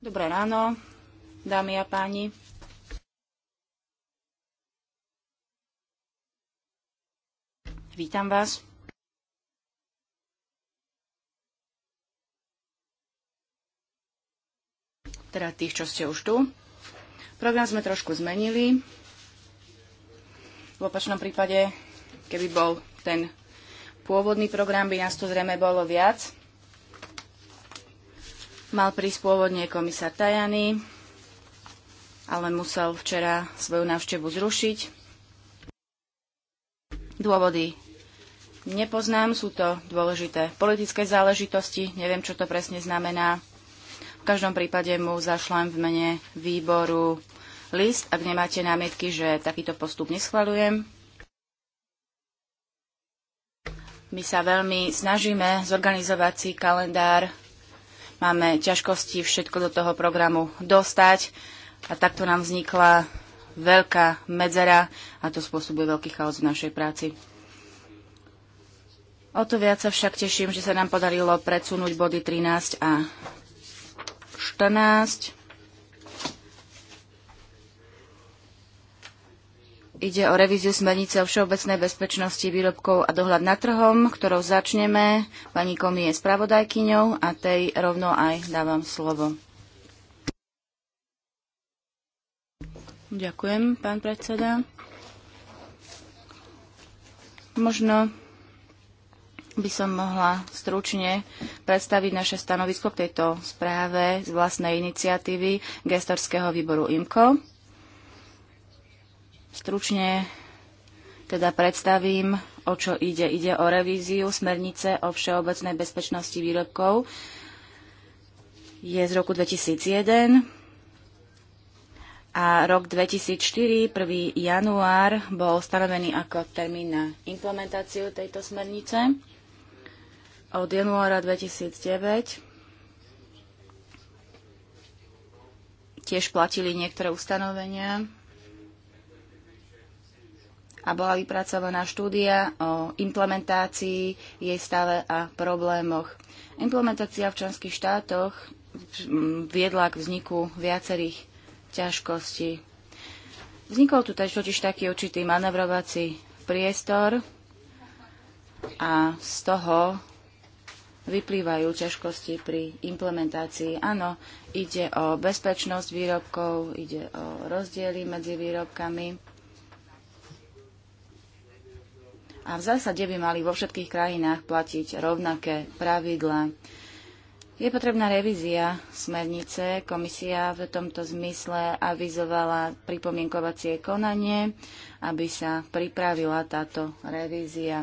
Dobré ráno, dámy a páni. Vítam vás. Teda tých, čo ste už tu. Program sme trošku zmenili. V opačnom prípade, keby bol ten pôvodný program, by nás tu zrejme bolo viac. Mal prísť pôvodne komisár Tajany, ale musel včera svoju návštevu zrušiť. Dôvody nepoznám, sú to dôležité politické záležitosti, neviem, čo to presne znamená. V každom prípade mu zašlem v mene výboru list, ak nemáte námietky, že takýto postup neschvaľujem. My sa veľmi snažíme zorganizovať si kalendár Máme ťažkosti všetko do toho programu dostať a takto nám vznikla veľká medzera a to spôsobuje veľký chaos v našej práci. O to viac sa však teším, že sa nám podarilo predsunúť body 13 a 14 Ide o revíziu smernice o všeobecnej bezpečnosti výrobkov a dohľad nad trhom, ktorou začneme. Pani Komi je spravodajkyňou a tej rovno aj dávam slovo. Ďakujem, pán predseda. Možno by som mohla stručne predstaviť naše stanovisko k tejto správe z vlastnej iniciatívy gestorského výboru IMCO. Stručne teda predstavím, o čo ide. Ide o revíziu smernice o všeobecnej bezpečnosti výrobkov. Je z roku 2001 a rok 2004, 1. január, bol stanovený ako termín na implementáciu tejto smernice. Od januára 2009 tiež platili niektoré ustanovenia a bola vypracovaná štúdia o implementácii jej stave a problémoch. Implementácia v členských štátoch viedla k vzniku viacerých ťažkostí. Vznikol tu totiž taký určitý manevrovací priestor a z toho vyplývajú ťažkosti pri implementácii. Áno, ide o bezpečnosť výrobkov, ide o rozdiely medzi výrobkami A v zásade by mali vo všetkých krajinách platiť rovnaké pravidlá. Je potrebná revízia smernice. Komisia v tomto zmysle avizovala pripomienkovacie konanie, aby sa pripravila táto revízia.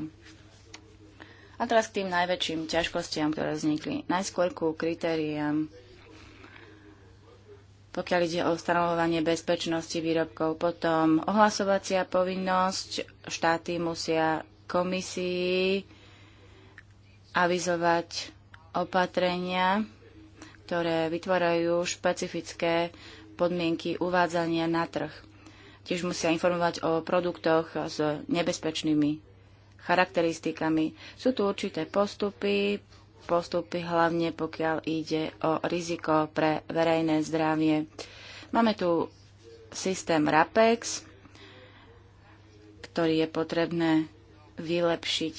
A teraz k tým najväčším ťažkostiam, ktoré vznikli. Najskôr ku kritériám. Pokiaľ ide o stanovovanie bezpečnosti výrobkov, potom ohlasovacia povinnosť, štáty musia komisii avizovať opatrenia, ktoré vytvárajú špecifické podmienky uvádzania na trh. Tiež musia informovať o produktoch s nebezpečnými charakteristikami. Sú tu určité postupy, postupy hlavne pokiaľ ide o riziko pre verejné zdravie. Máme tu systém RAPEX, ktorý je potrebné vylepšiť.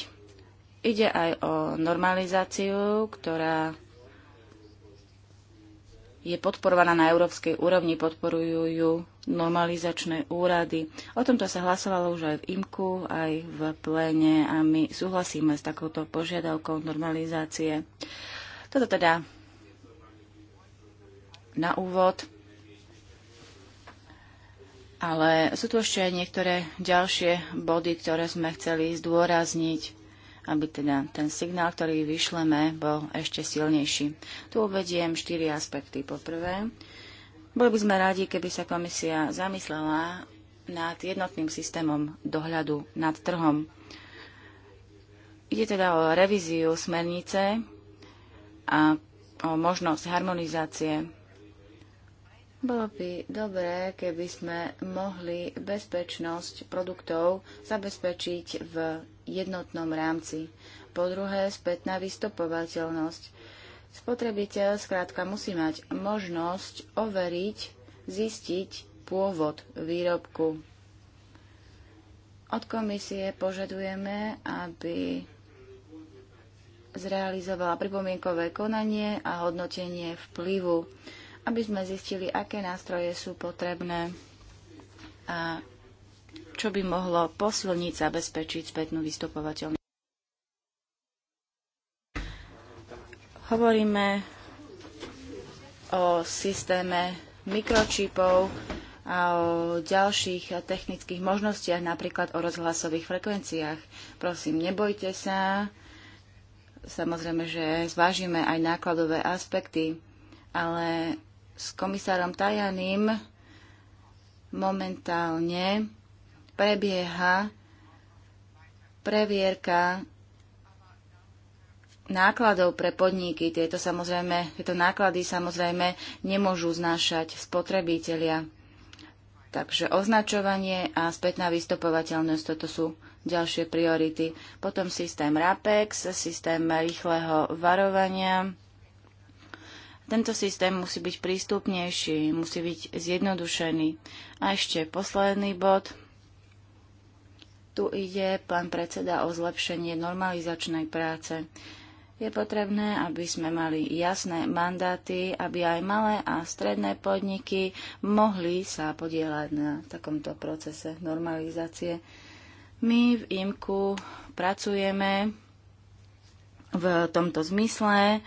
Ide aj o normalizáciu, ktorá je podporovaná na európskej úrovni, podporujú ju normalizačné úrady. O tomto sa hlasovalo už aj v IMKU, aj v pléne a my súhlasíme s takouto požiadavkou normalizácie. Toto teda na úvod. Ale sú tu ešte aj niektoré ďalšie body, ktoré sme chceli zdôrazniť, aby teda ten signál, ktorý vyšleme, bol ešte silnejší. Tu uvediem štyri aspekty. Poprvé, boli by sme radi, keby sa komisia zamyslela nad jednotným systémom dohľadu nad trhom. Ide teda o revíziu smernice a o možnosť harmonizácie bolo by dobré, keby sme mohli bezpečnosť produktov zabezpečiť v jednotnom rámci. Po druhé, spätná vystopovateľnosť. Spotrebiteľ skrátka musí mať možnosť overiť, zistiť pôvod výrobku. Od komisie požadujeme, aby zrealizovala pripomienkové konanie a hodnotenie vplyvu aby sme zistili, aké nástroje sú potrebné a čo by mohlo posilniť, zabezpečiť spätnú vystupovateľnosť. Hovoríme o systéme mikročipov a o ďalších technických možnostiach, napríklad o rozhlasových frekvenciách. Prosím, nebojte sa. Samozrejme, že zvážime aj nákladové aspekty, ale s komisárom Tajaným momentálne prebieha previerka nákladov pre podniky. Tieto, samozrejme, tieto náklady samozrejme nemôžu znášať spotrebitelia. Takže označovanie a spätná vystopovateľnosť, toto sú ďalšie priority. Potom systém RAPEX, systém rýchleho varovania, tento systém musí byť prístupnejší, musí byť zjednodušený. A ešte posledný bod. Tu ide, pán predseda, o zlepšenie normalizačnej práce. Je potrebné, aby sme mali jasné mandáty, aby aj malé a stredné podniky mohli sa podielať na takomto procese normalizácie. My v IMKU pracujeme v tomto zmysle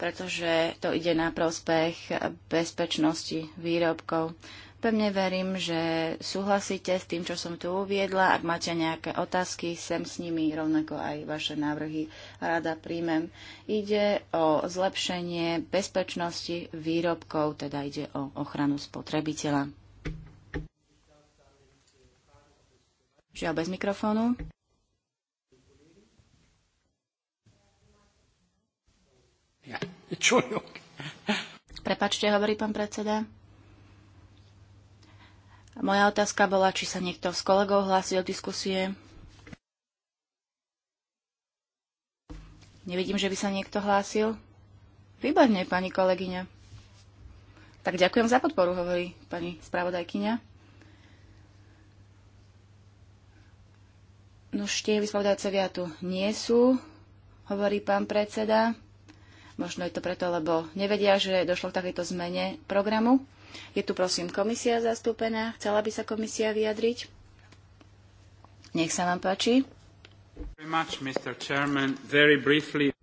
pretože to ide na prospech bezpečnosti výrobkov. Pevne verím, že súhlasíte s tým, čo som tu uviedla. Ak máte nejaké otázky, sem s nimi rovnako aj vaše návrhy rada príjmem. Ide o zlepšenie bezpečnosti výrobkov, teda ide o ochranu spotrebiteľa. Žiaľ bez mikrofónu. Ja, Prepačte, hovorí pán predseda. Moja otázka bola, či sa niekto z kolegov hlási do diskusie. Nevidím, že by sa niekto hlásil. Výborne, pani kolegyňa. Tak ďakujem za podporu, hovorí pani spravodajkyňa. Nuž no, tie vyspovedajúce tu nie sú, hovorí pán predseda. Možno je to preto, lebo nevedia, že došlo k takejto zmene programu. Je tu prosím komisia zastúpená. Chcela by sa komisia vyjadriť? Nech sa vám páči.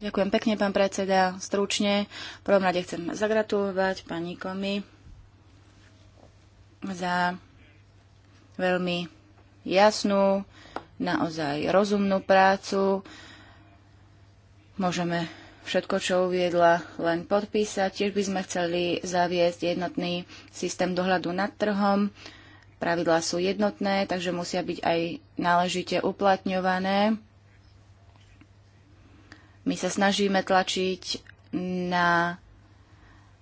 Ďakujem pekne, pán predseda. Stručne. V prvom rade chcem zagratulovať pani Komi za veľmi jasnú, naozaj rozumnú prácu. Môžeme všetko, čo uviedla, len podpísať. Tiež by sme chceli zaviesť jednotný systém dohľadu nad trhom. Pravidlá sú jednotné, takže musia byť aj náležite uplatňované. My sa snažíme tlačiť na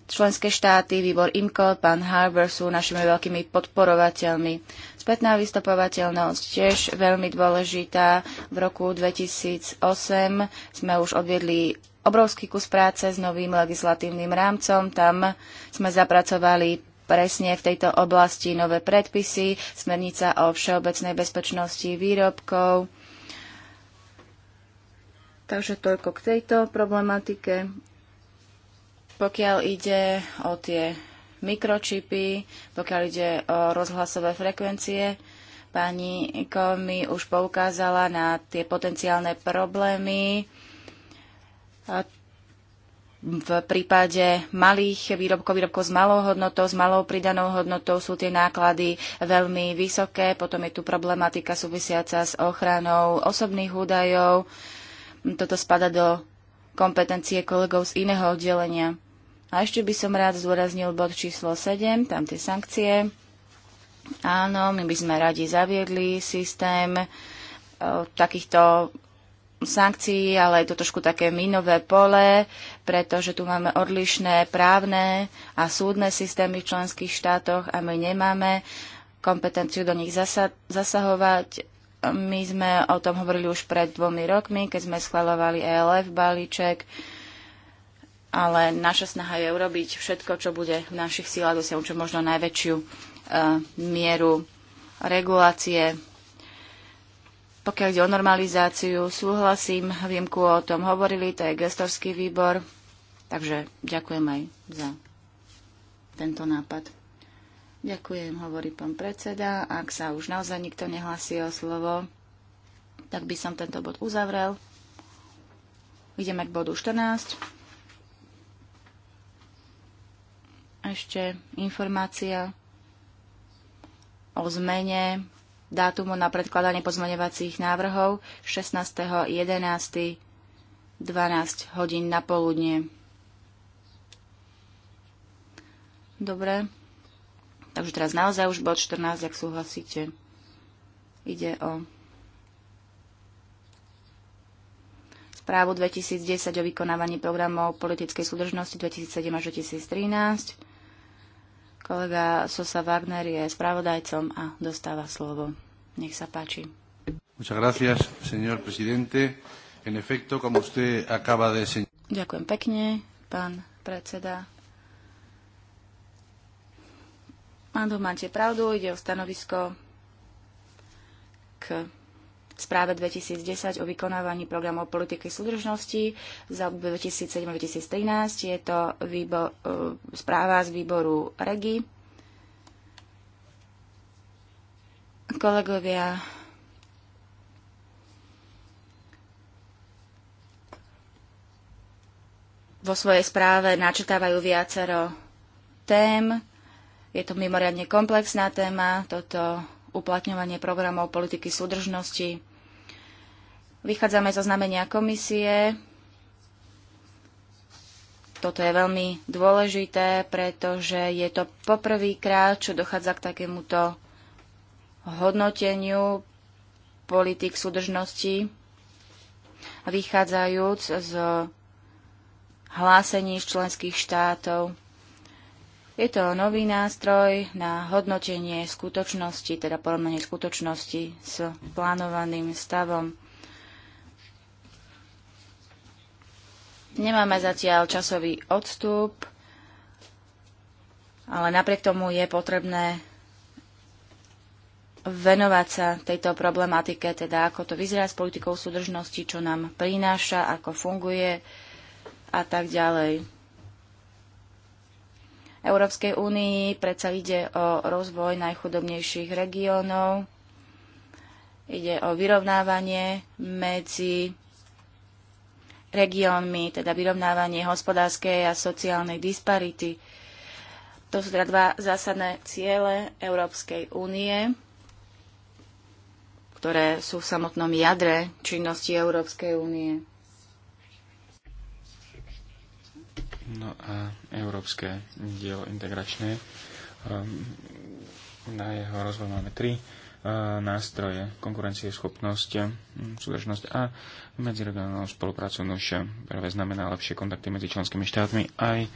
členské štáty, výbor IMCO, pán Harbour sú našimi veľkými podporovateľmi. Spätná vystopovateľnosť tiež veľmi dôležitá. V roku 2008 sme už odviedli obrovský kus práce s novým legislatívnym rámcom. Tam sme zapracovali presne v tejto oblasti nové predpisy, smernica o všeobecnej bezpečnosti výrobkov. Takže toľko k tejto problematike. Pokiaľ ide o tie mikročipy, pokiaľ ide o rozhlasové frekvencie, pani Komi už poukázala na tie potenciálne problémy, v prípade malých výrobkov, výrobkov s malou hodnotou, s malou pridanou hodnotou sú tie náklady veľmi vysoké. Potom je tu problematika súvisiaca s ochranou osobných údajov. Toto spada do kompetencie kolegov z iného oddelenia. A ešte by som rád zdôraznil bod číslo 7, tam tie sankcie. Áno, my by sme radi zaviedli systém e, takýchto sankcií, ale je to trošku také minové pole, pretože tu máme odlišné právne a súdne systémy v členských štátoch a my nemáme kompetenciu do nich zasa- zasahovať. My sme o tom hovorili už pred dvomi rokmi, keď sme schvalovali ELF balíček, ale naša snaha je urobiť všetko, čo bude v našich sílach dosiahnuť čo možno najväčšiu uh, mieru regulácie pokiaľ ide o normalizáciu, súhlasím, výjimku o tom hovorili, to je gestorský výbor, takže ďakujem aj za tento nápad. Ďakujem, hovorí pán predseda. Ak sa už naozaj nikto nehlasí o slovo, tak by som tento bod uzavrel. Ideme k bodu 14. Ešte informácia o zmene dátumu na predkladanie pozmeňovacích návrhov 16.11.12 hodín na poludne. Dobre. Takže teraz naozaj už bod 14, ak súhlasíte. Ide o správu 2010 o vykonávaní programov politickej súdržnosti 2007 až 2013. Kolega Sosa Wagner je spravodajcom a dostáva slovo. Nech sa páči. Muchas gracias, señor presidente. En efecto, como usted acaba de señalar. Ďakujem pekne, pán predseda. Pán Dov, máte pravdu, ide o stanovisko k v správe 2010 o vykonávaní programov politiky súdržnosti za 2007-2013. Je to výbor, e, správa z výboru REGI. Kolegovia, vo svojej správe načrtávajú viacero tém. Je to mimoriadne komplexná téma. Toto uplatňovanie programov politiky súdržnosti. Vychádzame zo znamenia komisie. Toto je veľmi dôležité, pretože je to poprvýkrát, čo dochádza k takémuto hodnoteniu politik súdržnosti, vychádzajúc z hlásení členských štátov je to nový nástroj na hodnotenie skutočnosti, teda porovnanie skutočnosti s plánovaným stavom. Nemáme zatiaľ časový odstup, ale napriek tomu je potrebné venovať sa tejto problematike, teda ako to vyzerá s politikou súdržnosti, čo nám prináša, ako funguje a tak ďalej. Európskej únii. Predsa ide o rozvoj najchudobnejších regiónov. Ide o vyrovnávanie medzi regiónmi, teda vyrovnávanie hospodárskej a sociálnej disparity. To sú teda dva zásadné ciele Európskej únie, ktoré sú v samotnom jadre činnosti Európskej únie. No a európske dielo integračné. Ehm, na jeho rozvoj máme tri ehm, nástroje. Konkurencie, schopnosť, ehm, súdržnosť a medziregionálnu spoluprácu. Nož prvé znamená lepšie kontakty medzi členskými štátmi aj,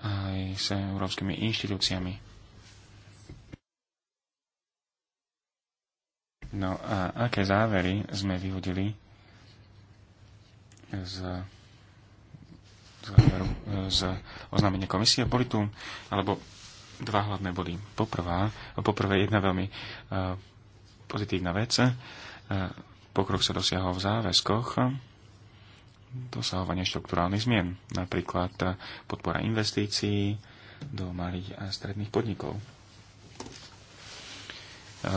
aj s európskymi inštitúciami. No a aké závery sme vyhodili z záveru e, z oznámenia komisie. Boli tu alebo dva hlavné body. Poprvá, poprvé jedna veľmi e, pozitívna vec. E, pokrok sa dosiahol v záväzkoch dosahovanie štruktúrálnych zmien, napríklad podpora investícií do malých a stredných podnikov,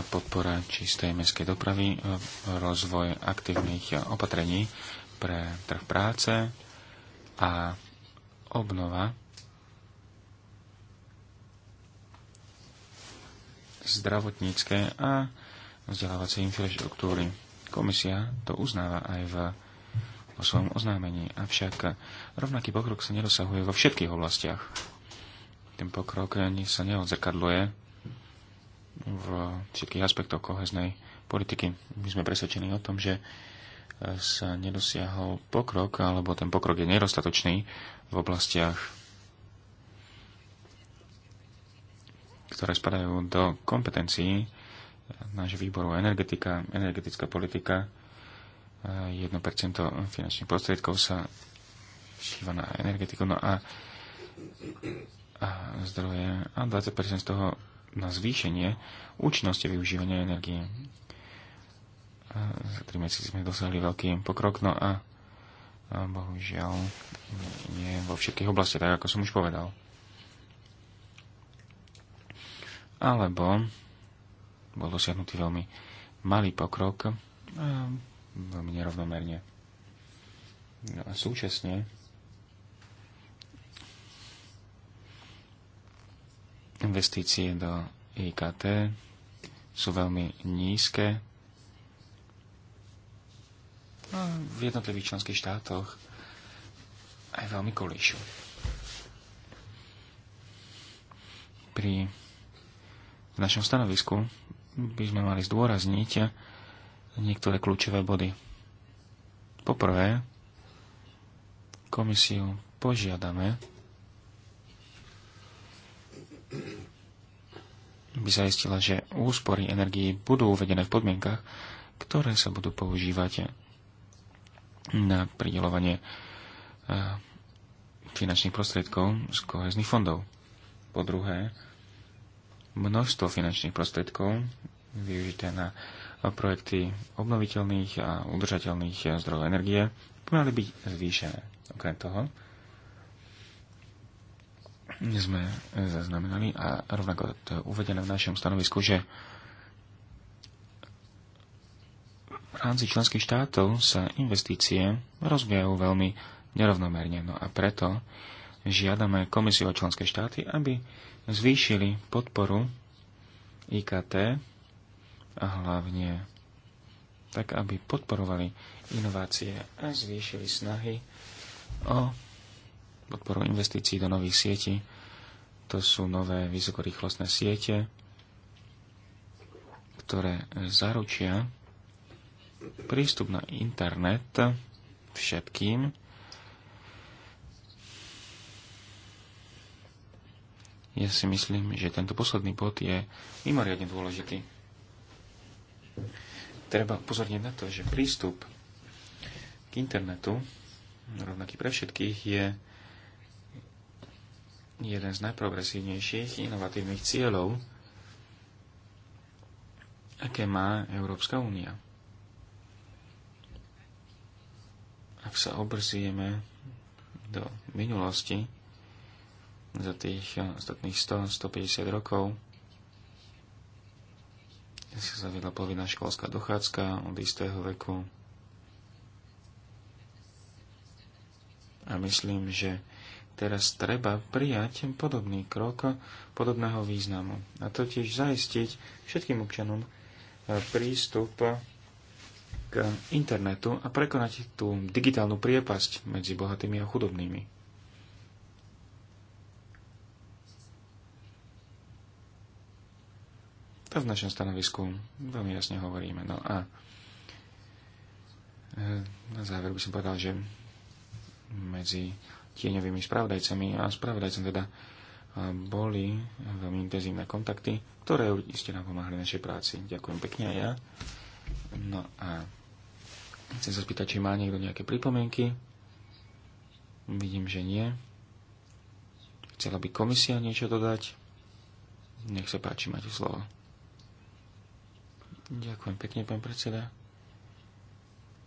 podpora čistej mestskej dopravy, rozvoj aktívnych opatrení pre trh práce, a obnova zdravotnícke a vzdelávacej infraštruktúry. Komisia to uznáva aj v, vo svojom oznámení, avšak rovnaký pokrok sa nedosahuje vo všetkých oblastiach. Ten pokrok sa neodzrkadluje v všetkých aspektoch koheznej politiky. My sme presvedčení o tom, že sa nedosiahol pokrok, alebo ten pokrok je nedostatočný v oblastiach, ktoré spadajú do kompetencií nášho výboru energetika, energetická politika. 1% finančných prostriedkov sa šíva na energetiku, no a, a zdroje a 20% z toho na zvýšenie účinnosti využívania energie za 3 mesiace sme dosiahli veľký pokrok, no a, a bohužiaľ nie vo všetkých oblastiach, tak ako som už povedal. Alebo bol dosiahnutý veľmi malý pokrok, a veľmi nerovnomerne. No a súčasne investície do IKT sú veľmi nízke, v jednotlivých členských štátoch aj veľmi kolíšu. Pri v našom stanovisku by sme mali zdôrazniť niektoré kľúčové body. Poprvé, komisiu požiadame, by zaistila, že úspory energii budú uvedené v podmienkach, ktoré sa budú používať na pridelovanie eh, finančných prostriedkov z kohezných fondov. Po druhé, množstvo finančných prostriedkov využité na projekty obnoviteľných a udržateľných eh, zdrojov energie mali byť zvýšené. Okrem toho sme zaznamenali a rovnako to je uvedené v našom stanovisku, že V rámci členských štátov sa investície rozvíjajú veľmi nerovnomerne, no a preto žiadame komisiu a členské štáty, aby zvýšili podporu IKT a hlavne tak, aby podporovali inovácie a zvýšili snahy o podporu investícií do nových sietí. To sú nové vysokorýchlostné siete, ktoré zaručia prístup na internet všetkým ja si myslím, že tento posledný bod je mimoriadne dôležitý. Treba upozorniť na to, že prístup k internetu, rovnaký pre všetkých, je jeden z najprogresívnejších inovatívnych cieľov, aké má Európska únia. Ak sa obrzieme do minulosti, za tých eh, ostatných 100-150 rokov sa zaviedla povinná školská dochádzka od istého veku. A myslím, že teraz treba prijať podobný krok podobného významu. A totiž zaistiť všetkým občanom eh, prístup internetu a prekonať tú digitálnu priepasť medzi bohatými a chudobnými. To v našom stanovisku veľmi jasne hovoríme. No a e, na záver by som povedal, že medzi tieňovými spravodajcami a spravodajcom teda e, boli veľmi intenzívne kontakty, ktoré iste nám pomáhali našej práci. Ďakujem pekne aj ja. No a Chcem sa spýtať, či má niekto nejaké pripomienky. Vidím, že nie. Chcela by komisia niečo dodať. Nech sa páči, máte slovo. Ďakujem pekne, pán predseda.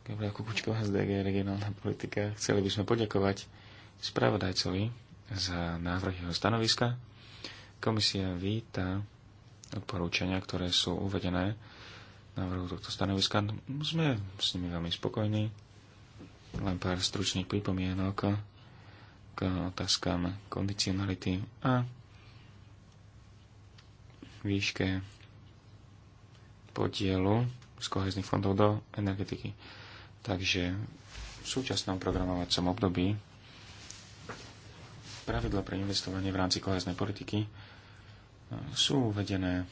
Gabriela Kukučková z DG Regionálna politika. Chceli by sme poďakovať spravodajcovi za návrh jeho stanoviska. Komisia víta odporúčania, ktoré sú uvedené návrhu tohto stanoviska. Sme s nimi veľmi spokojní. Len pár stručných pripomienok k otázkam kondicionality a výške podielu z kohezných fondov do energetiky. Takže v súčasnom programovacom období pravidla pre investovanie v rámci koheznej politiky sú uvedené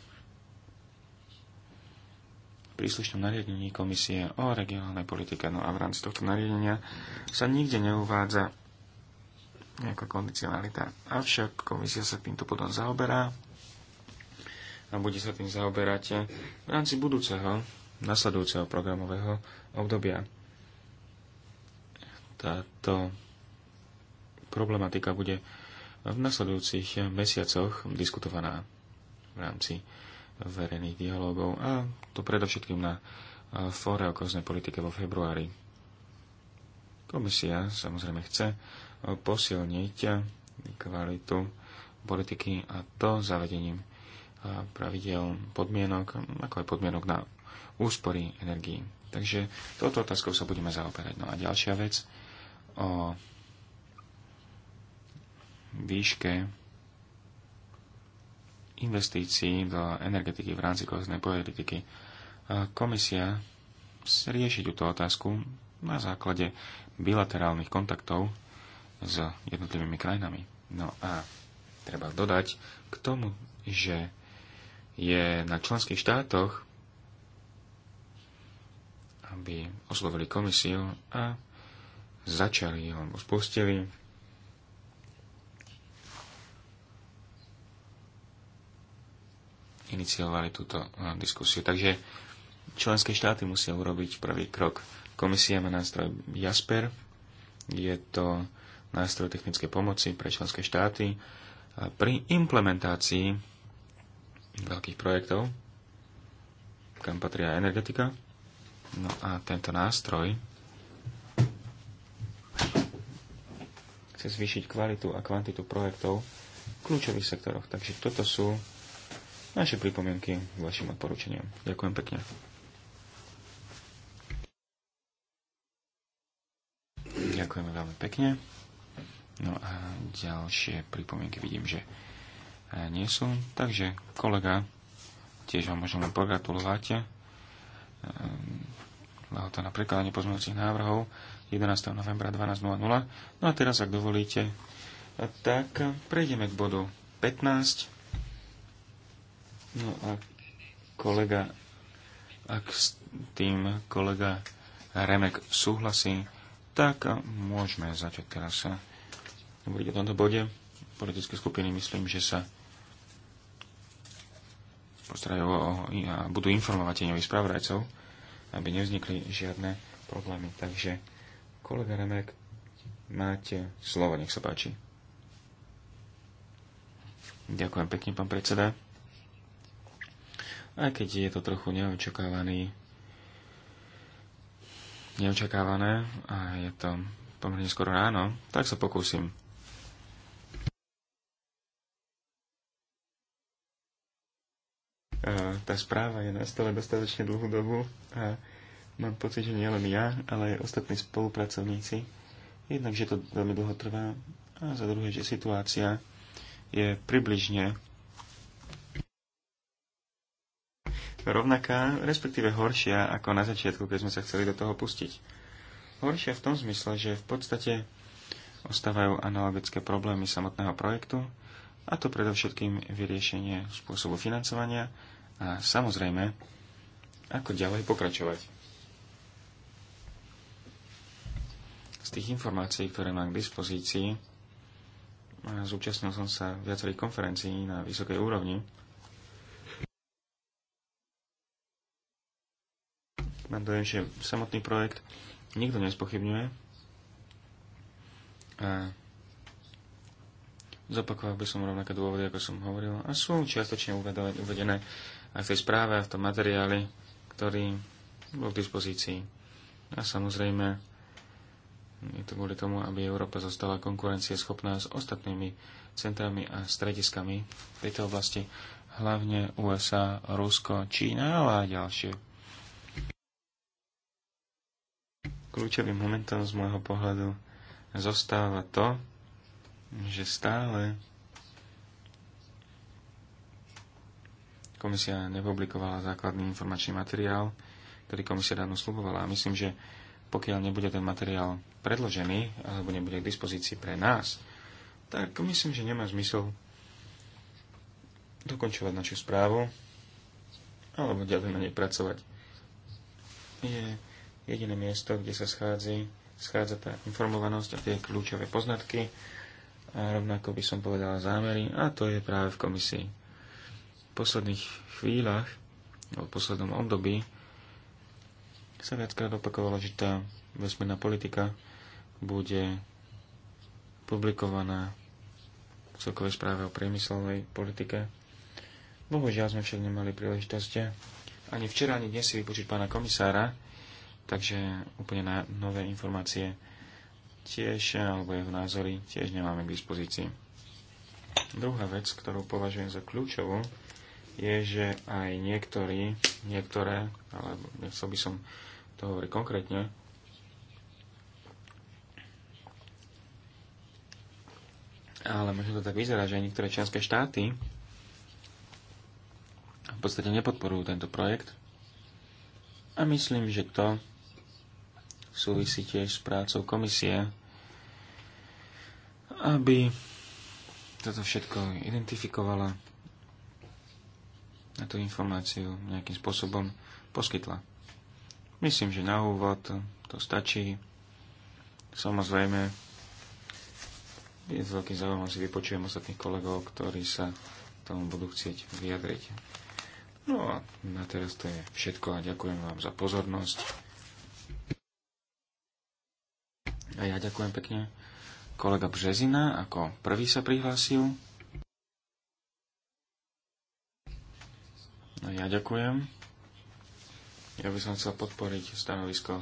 príslušnom nariadení komisie o regionálnej politike. No a v rámci tohto nariadenia sa nikde neuvádza nejaká kondicionalita. Avšak komisia sa týmto potom zaoberá a bude sa tým zaoberať v rámci budúceho, nasledujúceho programového obdobia. Táto problematika bude v nasledujúcich mesiacoch diskutovaná v rámci verejných dialogov a to predovšetkým na e, fóre o koznej politike vo februári. Komisia samozrejme chce e, posilniť e, kvalitu politiky a to zavedením pravidel podmienok, ako aj podmienok na úspory energií. Takže touto otázkou sa budeme zaoperať. No a ďalšia vec o výške investícií do energetiky v rámci kohezného politiky. Komisia rieši túto otázku na základe bilaterálnych kontaktov s jednotlivými krajinami. No a treba dodať k tomu, že je na členských štátoch, aby oslovili komisiu a začali alebo spustili iniciovali túto eh, diskusiu. Takže členské štáty musia urobiť prvý krok. Komisia má nástroj Jasper, je to nástroj technickej pomoci pre členské štáty pri implementácii veľkých projektov, kam patrí aj energetika. No a tento nástroj chce zvýšiť kvalitu a kvantitu projektov v kľúčových sektoroch. Takže toto sú naše pripomienky k vašim odporúčaniam. Ďakujem pekne. Ďakujeme veľmi pekne. No a ďalšie pripomienky vidím, že eh, nie sú. Takže kolega, tiež vám môžem pogratulovať. Eh, Lehota na prekladanie pozmeňujúcich návrhov 11. novembra 12.00. No a teraz, ak dovolíte, eh, tak prejdeme k bodu 15 No a kolega, ak s tým kolega Remek súhlasí, tak môžeme začať teraz sa o tomto bode. Politické skupiny myslím, že sa postarajú o, a budú informovať tieňových spravodajcov, aby nevznikli žiadne problémy. Takže, kolega Remek, máte slovo, nech sa páči. Ďakujem pekne, pán predseda aj keď je to trochu neočakávaný, neočakávané a je to pomerne skoro ráno, tak sa pokúsim. Tá správa je na stole dostatočne dlhú dobu a mám pocit, že nielen ja, ale aj ostatní spolupracovníci. Jednak, že to veľmi dlho trvá a za druhé, že situácia je približne rovnaká, respektíve horšia ako na začiatku, keď sme sa chceli do toho pustiť. Horšia v tom zmysle, že v podstate ostávajú analogické problémy samotného projektu, a to predovšetkým vyriešenie spôsobu financovania a samozrejme, ako ďalej pokračovať. Z tých informácií, ktoré mám k dispozícii, zúčastnil som sa viacerých konferencií na vysokej úrovni, Mám dojem, že samotný projekt nikto nespochybňuje. A zopakoval by som rovnaké dôvody, ako som hovoril, a sú čiastočne uvedené aj v tej správe a v tom materiáli, ktorý bol k dispozícii. A samozrejme, je to kvôli tomu, aby Európa zostala konkurencieschopná s ostatnými centrami a strediskami v tejto oblasti, hlavne USA, Rusko, Čína, ale aj ďalšie kľúčovým momentom z môjho pohľadu zostáva to, že stále komisia nepublikovala základný informačný materiál, ktorý komisia dávno slubovala. A myslím, že pokiaľ nebude ten materiál predložený alebo nebude k dispozícii pre nás, tak myslím, že nemá zmysel dokončovať našu správu alebo ďalej na nej pracovať. Je jediné miesto, kde sa schádza schádza tá informovanosť a tie kľúčové poznatky. A rovnako by som povedal zámery, a to je práve v komisii. V posledných chvíľach, v poslednom období, sa viackrát opakovalo, že tá vesmírna politika bude publikovaná v celkovej správe o priemyselnej politike. Bohužiaľ sme však nemali príležitosť ani včera, ani dnes si vypočuť pána komisára, takže úplne na nové informácie tiež, alebo jeho názory tiež nemáme k dispozícii. Druhá vec, ktorú považujem za kľúčovú, je, že aj niektorí, niektoré, ale nechcel by som to hovoriť konkrétne, ale možno to tak vyzerá, že aj niektoré členské štáty v podstate nepodporujú tento projekt. A myslím, že to súvisí tiež s prácou komisie, aby toto všetko identifikovala a tú informáciu nejakým spôsobom poskytla. Myslím, že na úvod to stačí. Samozrejme, je to veľký záujmom si vypočujem ostatných kolegov, ktorí sa tomu budú chcieť vyjadriť. No a na teraz to je všetko a ďakujem vám za pozornosť. A ja ďakujem pekne. Kolega Březina ako prvý sa prihlásil. No ja ďakujem. Ja by som chcel podporiť stanovisko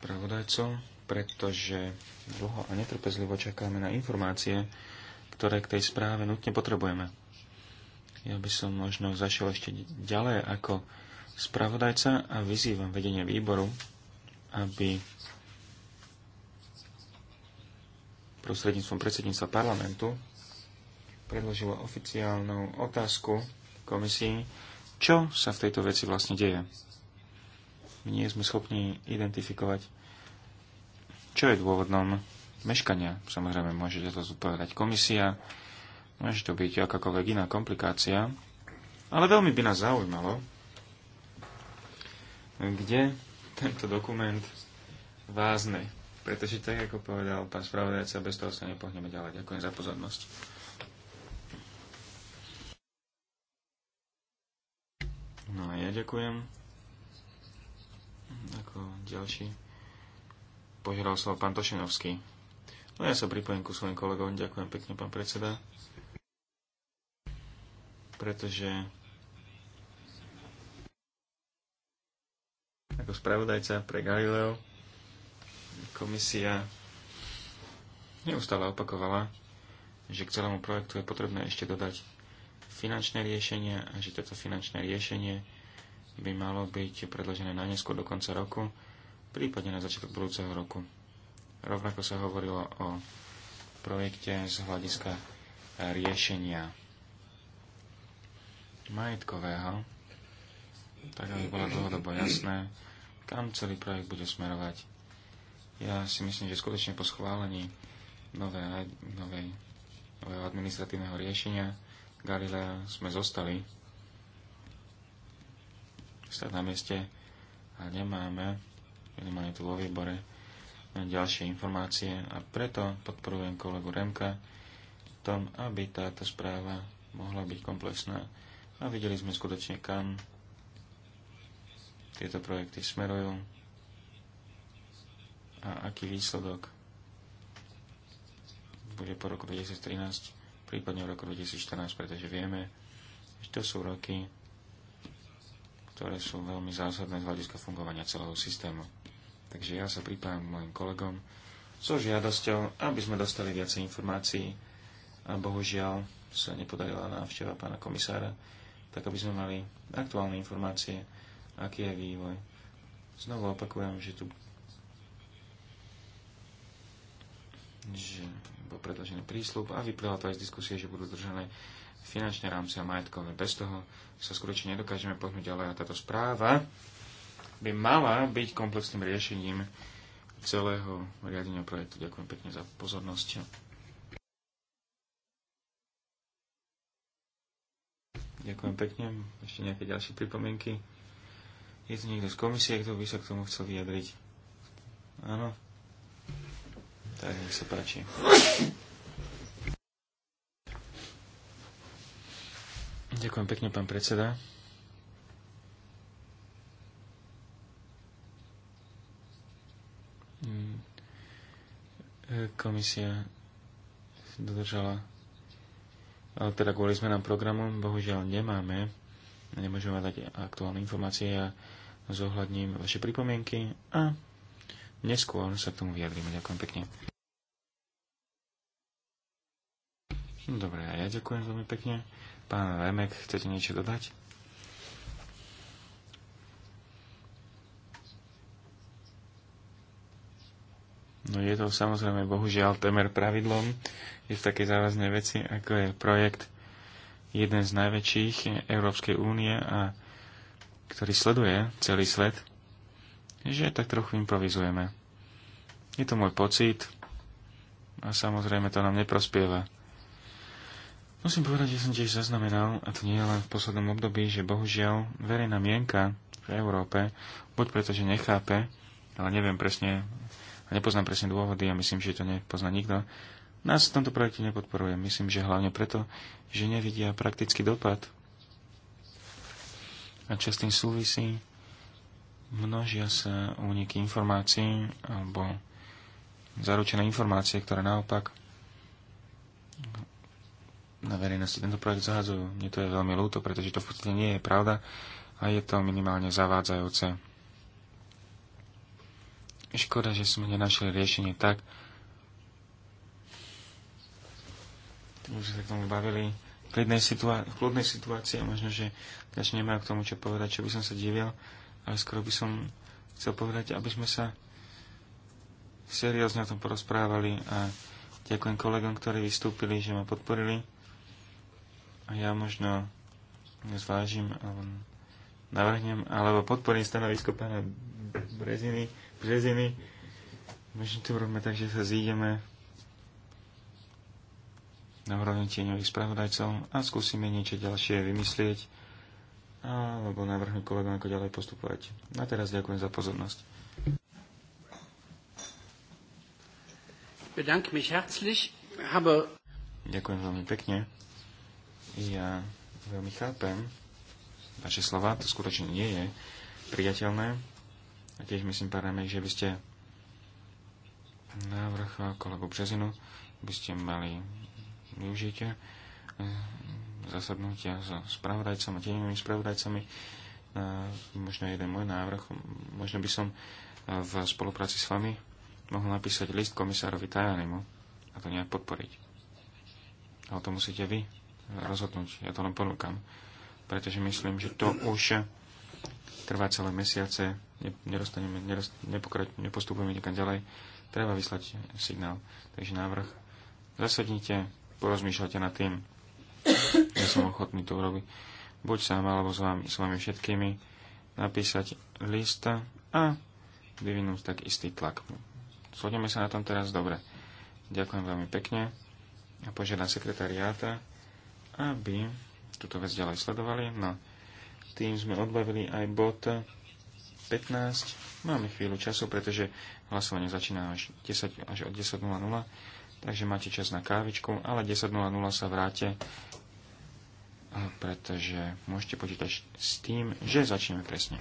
spravodajcov, pretože dlho a netrpezlivo čakáme na informácie, ktoré k tej správe nutne potrebujeme. Ja by som možno zašiel ešte ďalej ako spravodajca a vyzývam vedenie výboru, aby prostredníctvom predsedníctva parlamentu predložilo oficiálnu otázku komisii, čo sa v tejto veci vlastne deje. My nie sme schopní identifikovať, čo je dôvodom meškania. Samozrejme, môžete to zodpovedať komisia, môže to byť akákoľvek iná komplikácia, ale veľmi by nás zaujímalo, kde tento dokument vázne pretože tak, ako povedal pán spravodajca, bez toho sa nepohneme ďalej. Ďakujem za pozornosť. No a ja ďakujem. Ako ďalší Požeral slovo pán Tošenovský. No ja sa pripojím ku svojim kolegom. Ďakujem pekne, pán predseda. Pretože ako spravodajca pre Galileo komisia neustále opakovala, že k celému projektu je potrebné ešte dodať finančné riešenie a že toto finančné riešenie by malo byť predložené na neskôr do konca roku, prípadne na začiatok budúceho roku. Rovnako sa hovorilo o projekte z hľadiska riešenia majetkového, tak aby bolo dlhodobo jasné, kam celý projekt bude smerovať ja si myslím, že skutočne po schválení nové, nového administratívneho riešenia Galilea sme zostali stať na mieste a nemáme, minimálne tu vo výbore ďalšie informácie a preto podporujem kolegu Remka v tom, aby táto správa mohla byť komplexná a videli sme skutočne kam tieto projekty smerujú a aký výsledok bude po roku 2013, prípadne v roku 2014, pretože vieme, že to sú roky, ktoré sú veľmi zásadné z hľadiska fungovania celého systému. Takže ja sa pripájam k mojim kolegom so žiadosťou, aby sme dostali viacej informácií a bohužiaľ sa nepodarila návšteva pána komisára, tak aby sme mali aktuálne informácie, aký je vývoj. Znovu opakujem, že tu že bol predložený prísľub a vyplýva to aj z diskusie, že budú zdržané finančné rámce a majetkové. Bez toho sa skutočne nedokážeme pohnúť ďalej a táto správa by mala byť komplexným riešením celého riadenia projektu. Ďakujem pekne za pozornosť. Ďakujem pekne. Ešte nejaké ďalšie pripomienky? Je tu niekto z komisie, kto by sa k tomu chcel vyjadriť? Áno. Tak nech sa páči. Ďakujem pekne, pán predseda. Komisia dodržala ale teda kvôli zmenám programu bohužiaľ nemáme, nemôžeme dať aktuálne informácie. Ja zohľadním vaše pripomienky a neskôr sa k tomu vyjadríme. Ďakujem pekne. Dobre, a ja ďakujem veľmi pekne. Pán Remek, chcete niečo dodať? No je to samozrejme bohužiaľ temer pravidlom. Je v také závazné veci, ako je projekt jeden z najväčších Európskej únie a ktorý sleduje celý svet že tak trochu improvizujeme. Je to môj pocit a samozrejme to nám neprospieva. Musím povedať, že som tiež zaznamenal, a to nie je len v poslednom období, že bohužiaľ verejná mienka v Európe, buď preto, že nechápe, ale neviem presne, a nepoznám presne dôvody a myslím, že to nepozná nikto, nás v tomto projekte nepodporuje. Myslím, že hlavne preto, že nevidia praktický dopad. A čo s tým súvisí? Množia sa úniky informácií alebo zaručené informácie, ktoré naopak na verejnosti tento projekt zahádzajú. Mne to je veľmi ľúto, pretože to v podstate nie je pravda a je to minimálne zavádzajúce. Škoda, že sme nenašli riešenie tak, už sa k tomu bavili, v kľudnej, situá- v kľudnej situácii a možno, že začneme k tomu čo povedať, čo by som sa divil, ale skoro by som chcel povedať, aby sme sa seriózne o tom porozprávali a ďakujem kolegom, ktorí vystúpili, že ma podporili. A ja možno zvážim alebo navrhnem, alebo podporím stanovisko pána Breziny, Březiny. Možno to robíme tak, že sa zídeme na úrovni tieňových spravodajcov a skúsime niečo ďalšie vymyslieť alebo navrhnúť kolegom, ako ďalej postupovať. A teraz ďakujem za pozornosť. Ďakujem veľmi pekne. Ja veľmi chápem vaše slova, to skutočne nie je priateľné. A tiež myslím, pán že by ste návrh kolegu Březinu by ste mali využite eh, zasadnutia so spravodajcami, tieňovými spravodajcami. E, možno jeden môj návrh, možno by som e, v spolupráci s vami mohol napísať list komisárovi Tajanimu a to nejak podporiť. Ale to musíte vy rozhodnúť, ja to len ponúkam. Pretože myslím, že to už trvá celé mesiace, nedostaneme, nedost, nepostupujeme nikam ďalej, treba vyslať signál. Takže návrh zasadnite, porozmýšľate nad tým, Ja som ochotný to urobiť buď sám, alebo s vami, s vami všetkými napísať list a vyvinúť tak istý tlak. Shodneme sa na tom teraz dobre. Ďakujem veľmi pekne a požiadam sekretariáta, aby túto vec ďalej sledovali. No, tým sme odbavili aj bod 15. Máme chvíľu času, pretože hlasovanie začína až, 10, až od 10.00, takže máte čas na kávičku, ale 10.00 sa vráte pretože môžete počítať s tým, že začneme presne.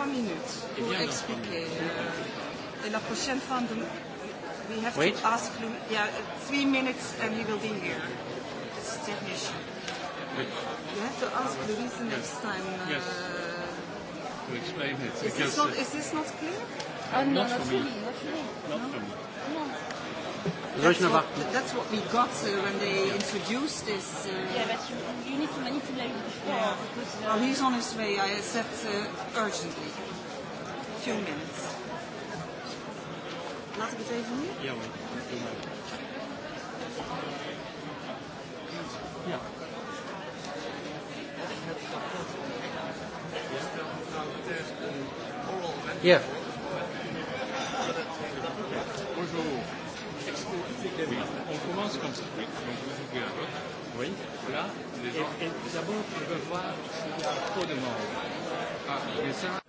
trois minutes eh pour expliquer. Euh, et la prochaine fois, de, we have Wait. to ask him, yeah, minutes Louise uh, To explain it. Is this, not, is this not clear? Oh, no, not, not for me. me. Not no? for me. no? No. That's what, that's what we got uh, when they introduced this. Uh, yeah, that's you need to manipulate the floor. Yeah. Because, uh, well, he's on his way. I said uh, urgently. Few minutes. Laat ik het even doen? Ja hoor. Ja. Yeah. Et d'abord, je veux voir s'il y a trop de monde. Ah, mais ça,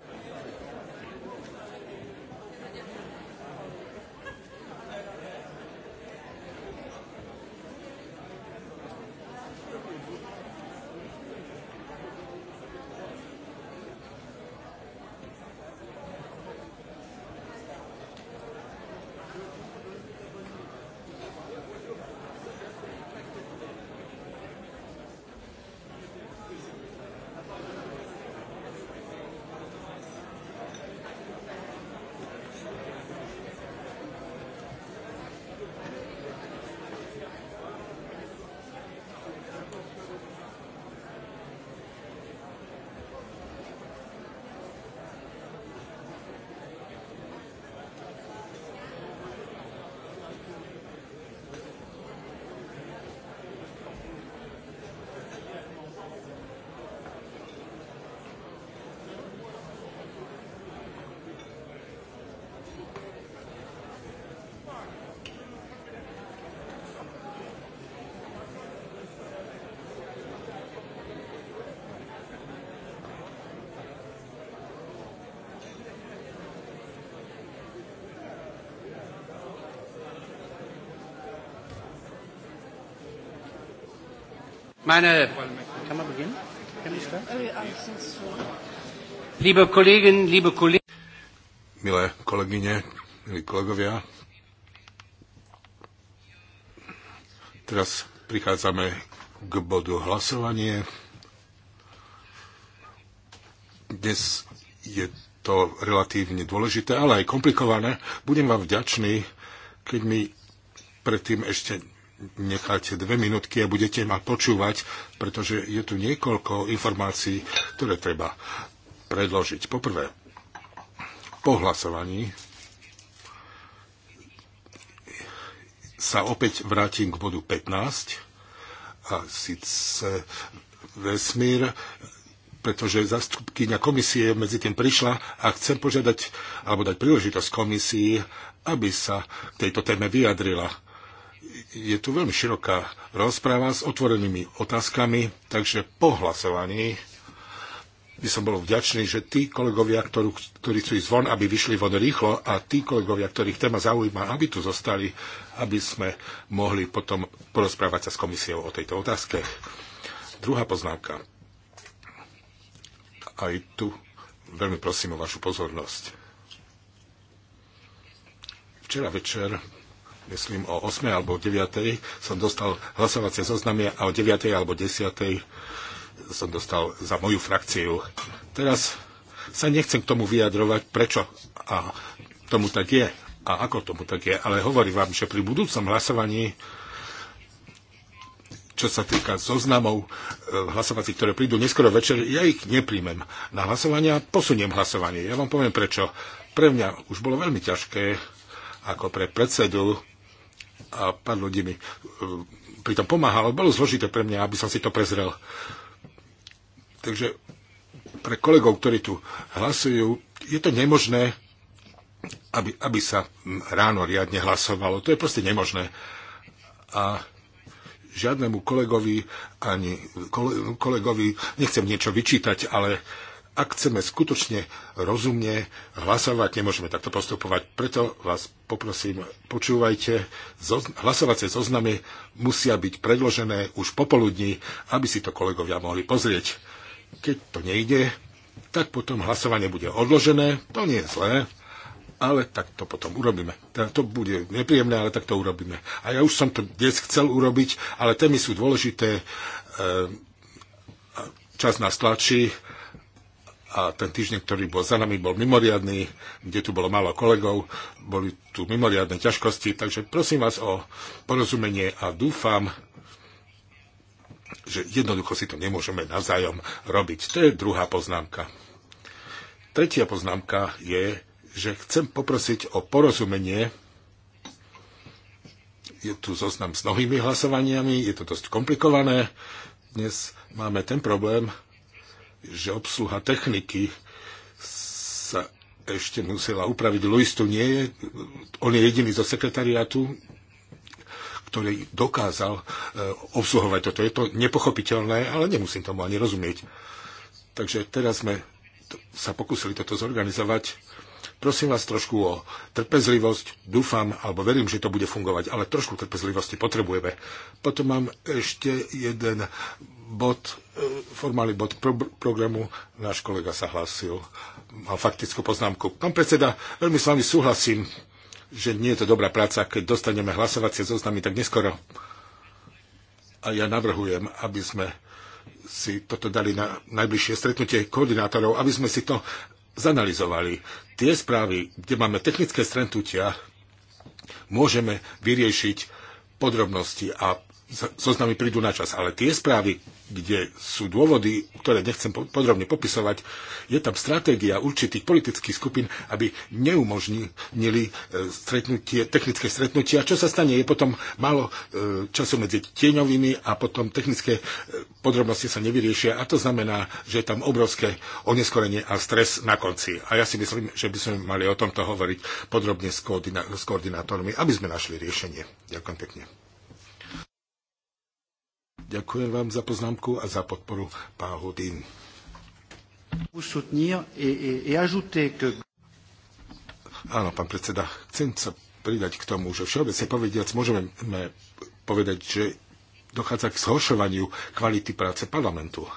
Meine, kann man beginnen? Kann ich äh, liebe Kolleginnen, liebe Kollegen. Milé kolegyne, milí kolegovia, teraz prichádzame k bodu hlasovanie. Dnes je to relatívne dôležité, ale aj komplikované. Budem vám vďačný, keď mi predtým ešte nechať dve minútky a budete ma počúvať, pretože je tu niekoľko informácií, ktoré treba predložiť. Poprvé, po hlasovaní sa opäť vrátim k bodu 15 a síce vesmír, pretože zastupkynia komisie medzi tým prišla a chcem požiadať alebo dať príležitosť komisii, aby sa k tejto téme vyjadrila je tu veľmi široká rozpráva s otvorenými otázkami, takže po hlasovaní by som bol vďačný, že tí kolegovia, ktorú, ktorí chcú ísť von, aby vyšli von rýchlo a tí kolegovia, ktorých téma zaujíma, aby tu zostali, aby sme mohli potom porozprávať sa s komisiou o tejto otázke. Druhá poznámka. Aj tu veľmi prosím o vašu pozornosť. Včera večer myslím o 8 alebo 9 som dostal hlasovacie zoznamie a o 9 alebo 10 som dostal za moju frakciu. Teraz sa nechcem k tomu vyjadrovať, prečo a tomu tak je a ako tomu tak je, ale hovorím vám, že pri budúcom hlasovaní čo sa týka zoznamov e, hlasovacích, ktoré prídu neskoro večer, ja ich nepríjmem na hlasovania, posuniem hlasovanie. Ja vám poviem prečo. Pre mňa už bolo veľmi ťažké ako pre predsedu a pár ľudí mi e, pritom pomáhalo. Bolo zložité pre mňa, aby som si to prezrel. Takže pre kolegov, ktorí tu hlasujú, je to nemožné, aby, aby sa ráno riadne hlasovalo. To je proste nemožné. A žiadnemu kolegovi ani kolegovi nechcem niečo vyčítať, ale ak chceme skutočne rozumne hlasovať, nemôžeme takto postupovať. Preto vás poprosím, počúvajte, hlasovacie zoznamy musia byť predložené už popoludní, aby si to kolegovia mohli pozrieť. Keď to nejde, tak potom hlasovanie bude odložené. To nie je zlé, ale tak to potom urobíme. Teda to bude nepríjemné, ale tak to urobíme. A ja už som to dnes chcel urobiť, ale témy sú dôležité. E, čas nás tlačí a ten týždeň, ktorý bol za nami, bol mimoriadný, kde tu bolo málo kolegov, boli tu mimoriadne ťažkosti, takže prosím vás o porozumenie a dúfam, že jednoducho si to nemôžeme navzájom robiť. To je druhá poznámka. Tretia poznámka je, že chcem poprosiť o porozumenie. Je tu zoznam s novými hlasovaniami, je to dosť komplikované. Dnes máme ten problém, že obsluha techniky sa ešte musela upraviť. Luis tu nie je, on je jediný zo sekretariátu, ktorý dokázal e, obsluhovať toto. Je to nepochopiteľné, ale nemusím tomu ani rozumieť. Takže teraz sme sa pokúsili toto zorganizovať Prosím vás trošku o trpezlivosť. Dúfam, alebo verím, že to bude fungovať, ale trošku trpezlivosti potrebujeme. Potom mám ešte jeden bod, e, formálny bod pro- programu. Náš kolega sa hlásil. Mám faktickú poznámku. Pán predseda, veľmi s vami súhlasím, že nie je to dobrá práca, keď dostaneme hlasovacie zoznamy tak neskoro. A ja navrhujem, aby sme si toto dali na najbližšie stretnutie koordinátorov, aby sme si to zanalizovali. Tie správy, kde máme technické strentutia, môžeme vyriešiť podrobnosti a zoznamy prídu na čas. Ale tie správy, kde sú dôvody, ktoré nechcem podrobne popisovať, je tam stratégia určitých politických skupín, aby neumožnili e, stretnutie, technické stretnutie, a Čo sa stane? Je potom málo e, času medzi tieňovými a potom technické e, podrobnosti sa nevyriešia a to znamená, že je tam obrovské oneskorenie a stres na konci. A ja si myslím, že by sme mali o tomto hovoriť podrobne s, koordina- s koordinátormi, aby sme našli riešenie. Ďakujem pekne. Ďakujem vám za poznámku a za podporu, pán Hudín. Áno, pán predseda, chcem sa pridať k tomu, že všeobecne povediac môžeme povedať, že dochádza k zhoršovaniu kvality práce parlamentu.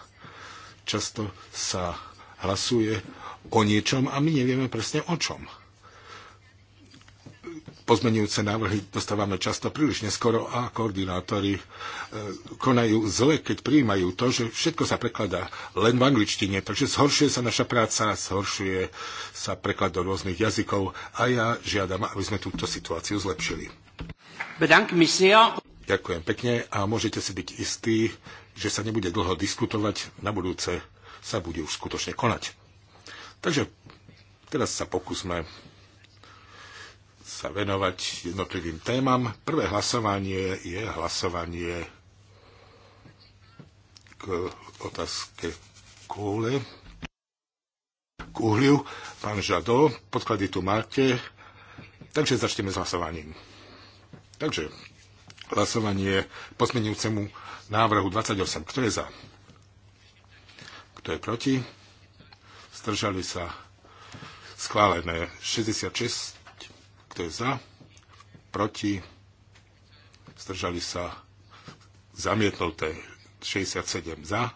Často sa hlasuje o niečom a my nevieme presne o čom pozmenujúce návrhy dostávame často príliš neskoro a koordinátori e, konajú zle, keď prijímajú to, že všetko sa prekladá len v angličtine, takže zhoršuje sa naša práca, zhoršuje sa preklad do rôznych jazykov a ja žiadam, aby sme túto situáciu zlepšili. Ďakujem pekne a môžete si byť istí, že sa nebude dlho diskutovať, na budúce sa bude už skutočne konať. Takže teraz sa pokúsme sa venovať jednotlivým témam. Prvé hlasovanie je hlasovanie k otázke kúle, k uhliu. Pán Žado, podklady tu máte, takže začneme s hlasovaním. Takže hlasovanie posmenujúcemu návrhu 28. Kto je za? Kto je proti? Zdržali sa schválené 66 kto je za? Proti? Zdržali sa zamietnuté 67 za.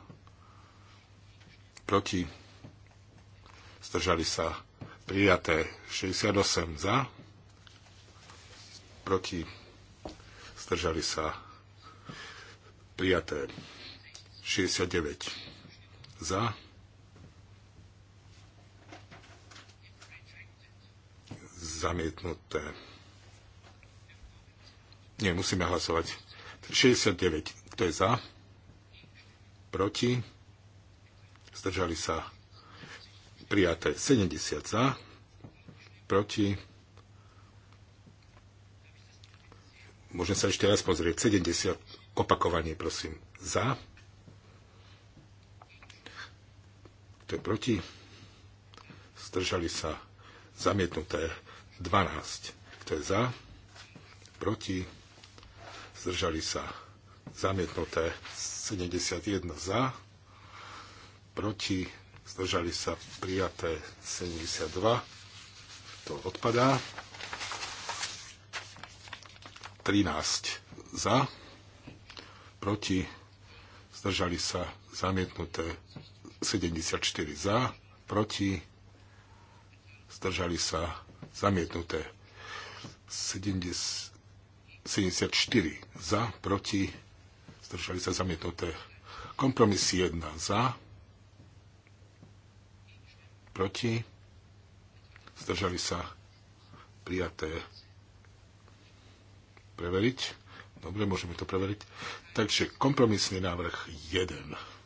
Proti? Zdržali sa prijaté 68 za. Proti? Zdržali sa prijaté 69 za zamietnuté. Nie, musíme hlasovať. 69. Kto je za? Proti? Zdržali sa prijaté 70 za, proti. Môžem sa ešte raz pozrieť. 70 opakovanie, prosím. Za. Kto je proti. Zdržali sa zamietnuté 12. Kto je za? Proti? Zdržali sa. Zamietnuté 71 za. Proti? Zdržali sa prijaté 72. To odpadá. 13 za. Proti? Zdržali sa zamietnuté 74 za. Proti? Zdržali sa zamietnuté. 70, 74 za, proti, zdržali sa zamietnuté. Kompromis 1 za, proti, zdržali sa prijaté. Preveriť? Dobre, môžeme to preveriť. Takže kompromisný návrh 1.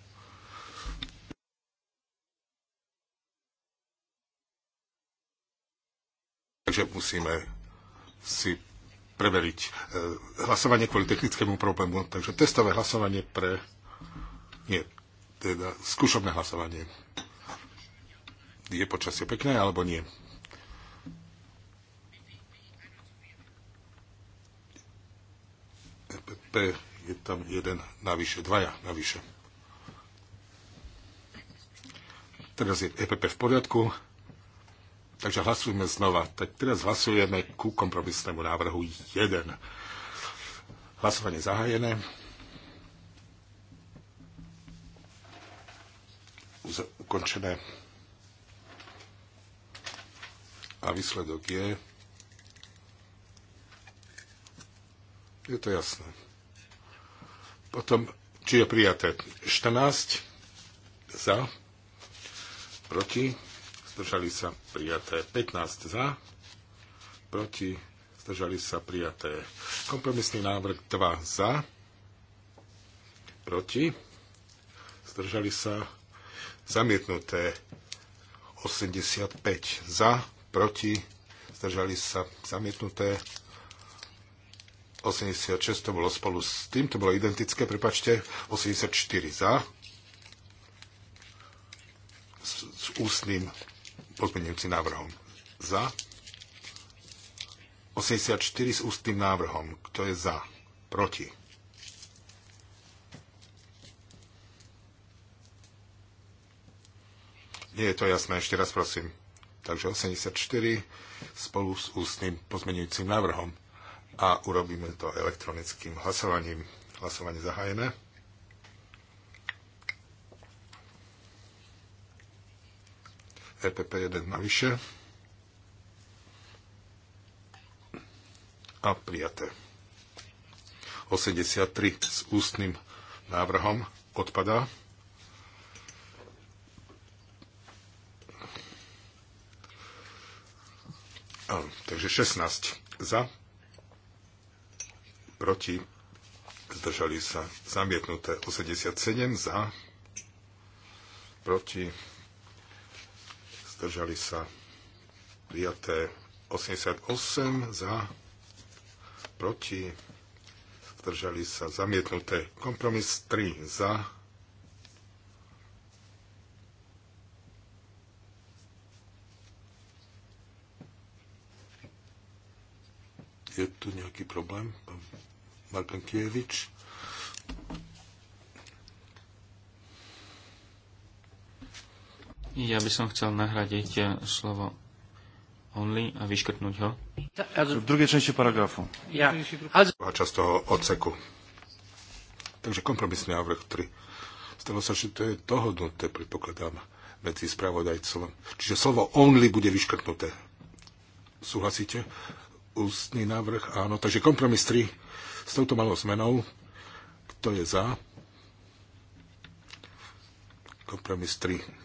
Takže musíme si preveriť e, hlasovanie kvôli technickému problému. Takže testové hlasovanie pre... Nie, teda skúšobné hlasovanie. Je počasie pekné alebo nie? EPP je tam jeden navyše, dvaja navyše. Teraz je EPP v poriadku. Takže hlasujme znova. Tak teraz hlasujeme ku kompromisnému návrhu 1. Hlasovanie zahájené. Ukončené. A výsledok je... Je to jasné. Potom, či je prijaté 14 za, proti, zdržali sa prijaté 15 za, proti, zdržali sa prijaté kompromisný návrh 2 za, proti, zdržali sa zamietnuté 85 za, proti, zdržali sa zamietnuté 86, to bolo spolu s tým, to bolo identické, prepačte, 84 za, s, s ústnym pozmeňujúcim návrhom. Za. 84 s ústnym návrhom. Kto je za? Proti. Nie je to jasné, ešte raz prosím. Takže 84 spolu s ústnym pozmenujúcim návrhom. A urobíme to elektronickým hlasovaním. Hlasovanie zahájené. EPP 1 navyše. A prijaté. 83 s ústnym návrhom odpadá. A, takže 16 za, proti, zdržali sa zamietnuté 87 za, proti, zdržali sa prijaté 88 za, proti, zdržali sa zamietnuté kompromis 3 za, Je tu nejaký problém, pán Markankievič? Ja by som chcel nahradiť eh, slovo only a vyškrtnúť ho. V druhej časti paragrafu. Ja. A časť toho odseku. Takže kompromisný návrh 3. Stalo sa, že to je dohodnuté, predpokladám, medzi spravodajcom. Čiže slovo only bude vyškrtnuté. Súhlasíte? Ústný návrh, áno. Takže kompromis 3 s touto malou zmenou. Kto je za? Kompromis 3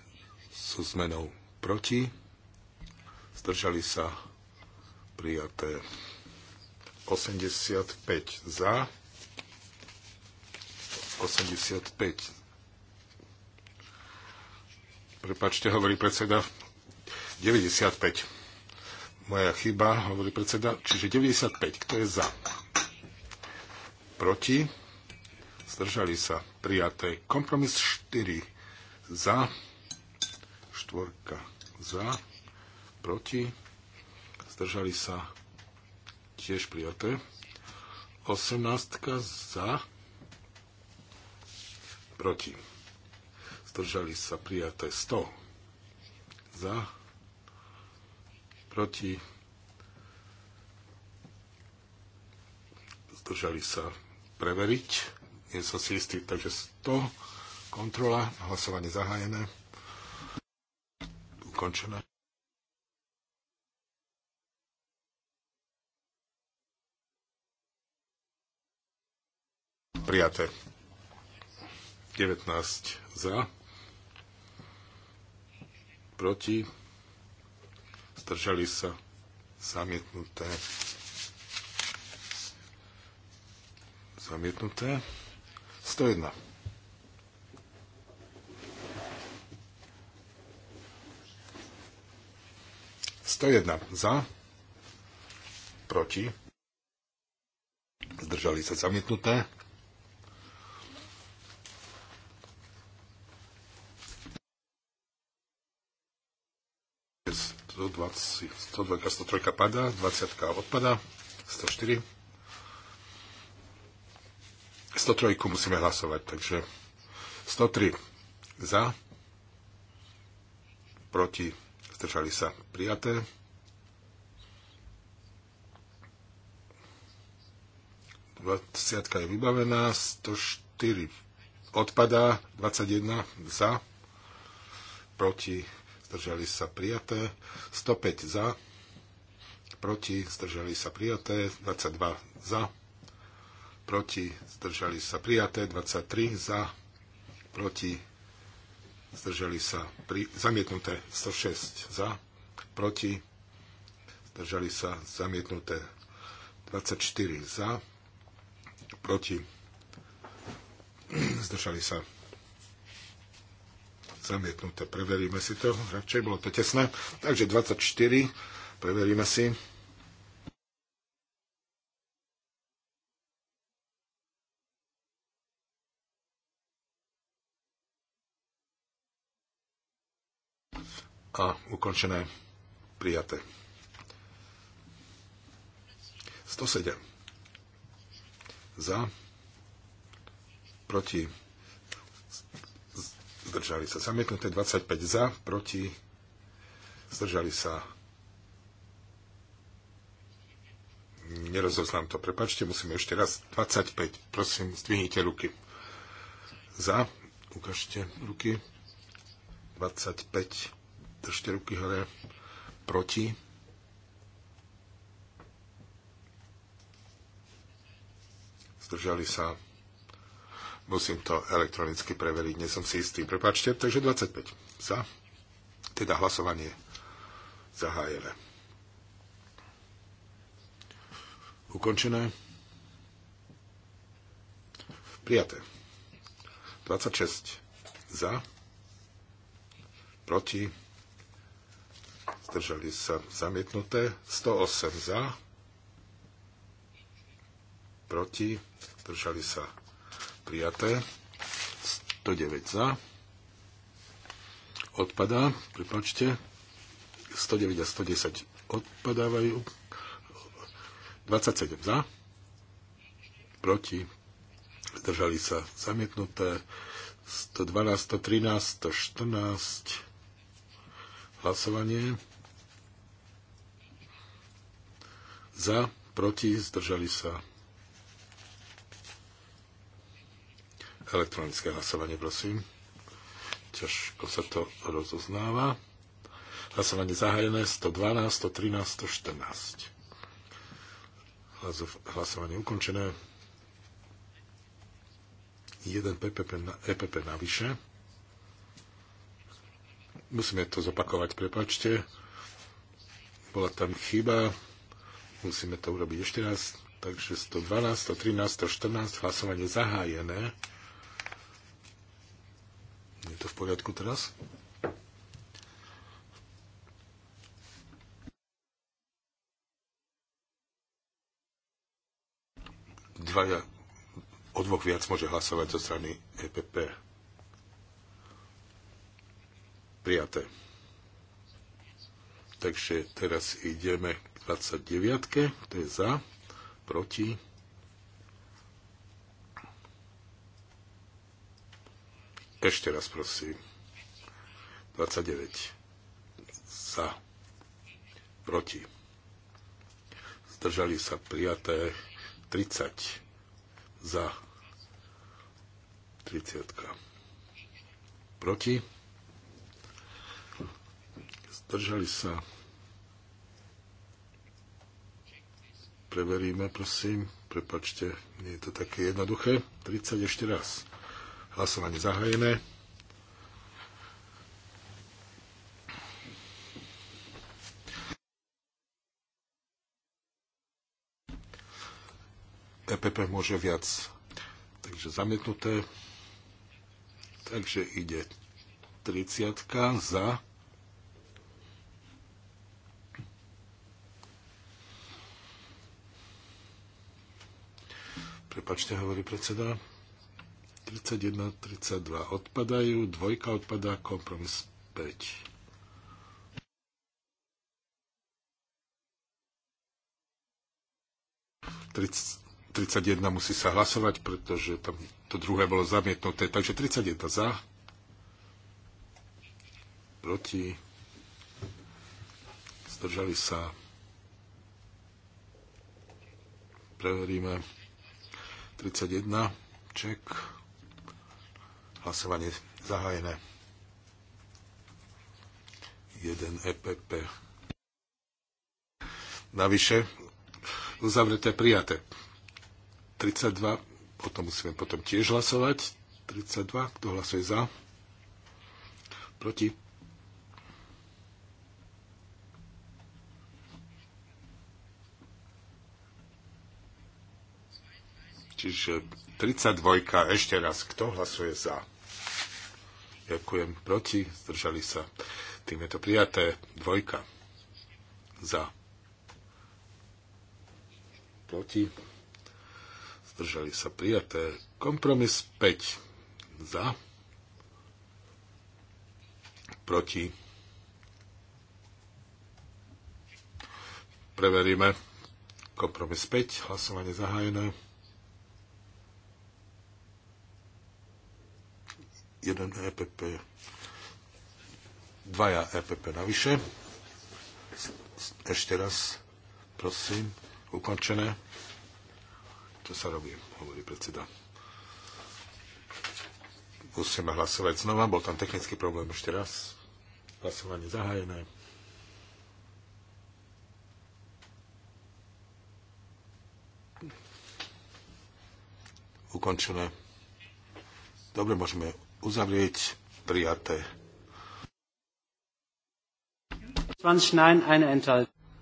so zmenou proti. Zdržali sa prijaté 85 za. 85. Prepačte, hovorí predseda. 95. Moja chyba, hovorí predseda. Čiže 95. Kto je za? Proti? Zdržali sa prijaté. Kompromis 4. Za za, proti, zdržali sa tiež prijaté. osemnáctka za, proti, zdržali sa prijaté 100 za, proti, zdržali sa preveriť. Nie som si istý, takže 100, kontrola, hlasovanie zahájené ukončené. Prijaté. 19 za. Proti. Zdržali sa. Zamietnuté. Zamietnuté. 101 101 za, proti, zdržali sa zamietnuté. Z 120, 102, 103 padá, 20 odpadá, 104. 103 musíme hlasovať, takže 103 za, proti zdržali sa prijaté. Dvaciatka je vybavená, 104 odpadá, 21 za, proti, zdržali sa prijaté, 105 za, proti, zdržali sa prijaté, 22 za, proti, zdržali sa prijaté, 23 za, proti, zdržali sa pri, zamietnuté 106 za, proti, zdržali sa zamietnuté 24 za, proti, zdržali sa zamietnuté. Preveríme si to, radšej bolo to tesné. Takže 24, preveríme si. a ukončené prijaté. 107. Za, proti, zdržali sa. Zamietnuté 25 za, proti, zdržali sa. Nerozoznám to, prepačte, musíme ešte raz. 25, prosím, zdvihnite ruky. Za, ukážte ruky. 25 Držte ruky hore. Proti. Zdržali sa. Musím to elektronicky preveriť, nie som si istý. Prepačte, takže 25 za. Teda hlasovanie zahájené. Ukončené. Prijaté. 26 za. Proti zdržali sa zamietnuté, 108 za, proti, zdržali sa prijaté, 109 za, odpadá, prepačte, 109 a 110 odpadávajú, 27 za, proti, zdržali sa zamietnuté, 112, 113, 114, hlasovanie. Za, proti, zdržali sa. Elektronické hlasovanie, prosím. Ťažko sa to rozoznáva. Hlasovanie zahájené, 112, 113, 114. Hlasovanie ukončené. 1 PPP na, EPP navyše. Musíme to zopakovať, prepačte. Bola tam chyba. Musíme to urobiť ešte raz. Takže 112, 113, 114, hlasovanie zahájené. Je to v poriadku teraz? Dvaja, o dvoch viac môže hlasovať zo strany EPP. Prijaté. Takže teraz ideme k 29. To je za, proti. Ešte raz prosím. 29. Za. Proti. Zdržali sa prijaté 30. Za. 30. Proti Držali sa. Preveríme, prosím. Prepačte, nie je to také jednoduché. 30 ešte raz. Hlasovanie zahajené. EPP môže viac. Takže zamietnuté. Takže ide 30 za Prepačte, hovorí predseda. 31, 32 odpadajú, dvojka odpadá, kompromis 5. Tric, 31 musí sa hlasovať, pretože tam to druhé bolo zamietnuté. Takže 31 za, proti, zdržali sa. Preveríme. 31. Ček. Hlasovanie zahájené. 1 EPP. Navyše uzavreté prijaté. 32, potom musíme potom tiež hlasovať. 32, kto hlasuje za? Proti? Čiže 32. Ešte raz, kto hlasuje za? Ďakujem. Proti? Zdržali sa. Tým je to prijaté. Dvojka. Za. Proti? Zdržali sa. Prijaté. Kompromis 5. Za. Proti? Preveríme. Kompromis 5. Hlasovanie zahájené. jeden EPP, dvaja EPP navyše. Ešte raz, prosím, ukončené. To sa robí, hovorí predseda. Musíme hlasovať znova, bol tam technický problém ešte raz. Hlasovanie zahájené. Ukončené. Dobre, môžeme uzavrieť prijaté.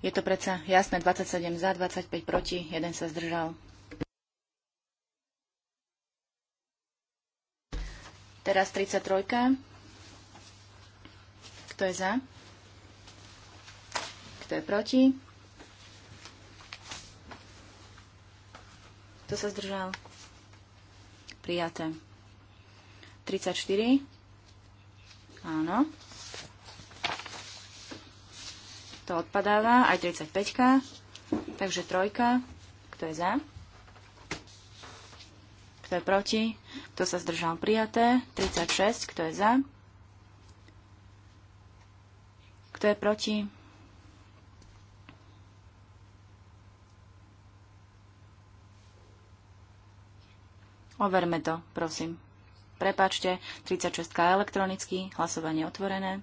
Je to predsa jasné, 27 za, 25 proti, jeden sa zdržal. Teraz 33. Kto je za? Kto je proti? Kto sa zdržal? Prijaté. 34. Áno. To odpadáva. Aj 35. Takže trojka. Kto je za? Kto je proti? Kto sa zdržal prijaté? 36. Kto je za? Kto je proti? Overme to, prosím. Prepačte, 36 elektronicky, hlasovanie otvorené.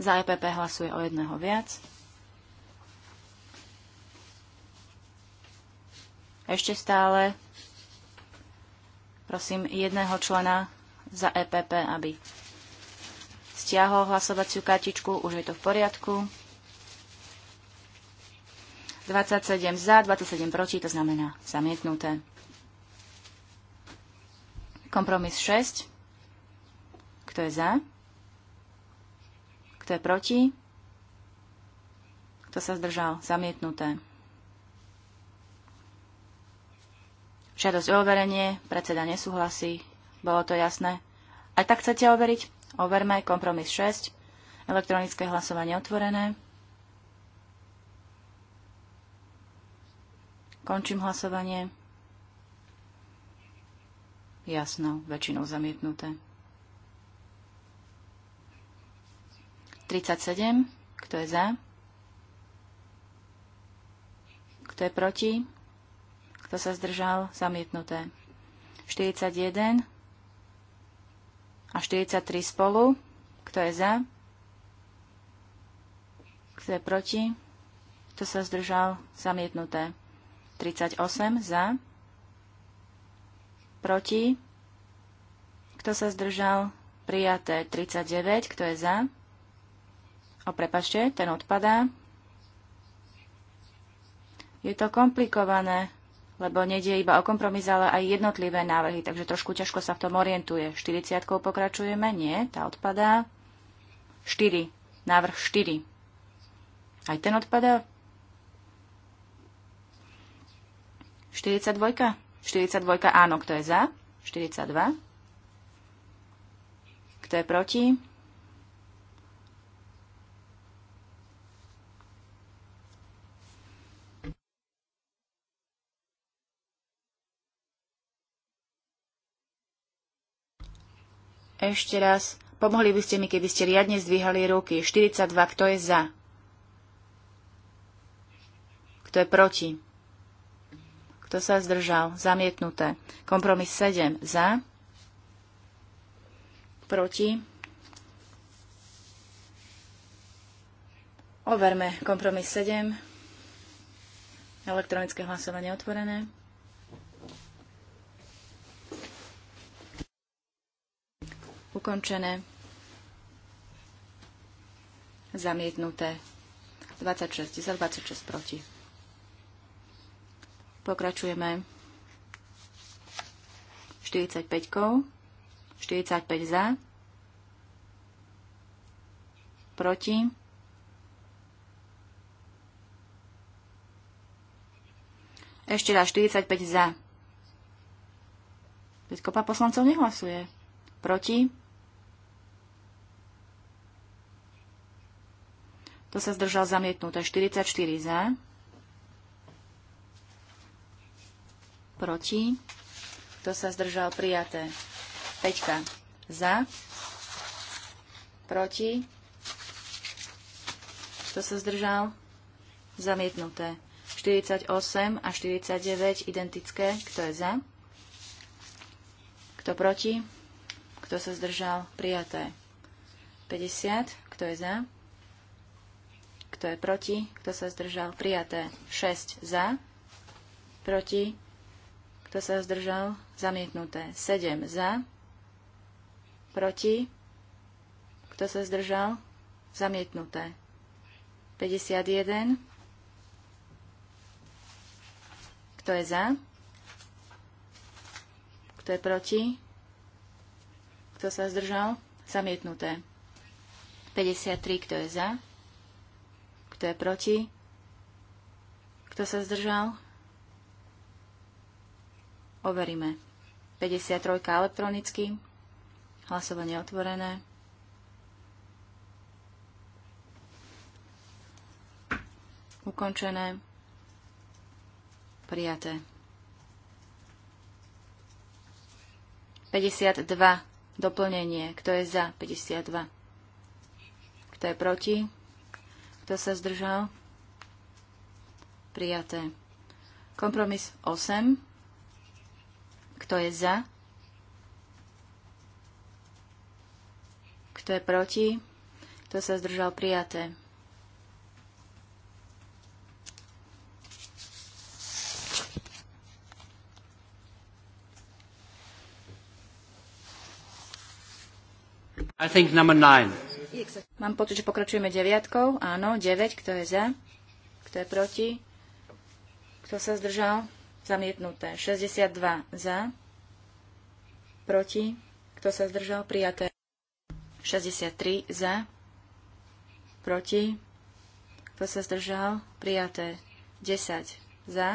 Za EPP hlasuje o jedného viac. Ešte stále prosím jedného člena za EPP, aby stiahol hlasovaciu kartičku. Už je to v poriadku. 27 za, 27 proti, to znamená zamietnuté. Kompromis 6. Kto je za? Kto je proti? Kto sa zdržal? Zamietnuté. Žiadosť o overenie, predseda nesúhlasí, bolo to jasné. Aj tak chcete overiť? Overme kompromis 6, elektronické hlasovanie otvorené. Končím hlasovanie. Jasno, väčšinou zamietnuté. 37. Kto je za? Kto je proti? Kto sa zdržal? Zamietnuté. 41 a 43 spolu. Kto je za? Kto je proti? Kto sa zdržal? Zamietnuté. 38 za, proti, kto sa zdržal, prijaté 39, kto je za, o prepašte, ten odpadá. Je to komplikované, lebo nedie iba o kompromis, ale aj jednotlivé návrhy, takže trošku ťažko sa v tom orientuje. 40 pokračujeme, nie, tá odpadá. 4, návrh 4. Aj ten odpadá? 42? 42 áno, kto je za? 42. Kto je proti? Ešte raz. Pomohli by ste mi, keby ste riadne zdvíhali ruky. 42, kto je za? Kto je proti? Kto sa zdržal? Zamietnuté. Kompromis 7 za. Proti. Overme kompromis 7. Elektronické hlasovanie otvorené. Ukončené. Zamietnuté. 26 za, 26 proti. Pokračujeme 45 -kou. 45 za. Proti. Ešte raz 45 za. Veď kopa poslancov nehlasuje. Proti? To sa zdržal zamietnuté. 44 za. proti, kto sa zdržal prijaté. 5 za, proti, kto sa zdržal zamietnuté. 48 a 49 identické, kto je za, kto proti, kto sa zdržal prijaté. 50, kto je za, kto je proti, kto sa zdržal prijaté. 6 za, proti, kto sa zdržal? Zamietnuté. 7 za. Proti. Kto sa zdržal? Zamietnuté. 51. Kto je za? Kto je proti? Kto sa zdržal? Zamietnuté. 53. Kto je za? Kto je proti? Kto sa zdržal? Overíme. 53 elektronicky. Hlasovanie otvorené. Ukončené. Prijaté. 52. Doplnenie. Kto je za? 52. Kto je proti? Kto sa zdržal? Prijaté. Kompromis 8. Kto je za? Kto je proti? Kto sa zdržal prijaté? I think number nine. Mám pocit, že pokračujeme deviatkou. Áno, 9. Kto je za? Kto je proti? Kto sa zdržal? Zamietnuté. 62 za proti, kto sa zdržal, prijaté. 63 za, proti, kto sa zdržal, prijaté. 10 za,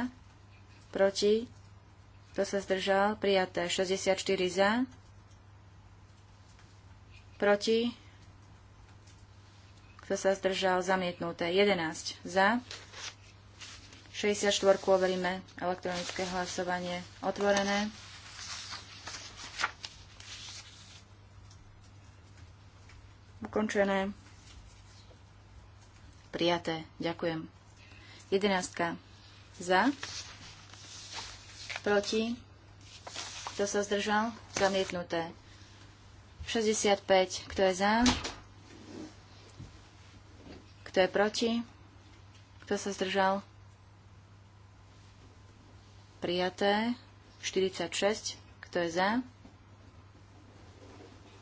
proti, kto sa zdržal, prijaté. 64 za, proti, kto sa zdržal, zamietnuté. 11 za, 64 overíme elektronické hlasovanie otvorené. ukončené. Prijaté. Ďakujem. 11. Za. Proti. Kto sa zdržal? Zamietnuté. 65. Kto je za? Kto je proti? Kto sa zdržal? Prijaté. 46. Kto je za?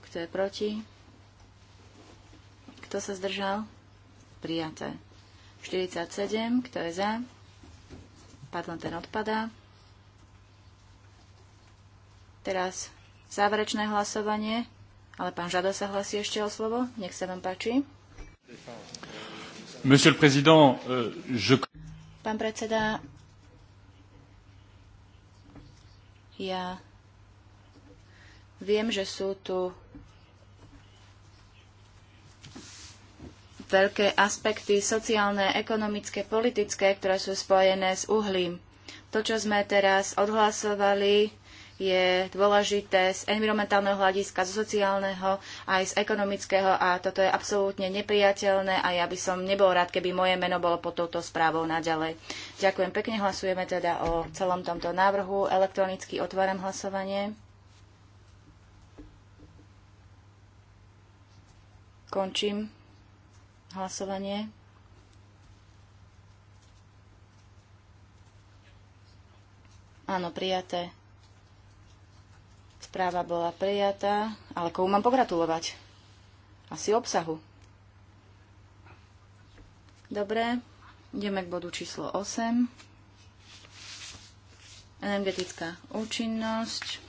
Kto je proti? Kto sa zdržal? Prijaté. 47. Kto je za? Pardon, ten odpadá. Teraz záverečné hlasovanie. Ale pán Žado sa hlasí ešte o slovo. Nech sa vám páči. Monsieur le Président, euh, je... Pán predseda, ja viem, že sú tu veľké aspekty sociálne, ekonomické, politické, ktoré sú spojené s uhlím. To, čo sme teraz odhlasovali, je dôležité z environmentálneho hľadiska, z sociálneho, aj z ekonomického a toto je absolútne nepriateľné a ja by som nebol rád, keby moje meno bolo pod touto správou naďalej. Ďakujem pekne, hlasujeme teda o celom tomto návrhu. Elektronicky otváram hlasovanie. Končím hlasovanie. Áno, prijaté. Správa bola prijatá, ale komu mám pogratulovať? Asi obsahu. Dobre, ideme k bodu číslo 8. Energetická účinnosť.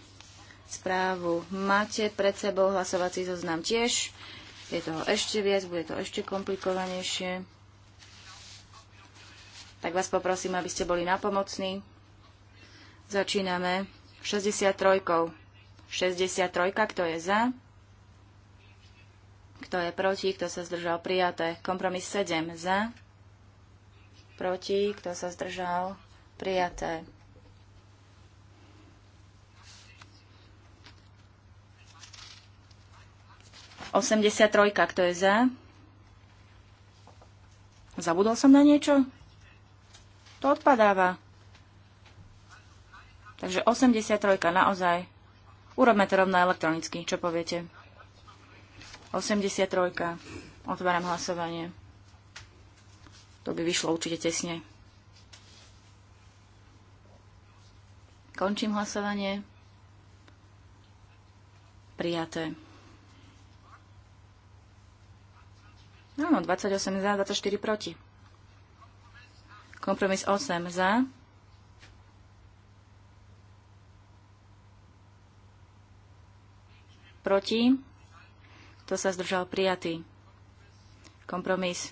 Správu máte pred sebou, hlasovací zoznam tiež je toho ešte viac, bude to ešte komplikovanejšie. Tak vás poprosím, aby ste boli napomocní. Začíname 63. 63, kto je za? Kto je proti? Kto sa zdržal? Prijaté. Kompromis 7 za. Proti. Kto sa zdržal? Prijaté. 83, kto je za? Zabudol som na niečo? To odpadáva. Takže 83 naozaj. Urobme to rovno elektronicky, čo poviete? 83. Otváram hlasovanie. To by vyšlo určite tesne. Končím hlasovanie. Prijaté. Áno, 28 za, 24 proti. Kompromis 8 za. Proti. To sa zdržal prijatý? Kompromis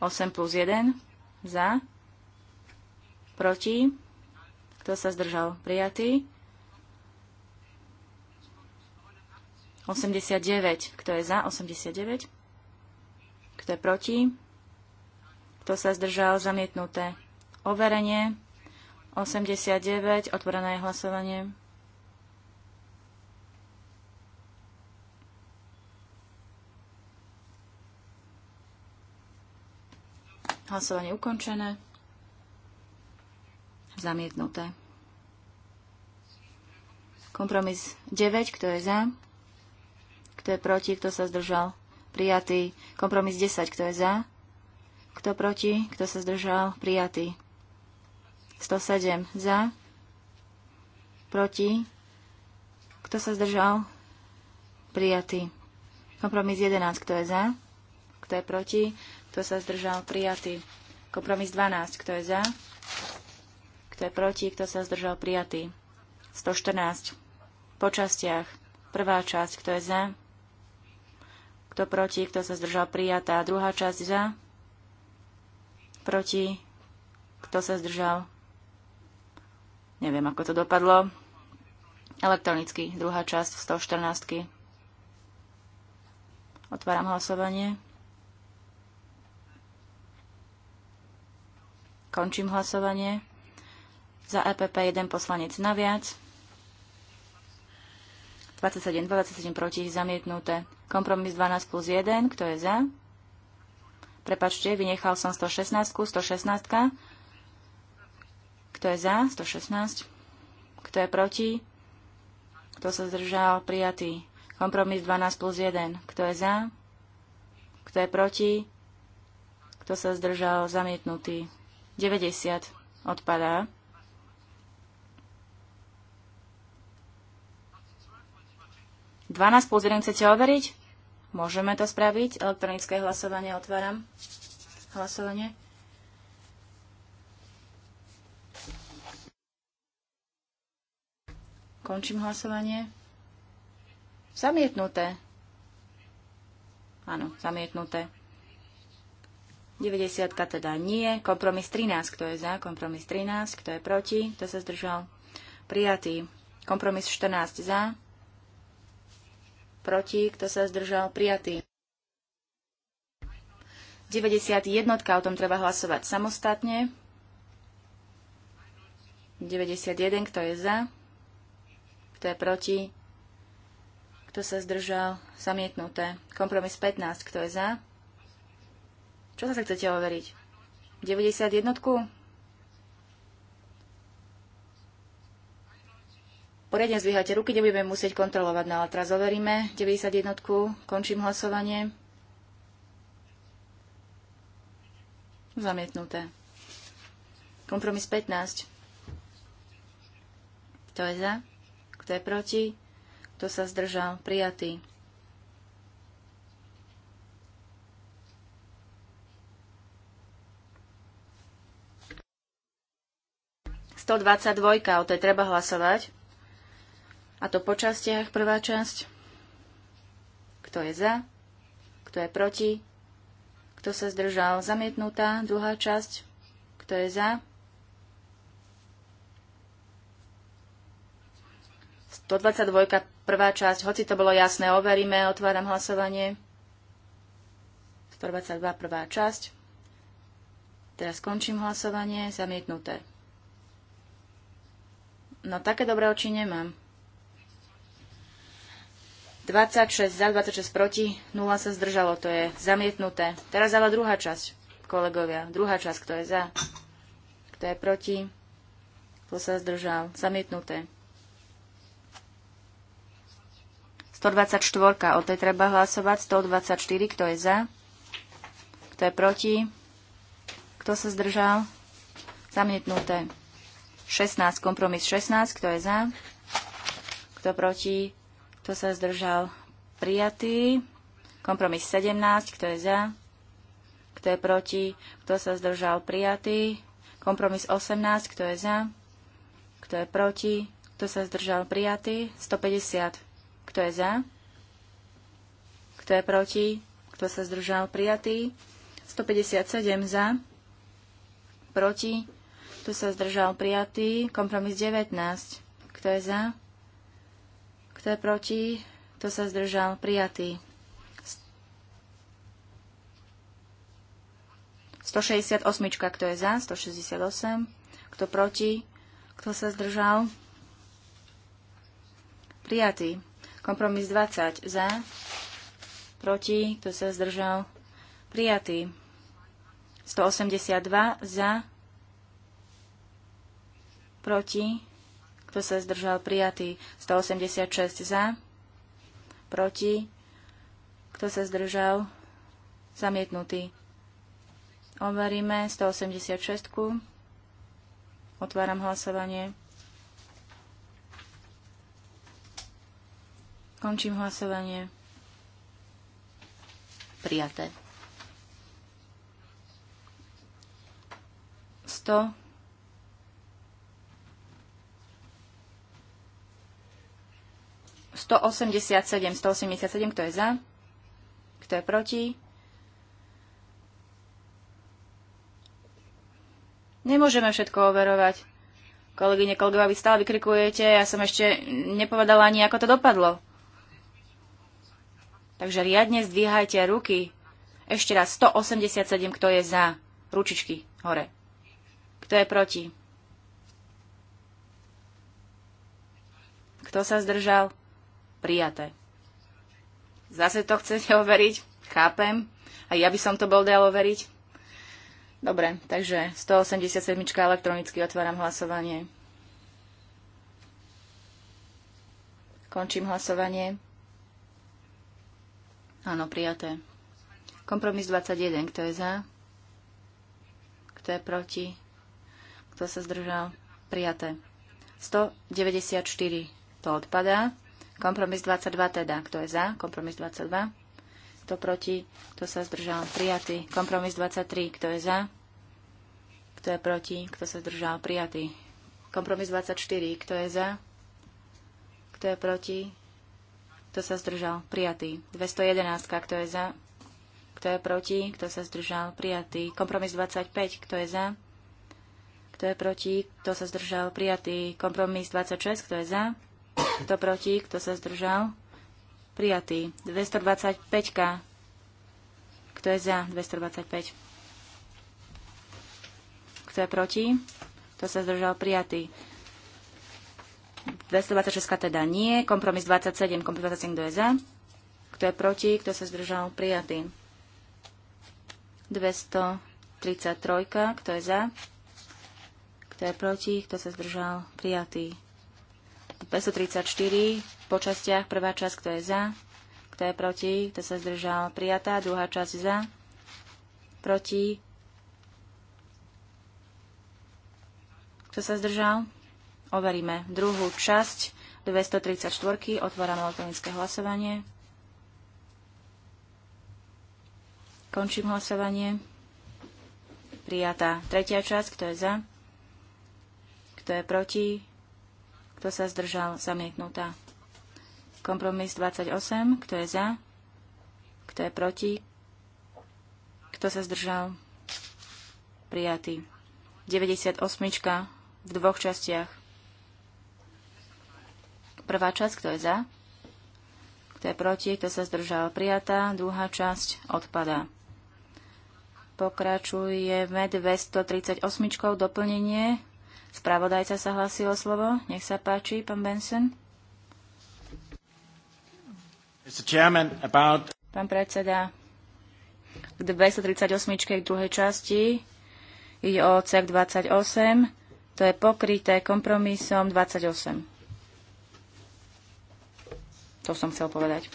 8 plus 1 za. Proti. Kto sa zdržal prijatý? 89. Kto je za? 89. Kto je proti? Kto sa zdržal? Zamietnuté. Overenie. 89. Otvorené je hlasovanie. Hlasovanie ukončené. Zamietnuté. Kompromis 9. Kto je za? Kto je proti? Kto sa zdržal? prijatý. Kompromis 10, kto je za, kto proti, kto sa zdržal, prijatý. 107 za, proti, kto sa zdržal, prijatý. Kompromis 11, kto je za, kto je proti, kto sa zdržal, prijatý. Kompromis 12, kto je za, kto je proti, kto sa zdržal, prijatý. 114. Po častiach. Prvá časť, kto je za, kto proti? Kto sa zdržal? Prijatá. Druhá časť za? Proti? Kto sa zdržal? Neviem, ako to dopadlo. Elektronicky. Druhá časť 114. Otváram hlasovanie. Končím hlasovanie. Za EPP jeden poslanec naviac. 27, 27 proti, zamietnuté. Kompromis 12 plus 1, kto je za? Prepačte, vynechal som 116, 116. Kto je za? 116. Kto je proti? Kto sa zdržal? Prijatý. Kompromis 12 plus 1. Kto je za? Kto je proti? Kto sa zdržal? Zamietnutý. 90. Odpadá. 12 plus 1 chcete overiť? Môžeme to spraviť. Elektronické hlasovanie otváram. Hlasovanie. Končím hlasovanie. Zamietnuté. Áno, zamietnuté. 90 teda nie. Kompromis 13, kto je za? Kompromis 13, kto je proti? Kto sa zdržal? Prijatý. Kompromis 14 za proti, kto sa zdržal, prijatý. 91, o tom treba hlasovať samostatne. 91, kto je za, kto je proti, kto sa zdržal, zamietnuté. Kompromis 15, kto je za. Čo sa chcete overiť? 91? Poriadne zvíhate ruky, nebudeme musieť kontrolovať, no ale teraz overíme 91. Končím hlasovanie. Zamietnuté. Kompromis 15. Kto je za? Kto je proti? Kto sa zdržal? Prijatý. Sto dvadsať dvojka, o tej treba hlasovať. A to po častiach. Prvá časť. Kto je za? Kto je proti? Kto sa zdržal? Zamietnutá. Druhá časť. Kto je za? 122. Prvá časť. Hoci to bolo jasné, overíme. Otváram hlasovanie. 122. Prvá časť. Teraz skončím hlasovanie. Zamietnuté. No také dobré oči nemám. 26 za, 26 proti, 0 sa zdržalo, to je zamietnuté. Teraz ale druhá časť, kolegovia. Druhá časť, kto je za, kto je proti, kto sa zdržal, zamietnuté. 124, o tej treba hlasovať. 124, kto je za, kto je proti, kto sa zdržal, zamietnuté. 16, kompromis 16, kto je za, kto proti, kto sa zdržal? Prijatý. Kompromis 17. Kto je za? Kto je proti? Kto sa zdržal? Prijatý. Kompromis 18. Kto je za? Kto je proti? Kto sa zdržal? Prijatý. 150. Kto je za? Kto je proti? Kto sa zdržal? Prijatý. 157 za. Proti. Kto sa zdržal? Prijatý. Kompromis 19. Kto je za? Kto je proti. To sa zdržal. Prijatý. 168. Kto je za? 168. Kto proti? Kto sa zdržal? Prijatý. Kompromis 20. Za. Proti. Kto sa zdržal? Prijatý. 182. Za. Proti. Kto sa zdržal? Prijatý. 186 za. Proti. Kto sa zdržal? Zamietnutý. Overíme 186. -ku. Otváram hlasovanie. Končím hlasovanie. Prijaté. 100. 187. 187, kto je za? Kto je proti? Nemôžeme všetko overovať. Kolegyne, kolegovia, vy stále vykrikujete, ja som ešte nepovedala ani, ako to dopadlo. Takže riadne zdvíhajte ruky. Ešte raz, 187, kto je za? Ručičky hore. Kto je proti? Kto sa zdržal? Prijaté. Zase to chcete overiť? Chápem. A ja by som to bol dal overiť. Dobre, takže 187 elektronicky otváram hlasovanie. Končím hlasovanie. Áno, prijaté. Kompromis 21. Kto je za? Kto je proti? Kto sa zdržal? Prijaté. 194. To odpadá. Kompromis 22 teda. Kto je za? Kompromis 22. Kto proti? Kto sa zdržal? Prijatý. Kompromis 23. Kto je za? Kto je proti? Kto sa zdržal? Prijatý. Kompromis 24. Kto je za? Kto je proti? Kto sa zdržal? Prijatý. 211. Kto je za? Kto je proti? Kto sa zdržal? Prijatý. Kompromis 25. Kto je za? Kto je proti? Kto sa zdržal? Prijatý. Kompromis 26. Kto je za? Kto proti? Kto sa zdržal? Prijatý. 225. -ka. Kto je za 225? Kto je proti? Kto sa zdržal? Prijatý. 226 teda nie. Kompromis 27. Kompromis 27, kto je za? Kto je proti? Kto sa zdržal? Prijatý. 233. Kto je za? Kto je proti? Kto sa zdržal? Prijatý. 534 po častiach. Prvá časť, kto je za, kto je proti, kto sa zdržal, prijatá. Druhá časť za, proti, kto sa zdržal. Overíme druhú časť 234. Otváram elektronické hlasovanie. Končím hlasovanie. Prijatá tretia časť, kto je za, kto je proti, kto sa zdržal? Zamietnutá. Kompromis 28. Kto je za? Kto je proti? Kto sa zdržal? Prijatý. 98. v dvoch častiach. Prvá časť, kto je za? Kto je proti? Kto sa zdržal? Prijatá. Druhá časť odpadá. Pokračujeme 238. doplnenie Spravodajca sa hlasí o slovo. Nech sa páči, pán Benson. Pán predseda, k 238. k druhej časti ide o odsek 28. To je pokryté kompromisom 28. To som chcel povedať.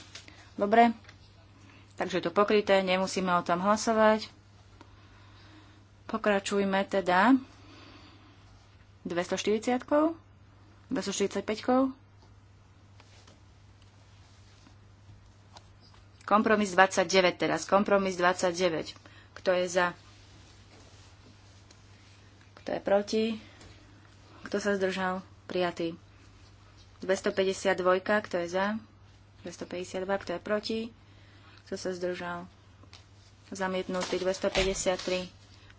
Dobre, takže je to pokryté, nemusíme o tom hlasovať. Pokračujme teda 240 245 Kompromis 29 teraz. Kompromis 29. Kto je za? Kto je proti? Kto sa zdržal? Prijatý. 252. Kto je za? 252. Kto je proti? Kto sa zdržal? Zamietnutý. 253.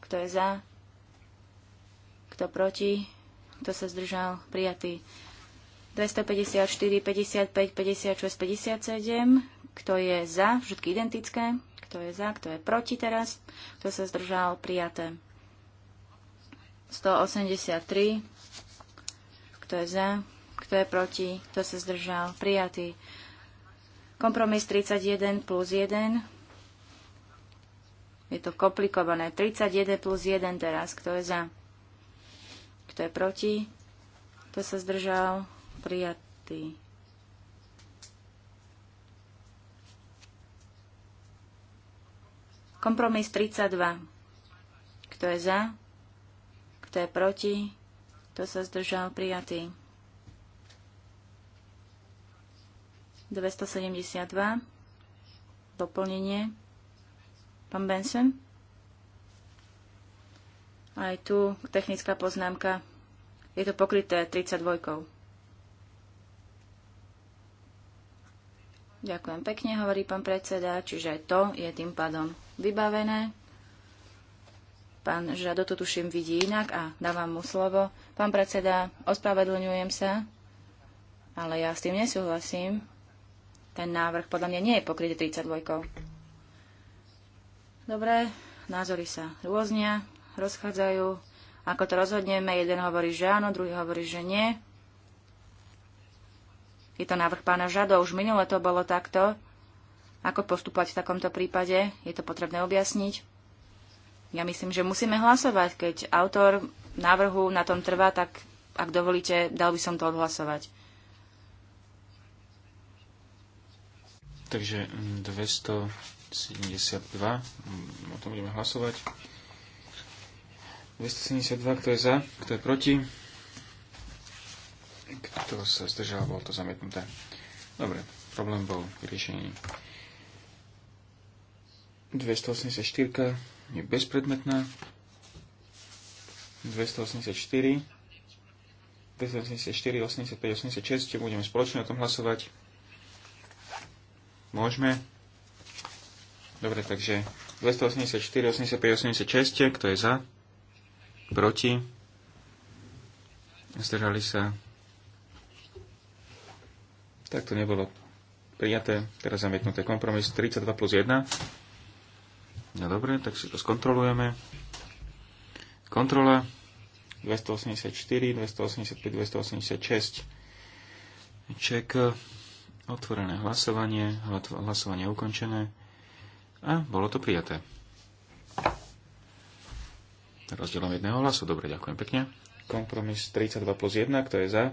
Kto je za? Kto proti? kto sa zdržal, prijatý. 254, 55, 56, 57, kto je za, všetky identické, kto je za, kto je proti teraz, kto sa zdržal, prijaté. 183, kto je za, kto je proti, kto sa zdržal, prijatý. Kompromis 31 plus 1, je to komplikované, 31 plus 1 teraz, kto je za, kto je proti? Kto sa zdržal? Prijatý. Kompromis 32. Kto je za? Kto je proti? Kto sa zdržal? Prijatý. 272. Doplnenie. Pán Benson? Aj tu technická poznámka. Je to pokryté 32. Ďakujem pekne, hovorí pán predseda, čiže aj to je tým pádom vybavené. Pán Žado to tuším vidí inak a dávam mu slovo. Pán predseda, ospravedlňujem sa, ale ja s tým nesúhlasím. Ten návrh podľa mňa nie je pokrytý 32. Dobre, názory sa rôznia rozchádzajú. Ako to rozhodneme, jeden hovorí, že áno, druhý hovorí, že nie. Je to návrh pána Žado, už minule to bolo takto. Ako postupovať v takomto prípade? Je to potrebné objasniť. Ja myslím, že musíme hlasovať. Keď autor návrhu na tom trvá, tak ak dovolíte, dal by som to odhlasovať. Takže 272, mm, mm, o tom budeme hlasovať. 272, kto je za, kto je proti, kto sa zdržal, bolo to zamietnuté. Dobre, problém bol vyriešený. 284 je bezpredmetná. 284 284, 85, 86 budeme spoločne o tom hlasovať. Môžeme. Dobre, takže 284, 85, 86, kto je za? proti, zdržali sa. Tak to nebolo prijaté, teraz zamietnuté kompromis 32 plus 1. No dobre, tak si to skontrolujeme. Kontrola 284, 285, 286. Ček otvorené hlasovanie, hlasovanie ukončené a bolo to prijaté. Rozdielom jedného hlasu. Dobre, ďakujem pekne. Kompromis 32 plus 1, kto je za?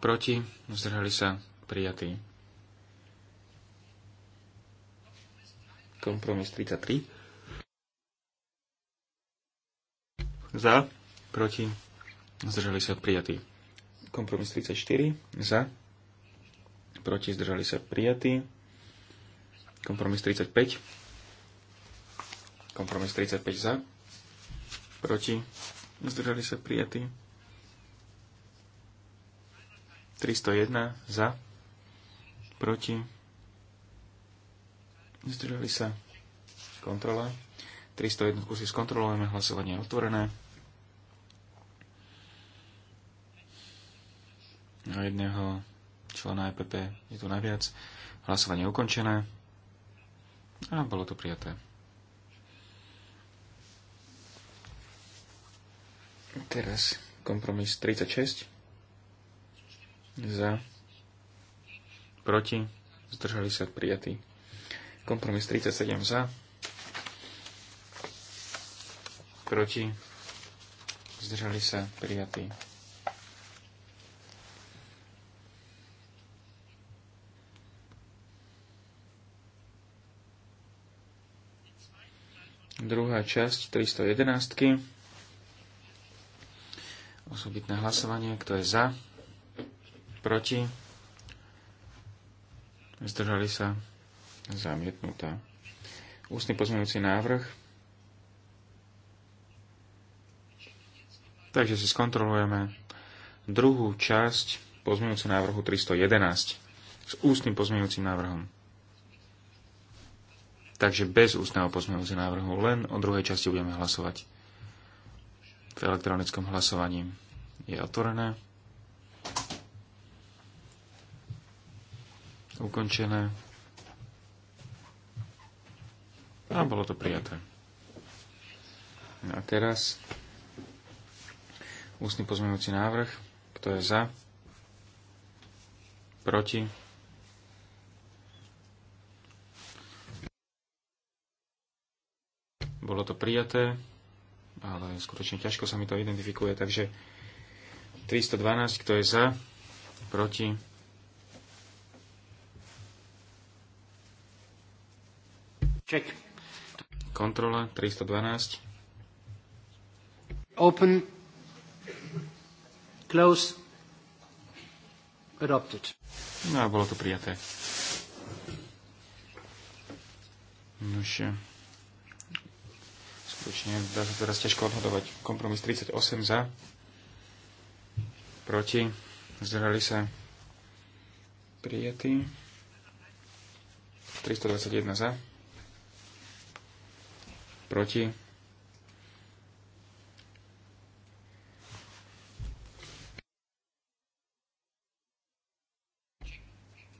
Proti? Zdrhali sa prijatí. Kompromis 33. Za? Proti? Zdržali sa prijatí. Kompromis 34. Za? Proti? Zdržali sa prijatí. Kompromis 35 Kompromis 35 za. Proti. Zdržali sa prijatí. 301 za. Proti. Zdržali sa. Kontrola. 301 kusy skontrolujeme. Hlasovanie je otvorené. Na jedného člena EPP je tu najviac. Hlasovanie je ukončené. A bolo to prijaté. Teraz kompromis 36. Za. Proti. Zdržali sa prijatí. Kompromis 37 za. Proti. Zdržali sa prijatí. Druhá časť 311. -ky osobitné hlasovanie. Kto je za? Proti? Zdržali sa? Zamietnutá. Ústny pozmeňujúci návrh. Takže si skontrolujeme druhú časť pozmeňujúceho návrhu 311 s ústnym pozmeňujúcim návrhom. Takže bez ústneho pozmeňujúceho návrhu, len o druhej časti budeme hlasovať v elektronickom hlasovaní. Je otvorené. Ukončené. A bolo to prijaté. No a teraz ústny pozmeňujúci návrh. Kto je za? Proti? Bolo to prijaté ale skutočne ťažko sa mi to identifikuje, takže 312, kto je za, proti. Check. Kontrola 312. Open. Close. Adopted. No a bolo to prijaté. Nože. Skutočne dá sa teraz ťažko odhadovať. Kompromis 38 za, proti, zdržali sa prijatí. 321 za, proti,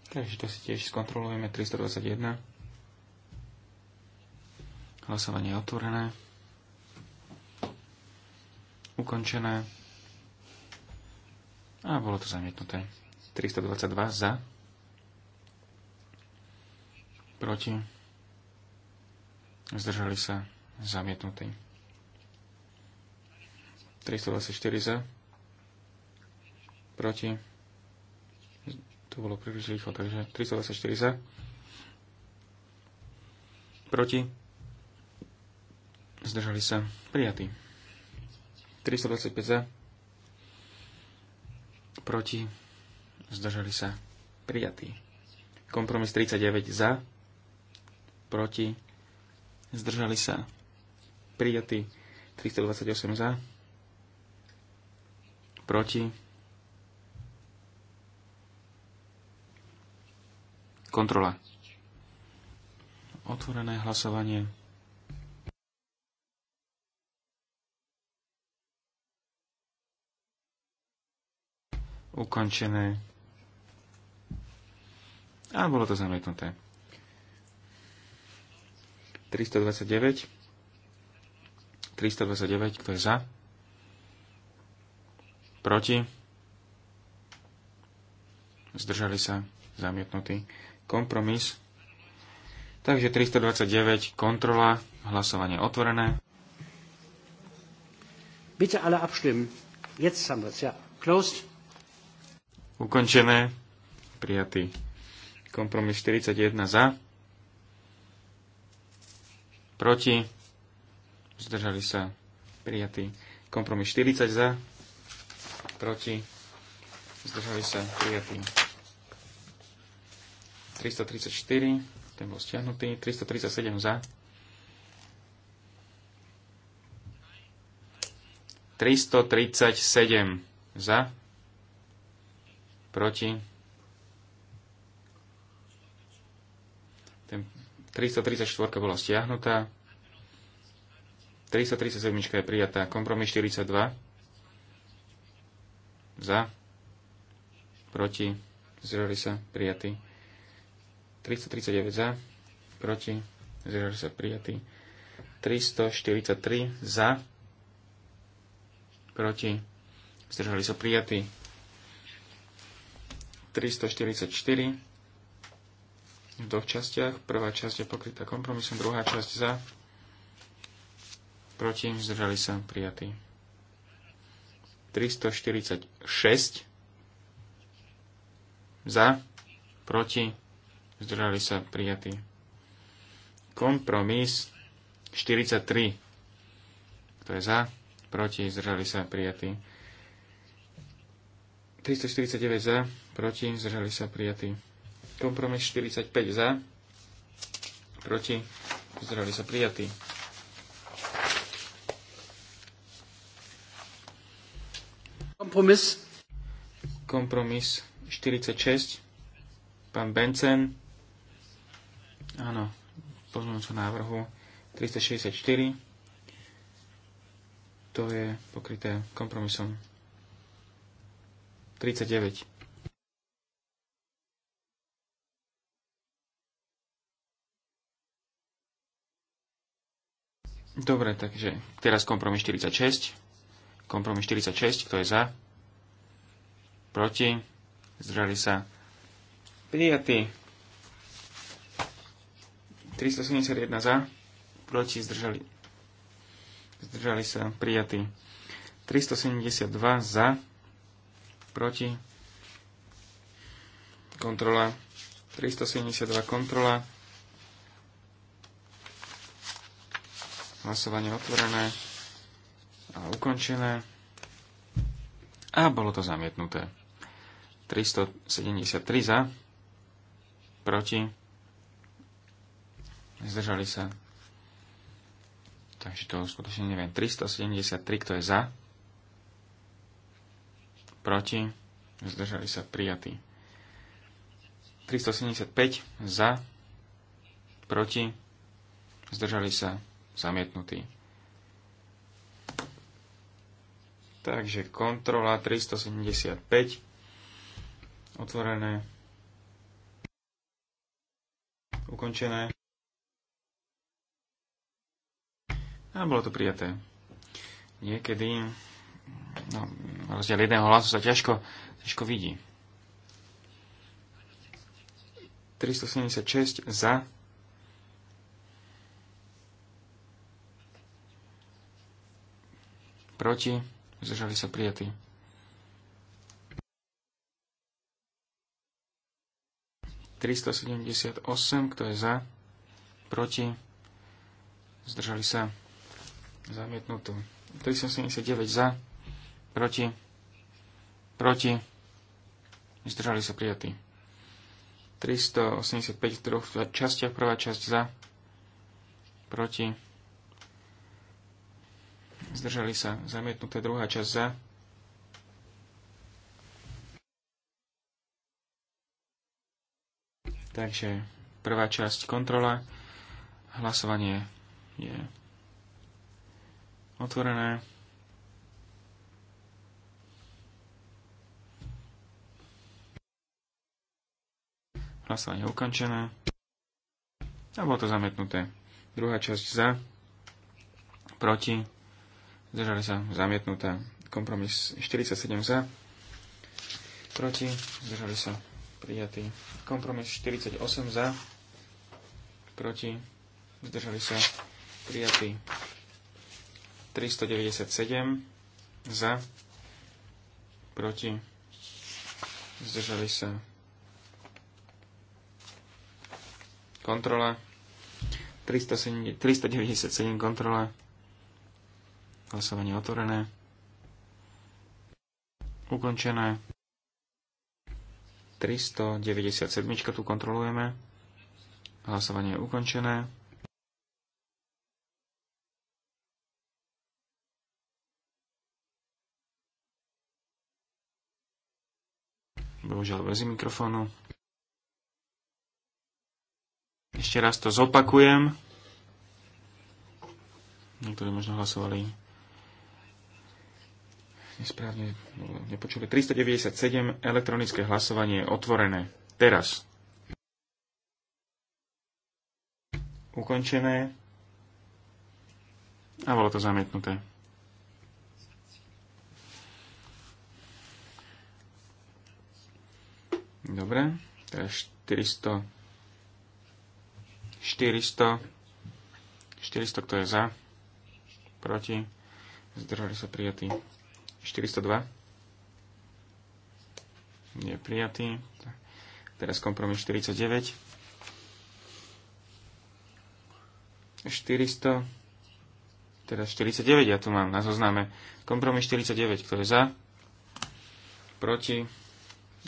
Takže to si tiež skontrolujeme. 321. Hlasovanie je otvorené ukončené a bolo to zamietnuté. 322 za, proti, zdržali sa zamietnutí. 324 za, proti, to bolo príliš rýchlo, takže 324 za, proti, zdržali sa prijatí. 325 za. Proti. Zdržali sa. Prijatý. Kompromis 39 za. Proti. Zdržali sa. Prijatý. 328 za. Proti. kontrola. Otvorené hlasovanie. ukončené. A bolo to zamietnuté. 329. 329, kto je za? Proti? Zdržali sa zamietnutý kompromis. Takže 329, kontrola, hlasovanie otvorené. Bitte alle abstimmen. Jetzt haben es, ja. Closed ukončené, prijatý kompromis 41 za, proti, zdržali sa, prijatý kompromis 40 za, proti, zdržali sa, prijatý 334, ten bol stiahnutý, 337 za, 337 za, proti. Ten 334 bola stiahnutá. 337 je prijatá. Kompromis 42. Za. Proti. Zdržali sa. Prijatý. 339 za. Proti. Zdržali sa. Prijatý. 343 za. Proti. Zdržali sa. Prijatý. 344 v dvoch častiach. Prvá časť je pokrytá kompromisom, druhá časť za, proti, zdržali sa, prijatí. 346 za, proti, zdržali sa, prijatí. Kompromis 43, to je za, proti, zdržali sa, prijatí. 349 za, proti, zdržali sa prijatí. Kompromis 45 za, proti, zdržali sa prijatí. Kompromis. Kompromis 46. Pán Bencen. Áno, sa návrhu 364. To je pokryté kompromisom 39. Dobre, takže teraz kompromis 46. Kompromis 46, kto je za? Proti? Zdržali sa? Prijatý. 371 za. Proti? Zdržali. Zdržali sa? Prijatý. 372 za. Proti? Kontrola. 372 kontrola. Hlasovanie otvorené a ukončené. A bolo to zamietnuté. 373 za, proti, zdržali sa. Takže to skutočne neviem. 373, kto je za, proti, zdržali sa prijatí. 375 za, proti, zdržali sa zamietnutý. Takže kontrola 375 otvorené ukončené a bolo to prijaté. Niekedy no, rozdiel jedného hlasu sa ťažko, ťažko vidí. 376 za proti, zdržali sa prijatí. 378, kto je za, proti, zdržali sa zamietnutú. 379 za, proti, proti, zdržali sa prijatí. 385 v troch častiach, prvá časť za, proti, zdržali sa zamietnuté, druhá časť za, Takže prvá časť kontrola, hlasovanie je otvorené. Hlasovanie je ukončené. A bolo to zamietnuté. Druhá časť za, proti, zdržali sa zamietnuté. Kompromis 47 za, proti, zdržali sa prijatý. Kompromis 48 za, proti, zdržali sa prijatý. 397 za, proti, zdržali sa kontrola, 397 kontrola, Hlasovanie otvorené. Ukončené. 397 tu kontrolujeme. Hlasovanie je ukončené. Bohužiaľ bez mikrofónu. Ešte raz to zopakujem. Niektorí možno hlasovali nesprávne nepočuli. 397 elektronické hlasovanie je otvorené. Teraz. Ukončené. A bolo to zamietnuté. Dobre, teraz 400, 400, 400, kto je za, proti, zdržali sa prijatí. 402. Nie je prijatý. Teraz kompromis 49. 400. Teraz 49 ja tu mám na zozname. Kompromis 49, kto je za? Proti?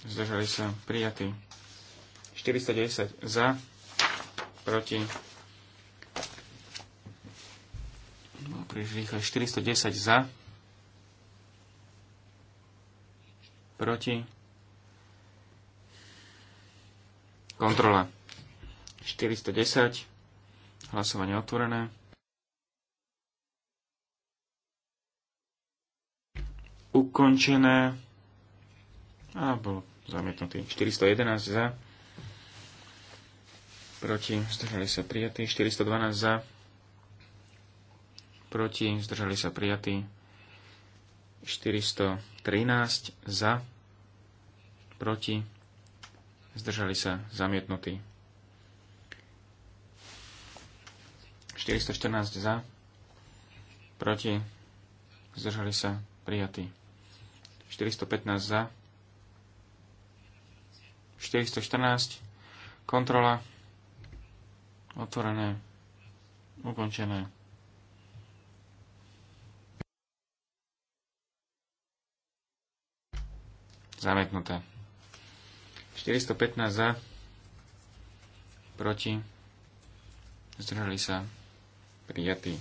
Zdržali sa prijatý 410 za? Proti? No, príliš rýchle. 410 za? proti, kontrola 410, hlasovanie otvorené, ukončené a bol zamietnutý 411 za, proti, zdržali sa prijatí, 412 za, proti, zdržali sa prijatí, 400 13 za, proti, zdržali sa zamietnutí. 414 za, proti, zdržali sa prijatí. 415 za, 414, kontrola, otvorené, ukončené. Zamietnuté. 415 za, proti, zdržali sa, prijatí.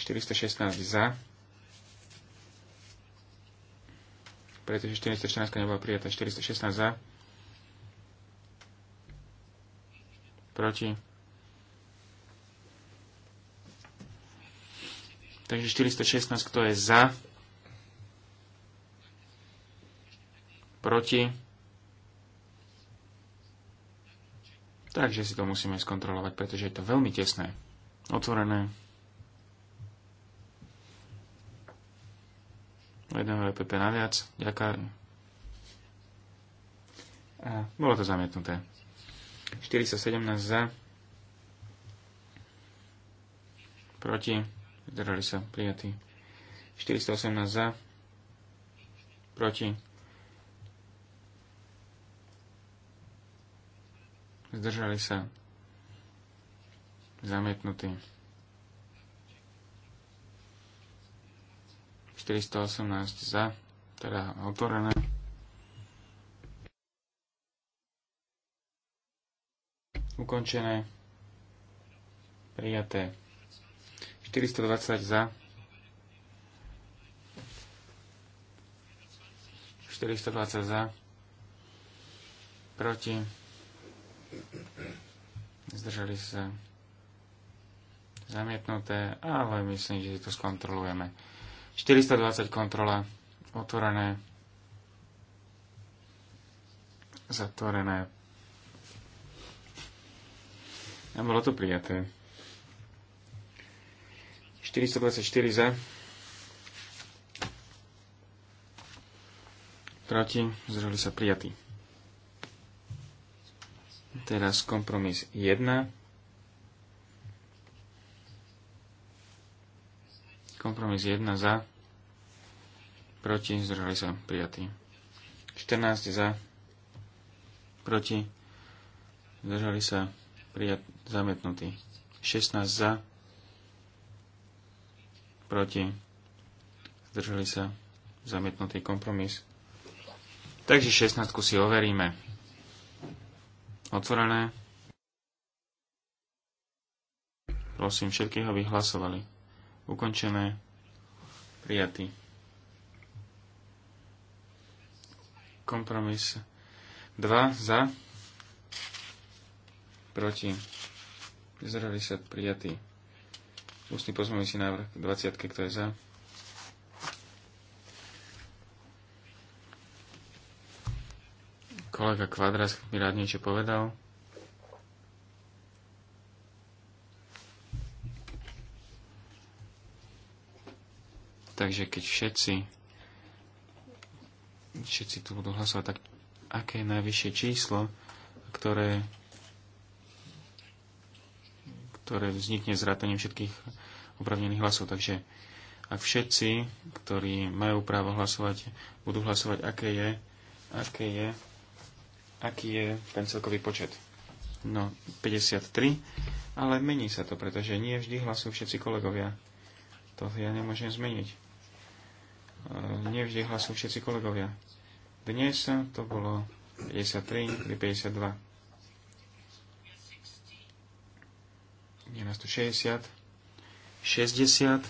416 za, pretože 414 nebola prijatá, 416 za, proti. Takže 416, kto je za, proti. Takže si to musíme skontrolovať, pretože je to veľmi tesné. Otvorené. Jedného EPP naviac. Ďakujem. A bolo to zamietnuté. 417 za. Proti. Zdržali sa prijatí. 418 za. Proti zdržali sa, zamietnutí. 418 za, teda otvorené. Ukončené. Prijaté. 420 za. 420 za. Proti Zdržali sa zamietnuté, ale myslím, že si to skontrolujeme. 420 kontrola otvorené, zatvorené. A bolo to prijaté. 424 za. Proti. Zdržali sa prijatí. Teraz kompromis 1. Kompromis 1 za. Proti. Zdržali sa. Prijatý. 14 za. Proti. Zdržali sa. Prijat. Zamietnutý. 16 za. Proti. Zdržali sa. Zamietnutý kompromis. Takže 16 si overíme otvorené. Prosím všetkých, aby hlasovali. Ukončené. Prijatý. Kompromis 2 za. Proti. Zdržali sa prijatý. Ústny pozmeňujúci návrh 20, kto je za. Kolega Kvadras by rád niečo povedal. Takže keď všetci, všetci tu budú hlasovať, tak aké je najvyššie číslo, ktoré, ktoré vznikne z rátaním všetkých opravnených hlasov. Takže ak všetci, ktorí majú právo hlasovať, budú hlasovať, aké je, aké je aký je ten celkový počet. No, 53, ale mení sa to, pretože nie vždy hlasujú všetci kolegovia. To ja nemôžem zmeniť. E, nie vždy hlasujú všetci kolegovia. Dnes to bolo 53 52. Je nás tu 60. 60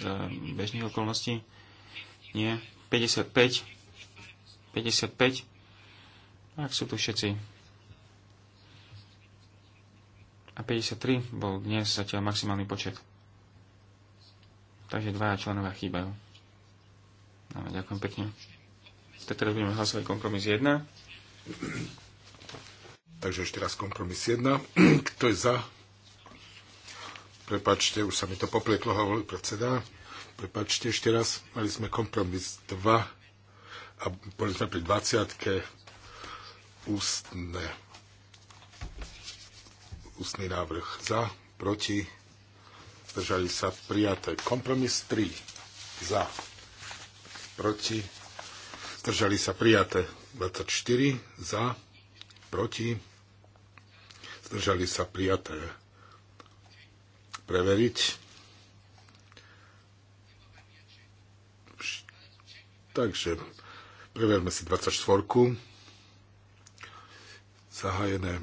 za bežných okolností. Nie. 55. 55 ak sú tu všetci. A 53 bol dnes zatiaľ maximálny počet. Takže dvaja členovia chýbajú. No, ďakujem pekne. Tak teraz budeme hlasovať kompromis 1. Takže ešte raz kompromis 1. Kto je za? Prepačte, už sa mi to poplietlo, hovorí predseda. Prepačte ešte raz. Mali sme kompromis 2 a boli sme pri 20 ústne. Ústny návrh za, proti, zdržali sa prijaté. Kompromis 3 za, proti, zdržali sa prijaté. 24 za, proti, zdržali sa prijaté. Preveriť. Takže preverme si 24 zahájené.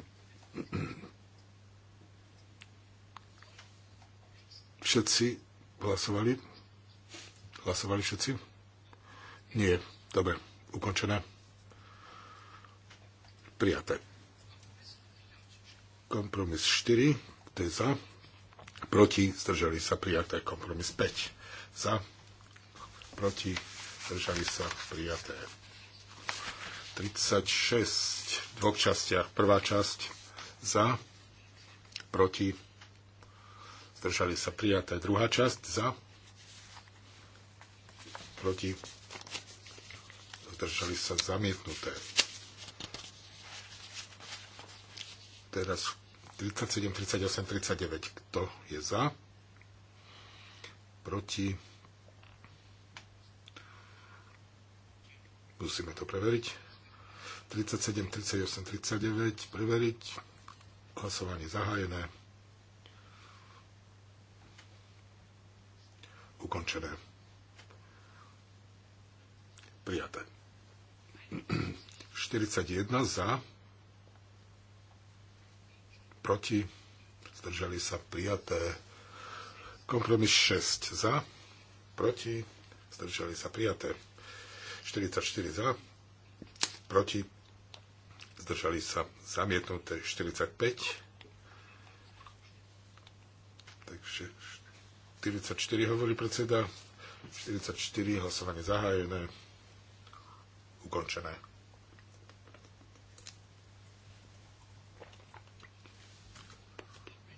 Všetci hlasovali? Hlasovali všetci? Nie. Dobre, ukončené. Prijaté. Kompromis 4, to je za. Proti, zdržali sa prijaté. Kompromis 5, za. Proti, zdržali sa prijaté. 36 v dvoch častiach. Prvá časť za, proti, zdržali sa prijaté. Druhá časť za, proti, zdržali sa zamietnuté. Teraz 37, 38, 39. Kto je za? Proti? Musíme to preveriť. 37, 38, 39 preveriť. Hlasovanie zahájené. Ukončené. Prijaté. 41 za. Proti. Zdržali sa prijaté. Kompromis 6 za. Proti. Zdržali sa prijaté. 44 za. Proti zdržali sa zamietnuté 45. Takže 44 hovorí predseda. 44 hlasovanie zahájené. Ukončené.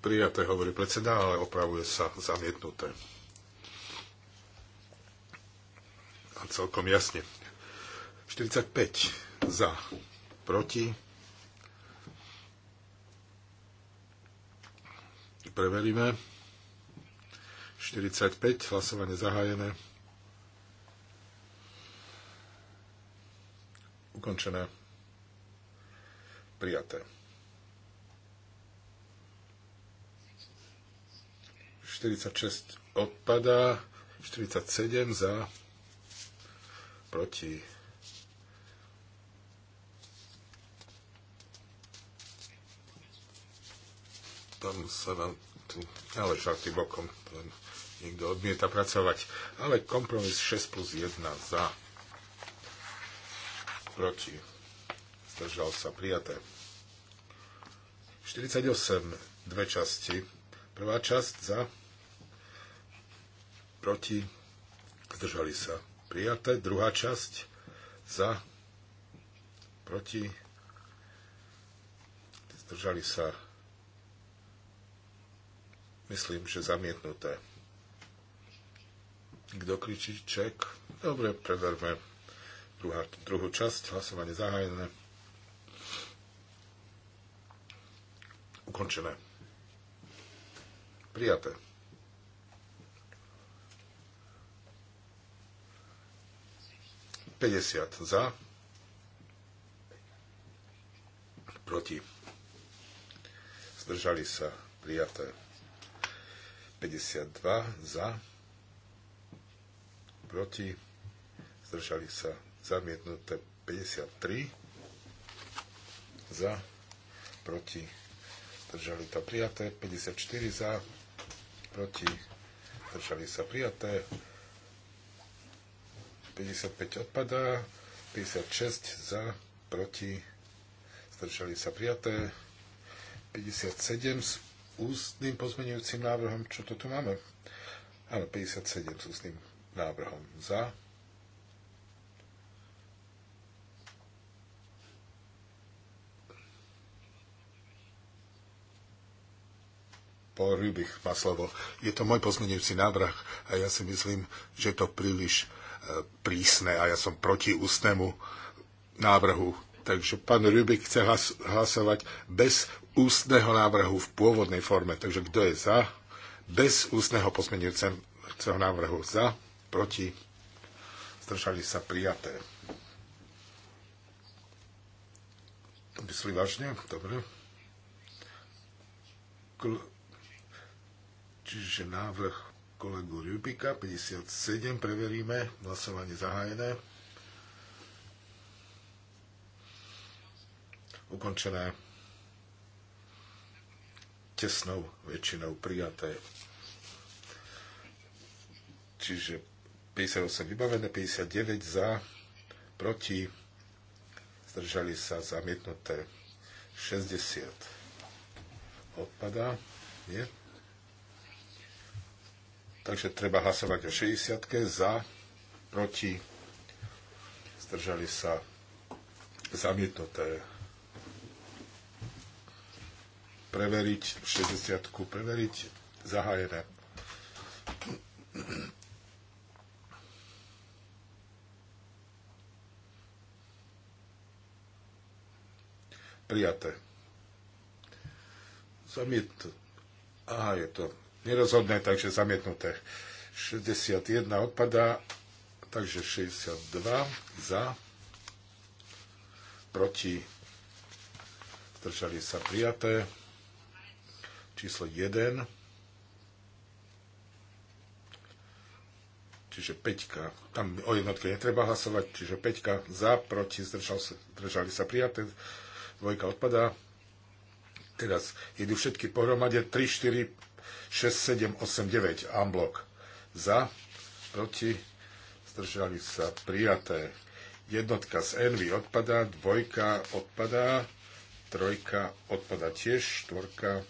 Prijaté hovorí predseda, ale opravuje sa zamietnuté. A celkom jasne. 45 za, proti. Preveríme. 45, hlasovanie zahájené. Ukončené. Prijaté. 46 odpadá, 47 za, proti tam sa vám, ale však tým bokom niekto odmieta pracovať. Ale kompromis 6 plus 1 za, proti, zdržal sa, prijaté. 48, dve časti. Prvá časť za, proti, zdržali sa, prijaté. Druhá časť za, proti, zdržali sa, Myslím, že zamietnuté. Kto kričí ček? Dobre, preverme druhá, druhú časť. Hlasovanie zahájené. Ukončené. Prijaté. Päťdesiat za. Proti. Zdržali sa. Prijaté. 52 za, proti, zdržali sa zamietnuté 53 za, proti, zdržali sa prijaté 54 za, proti, zdržali sa prijaté 55 odpadá, 56 za, proti, zdržali sa prijaté 57 ústnym pozmenujúcim návrhom. Čo to tu máme? Áno, 57 s ústnym návrhom za. Paul bych má slovo. Je to môj pozmenujúci návrh a ja si myslím, že je to príliš e, prísne a ja som proti ústnemu návrhu Takže pán Rubik chce hlasovať bez ústneho návrhu v pôvodnej forme. Takže kto je za? Bez ústneho posmenujúceho návrhu za, proti, zdržali sa prijaté. Myslí vážne? Dobre. Čiže návrh kolegu Rubika 57, preveríme, hlasovanie zahájené. ukončené tesnou väčšinou prijaté. Čiže 58 vybavené, 59 za, proti, zdržali sa zamietnuté 60. Odpadá, nie? Takže treba hlasovať o 60 za, proti, zdržali sa zamietnuté preveriť, 60 preveriť, zahájené. Prijaté. Zamietnuté. Aha, je to nerozhodné, takže zamietnuté. 61 odpadá, takže 62 za, proti, zdržali sa prijaté číslo 1, čiže 5, tam o jednotke netreba hlasovať, čiže 5 za, proti, zdržal, zdržali sa prijaté, dvojka odpadá. Teraz idú všetky pohromade 3, 4, 6, 7, 8, 9, Amblok. Za, proti, zdržali sa prijaté. Jednotka z Envy odpadá, dvojka odpadá, trojka odpadá tiež, štvorka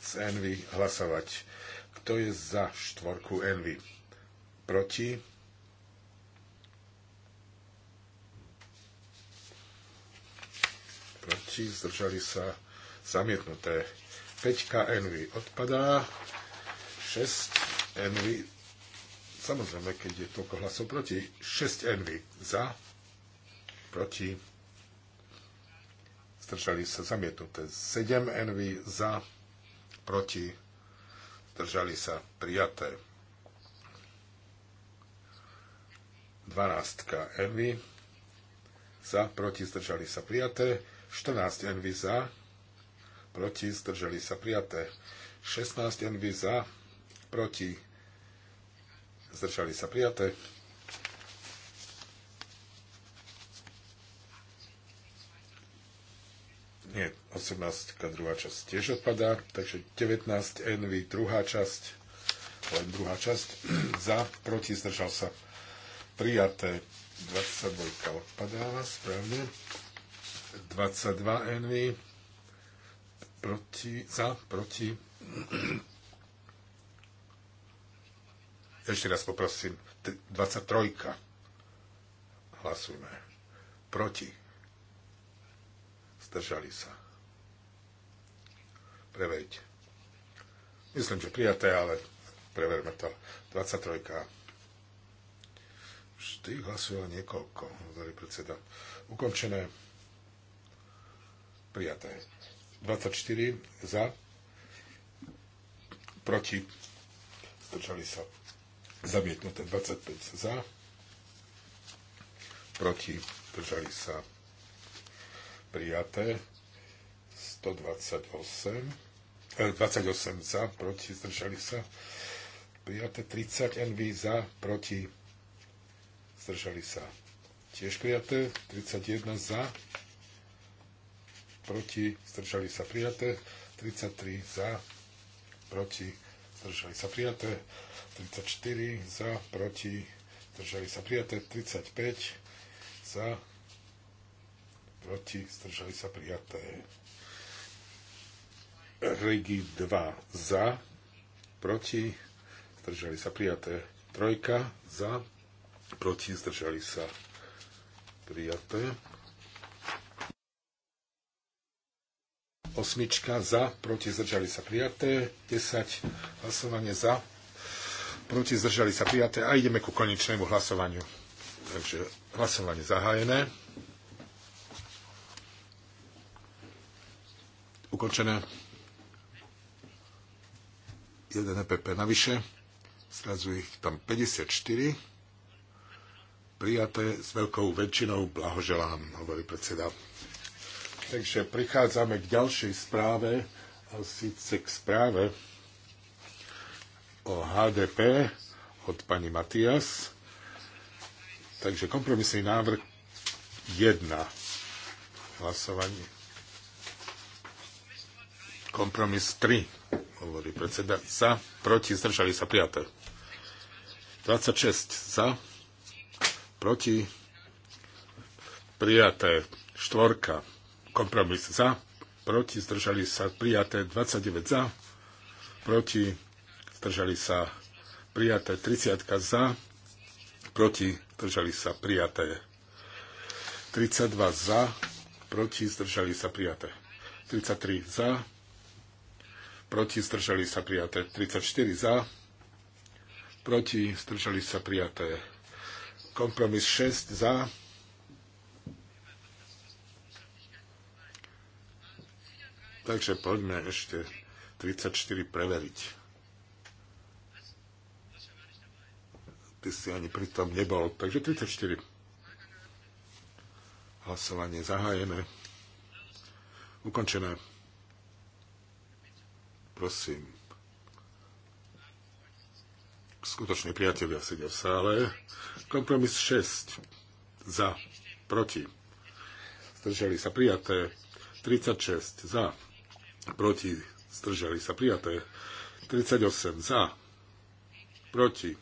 z Envy hlasovať. Kto je za štvorku Envy? Proti? Proti? Zdržali sa zamietnuté. 5 Envy odpadá. 6 Envy samozrejme, keď je toľko hlasov proti. 6 Envy za, proti, zdržali sa zamietnuté. 7 Envy za, proti, zdržali sa prijaté. 12 Envy za, proti, zdržali sa prijaté. 14 Envy za, proti, zdržali sa prijaté. 16 Envy za, proti, zdržali sa prijaté. nie, 18 druhá časť tiež odpadá, takže 19 NV druhá časť, len druhá časť, za, proti, zdržal sa, prijaté, 22 odpadáva, správne, 22 NV, proti, za, proti, ešte raz poprosím, 23. Hlasujme. Proti zdržali sa. Prevejte. Myslím, že prijaté, ale preverme to. 23. Vždy hlasuje niekoľko, hovorí predseda. Ukončené. Prijaté. 24 za. Proti. Zdržali sa. Zamietnuté. 25 za. Proti. Zdržali sa prijaté 128, eh, 28 za, proti, zdržali sa, prijaté 30 NV za, proti, zdržali sa. Tiež prijaté 31 za, proti, zdržali sa prijaté 33 za, proti, zdržali sa prijaté 34 za, proti, zdržali sa prijaté 35 za, proti, zdržali sa prijaté. Regi 2 za, proti, zdržali sa prijaté. Trojka za, proti, zdržali sa prijaté. Osmička za, proti, zdržali sa prijaté. 10 hlasovanie za, proti, zdržali sa prijaté. A ideme ku konečnému hlasovaniu. Takže hlasovanie zahájené. Ukončené. Jeden EPP navyše. Zrazu ich tam 54. Prijaté s veľkou väčšinou. Blahoželám, hovorí predseda. Takže prichádzame k ďalšej správe, a síce k správe o HDP od pani Matias. Takže kompromisný návrh 1. Hlasovanie Kompromis 3, hovorí predseda. Za, proti, zdržali sa prijaté. 26 za, proti, prijaté. Štvorka, kompromis za, proti, zdržali sa prijaté. 29 za, proti, zdržali sa prijaté. 30 za, proti, zdržali sa prijaté. 32 za, proti, zdržali sa prijaté. 33 za, proti, zdržali sa prijaté. 34 za, proti, zdržali sa prijaté. Kompromis 6 za, Takže poďme ešte 34 preveriť. Ty si ani pritom nebol. Takže 34. Hlasovanie zahájené. Ukončené. Prosím. Skutočne priatelia sedia v sále. Kompromis 6. Za. Proti. Zdržali sa prijaté. 36. Za. Proti. Zdržali sa prijaté. 38. Za. Proti.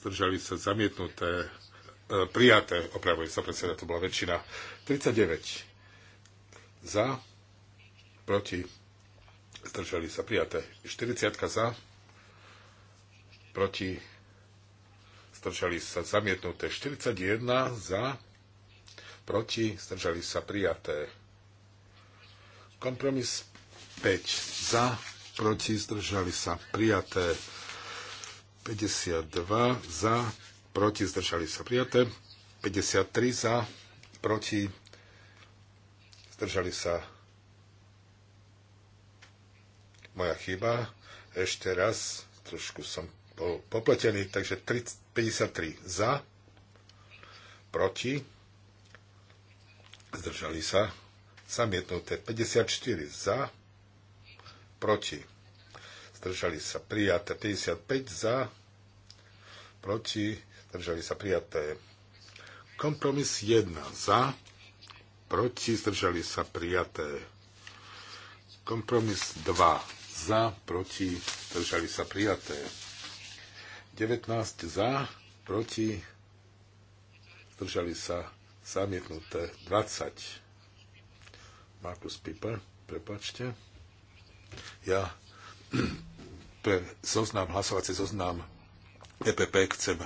Zdržali sa zamietnuté. E, prijaté. Opravuje sa predseda, to bola väčšina. 39. Za proti, zdržali sa prijaté. 40 za, proti, zdržali sa zamietnuté. 41 za, proti, zdržali sa prijaté. Kompromis 5 za, proti, zdržali sa prijaté. 52 za, proti, zdržali sa prijaté. 53 za, proti, zdržali sa moja chyba. Ešte raz, trošku som bol popletený, takže 53 za, proti, zdržali sa, zamietnuté 54 za, proti, zdržali sa prijaté 55 za, proti, zdržali sa prijaté kompromis 1 za, proti, zdržali sa prijaté kompromis 2 za, proti, zdržali sa prijaté. 19 za, proti, zdržali sa zamietnuté 20. Markus Piper, prepačte. Ja pre zoznam, hlasovací zoznam EPP chcem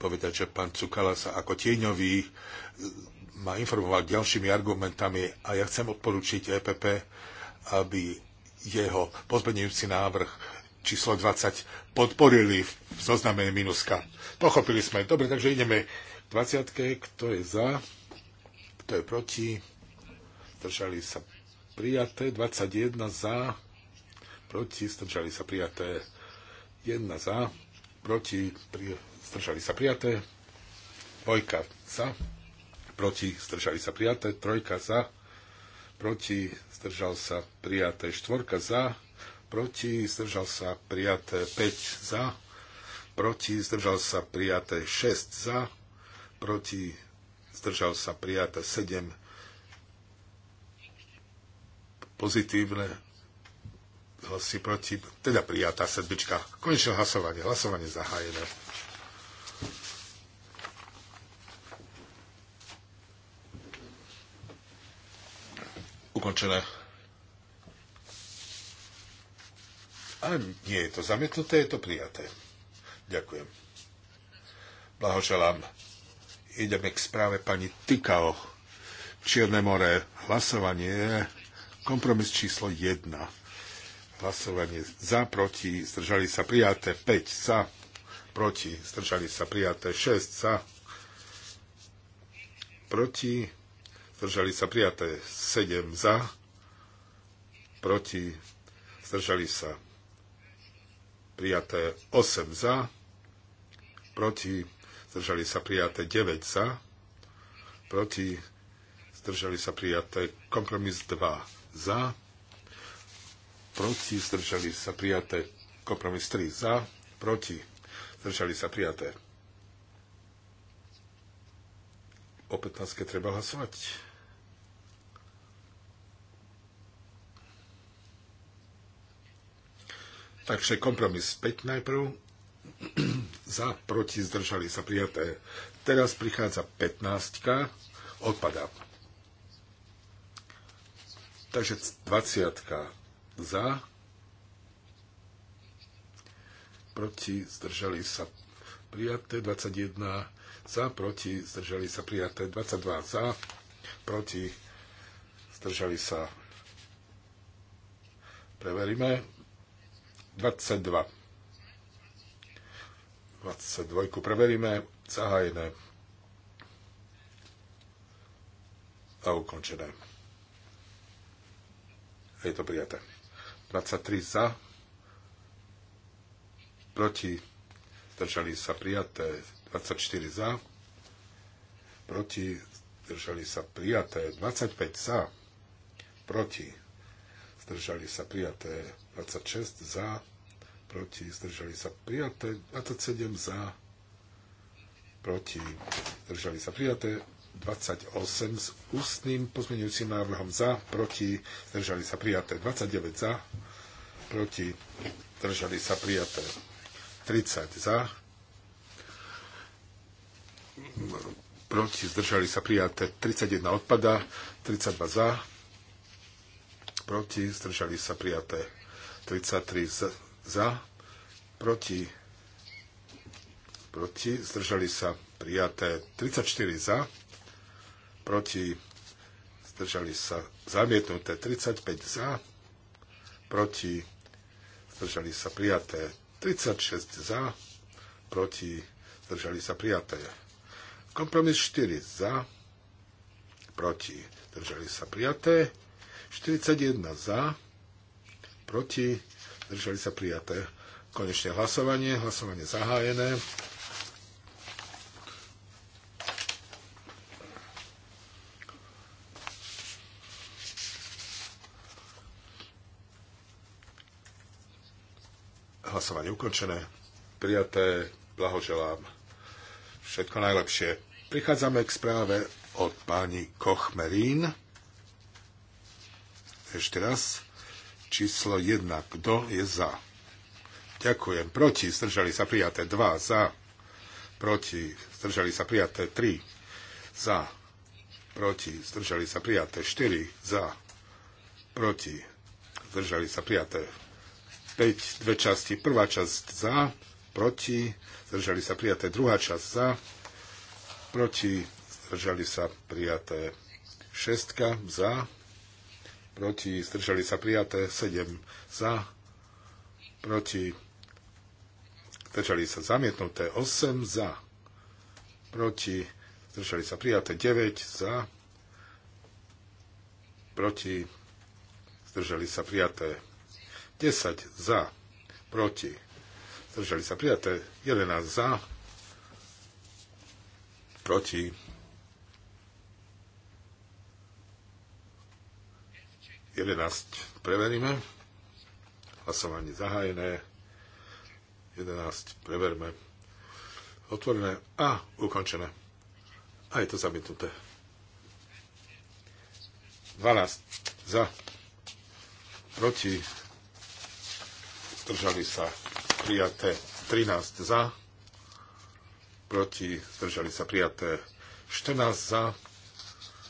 povedať, že pán Cukala sa ako tieňový e, ma informoval ďalšími argumentami a ja chcem odporúčiť EPP, aby jeho pozmenujúci návrh číslo 20 podporili v zozname minuska. Pochopili sme. Dobre, takže ideme k 20. Kto je za? Kto je proti? Držali sa prijaté. 21 za. Proti. Zdržali sa prijaté. 1 za. Proti. Pri, zdržali sa prijaté. Dvojka za. Proti. Zdržali sa prijaté. Trojka za. Proti zdržal sa prijaté 4 za, proti, zdržal sa prijaté 5 za, proti, zdržal sa prijaté 6 za, proti, zdržal sa prijaté 7 pozitívne hlasy proti, teda prijatá sedmička. Konečné hlasovanie, hlasovanie zahájené. Ukončené. A nie je to zamietnuté, je to prijaté. Ďakujem. Blahoželám. Ideme k správe pani Tykao. Čierne more. Hlasovanie. Kompromis číslo 1. Hlasovanie za, proti, zdržali sa prijaté. 5 za, proti, zdržali sa prijaté. 6 za, proti, zdržali sa prijaté 7 za, proti, zdržali sa prijaté 8 za, proti, zdržali sa prijaté 9 za, proti, zdržali sa prijaté kompromis 2 za, proti, zdržali sa prijaté kompromis 3 za, proti, zdržali sa prijaté. O 15 treba hlasovať. Takže kompromis 5 najprv. za, proti, zdržali sa prijaté. Teraz prichádza 15. Odpadá. Takže 20. Za, proti, zdržali sa prijaté. 21. Za, proti, zdržali sa prijaté. 22. Za, proti, zdržali sa. Preveríme. 22. 22. Preveríme. Zahájené. A ukončené. Je to prijaté. 23 za. Proti. Zdržali sa prijaté. 24 za. Proti. Zdržali sa prijaté. 25 za. Proti. Zdržali sa prijaté. 26 za, proti, zdržali sa prijaté, 27 za, proti, zdržali sa prijaté, 28 s ústnym pozmeňujúcim návrhom za, proti, zdržali sa prijaté, 29 za, proti, zdržali sa prijaté, 30 za, proti, zdržali sa prijaté, 31 odpada, 32 za, proti, zdržali sa prijaté, 33 za, proti, proti, zdržali sa prijaté 34 za, proti, zdržali sa zamietnuté 35 za, proti, zdržali sa prijaté 36 za, proti, zdržali sa prijaté. Kompromis 4 za, proti, zdržali sa prijaté, 41 za, proti, držali sa prijaté. Konečné hlasovanie, hlasovanie zahájené. Hlasovanie ukončené, prijaté, blahoželám. Všetko najlepšie. Prichádzame k správe od pani Kochmerín. Ešte raz. Číslo 1. Kto je za? Ďakujem. Proti. Zdržali sa prijaté 2. Za. Proti. Zdržali sa prijaté 3. Za. Proti. Zdržali sa prijaté 4. Za. Proti. Zdržali sa prijaté 5. Dve časti. Prvá časť za. Proti. Zdržali sa prijaté druhá časť za. Proti. Zdržali sa prijaté 6. za proti, zdržali sa prijaté, 7 za, proti, zdržali sa zamietnuté, 8 za, proti, zdržali sa prijaté, 9 za, proti, zdržali sa prijaté, 10 za, proti, zdržali sa prijaté, 11 za, proti, 11 preveríme. Hlasovanie zahájené. 11 preverme. Otvorené a ukončené. A je to zamietnuté. 12 za. Proti. Zdržali sa. Prijaté. 13 za. Proti. Zdržali sa. Prijaté. 14 za.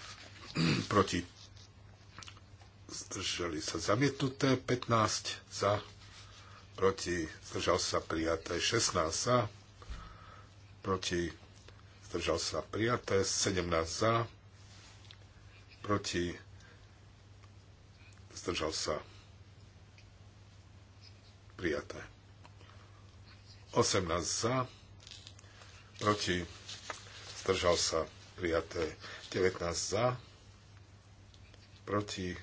Proti zdržali sa zamietnuté, 15 za, proti, zdržal sa prijaté, 16 za, proti, zdržal sa prijaté, 17 za, proti, zdržal sa prijaté. 18 za, proti, zdržal sa prijaté, 19 za, proti,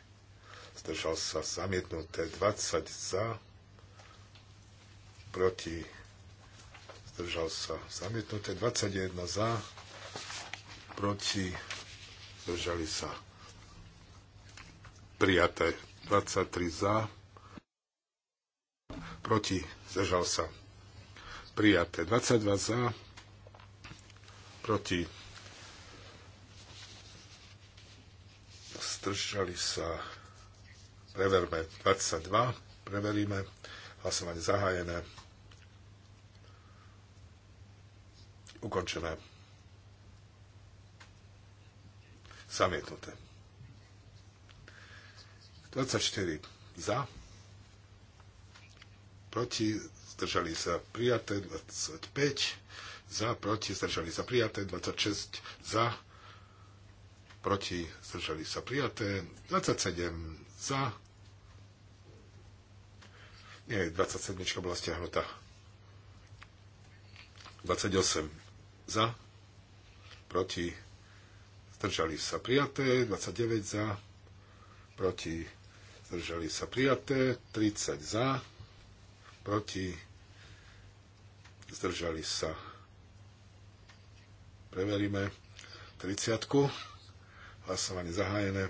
zdržal sa zamietnuté 20 za, proti, zdržal sa zamietnuté 21 za, proti, zdržali sa prijaté 23 za, proti, zdržal sa prijaté 22 za, proti, zdržali sa Preverme 22. Preveríme. Hlasovanie zahájené. Ukončené. Zamietnuté. 24 za, proti, zdržali sa prijaté, 25 za, proti, zdržali sa prijaté, 26 za, proti, zdržali sa prijaté, 27 za, nie, 27 bola stiahnutá. 28 za, proti, zdržali sa prijaté, 29 za, proti, zdržali sa prijaté, 30 za, proti, zdržali sa. Preveríme 30. Hlasovanie zahájené.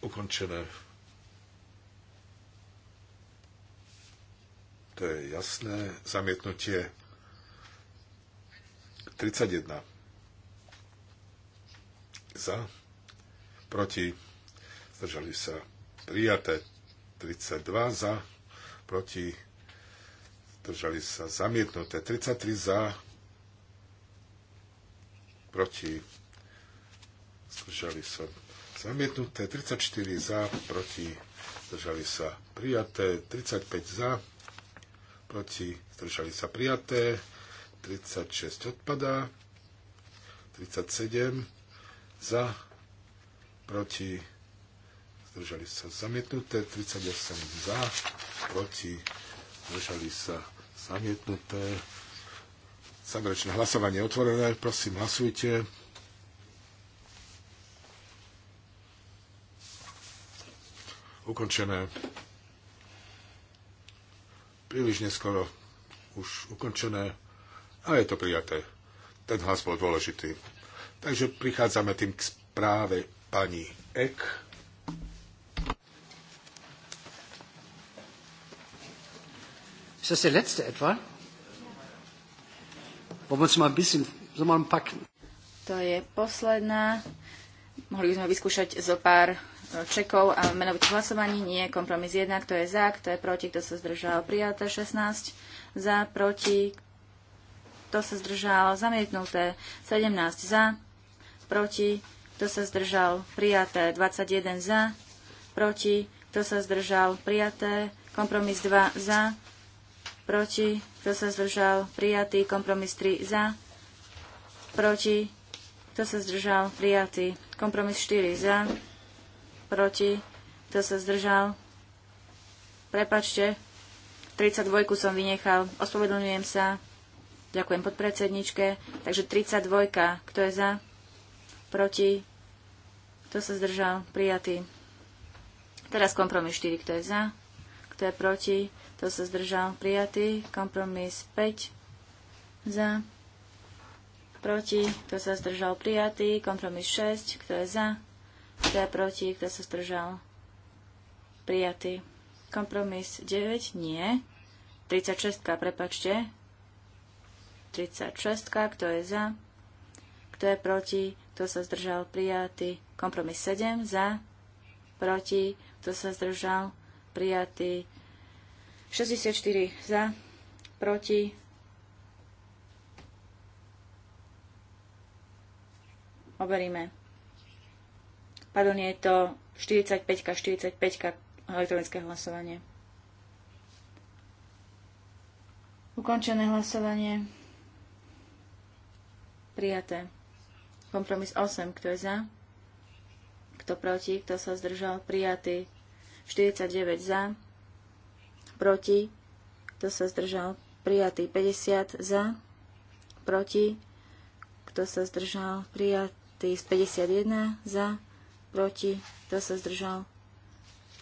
ukončené. To je jasné. Zamietnutie 31. Za. Proti. Zdržali sa. Prijaté. 32 za. Proti. Zdržali sa. Zamietnuté. 33 za. Proti. Zdržali sa zamietnuté, 34 za, proti, zdržali sa prijaté, 35 za, proti, zdržali sa prijaté, 36 odpadá, 37 za, proti, zdržali sa zamietnuté, 38 za, proti, zdržali sa zamietnuté. Záverečné hlasovanie otvorené, prosím, hlasujte. ukončené. Príliš neskoro už ukončené a je to prijaté. Ten hlas bol dôležitý. Takže prichádzame tým k správe pani Ek. Ist das der letzte etwa? Wollen wir uns mal ein bisschen, so mal Packen. To je posledná. Mohli by sme vyskúšať zo pár čekov a menovite hlasovaní. Nie. Kompromis 1. Kto je za? Kto je proti? Kto sa zdržal? Prijaté 16. Za. Proti. Kto sa zdržal? Zamietnuté 17. Za. Proti. Kto sa zdržal? Prijaté 21. Za. Proti. Kto sa zdržal? Prijaté. Kompromis 2. Za. Proti. Kto sa zdržal? Prijatý. Kompromis 3. Za. Proti. Kto sa zdržal? Prijatý. Kompromis 4. Za proti, kto sa zdržal. Prepačte, 32 som vynechal, ospovedlňujem sa. Ďakujem podpredsedničke. Takže 32, kto je za, proti, kto sa zdržal, prijatý. Teraz kompromis 4, kto je za, kto je proti, kto sa zdržal, prijatý. Kompromis 5, za, proti, kto sa zdržal, prijatý. Kompromis 6, kto je za, kto je proti? Kto sa zdržal? Prijatý. Kompromis 9? Nie. 36, prepačte. 36, kto je za? Kto je proti? Kto sa zdržal? Prijatý. Kompromis 7 za. Proti. Kto sa zdržal? Prijatý. 64 za. Proti. Overíme. Pardon, je to 45 45 elektronické hlasovanie. Ukončené hlasovanie. Prijaté. Kompromis 8. Kto je za? Kto proti? Kto sa zdržal? Prijatý. 49 za. Proti. Kto sa zdržal? Prijatý. 50 za. Proti. Kto sa zdržal? Prijatý. 51 za proti, kto sa zdržal,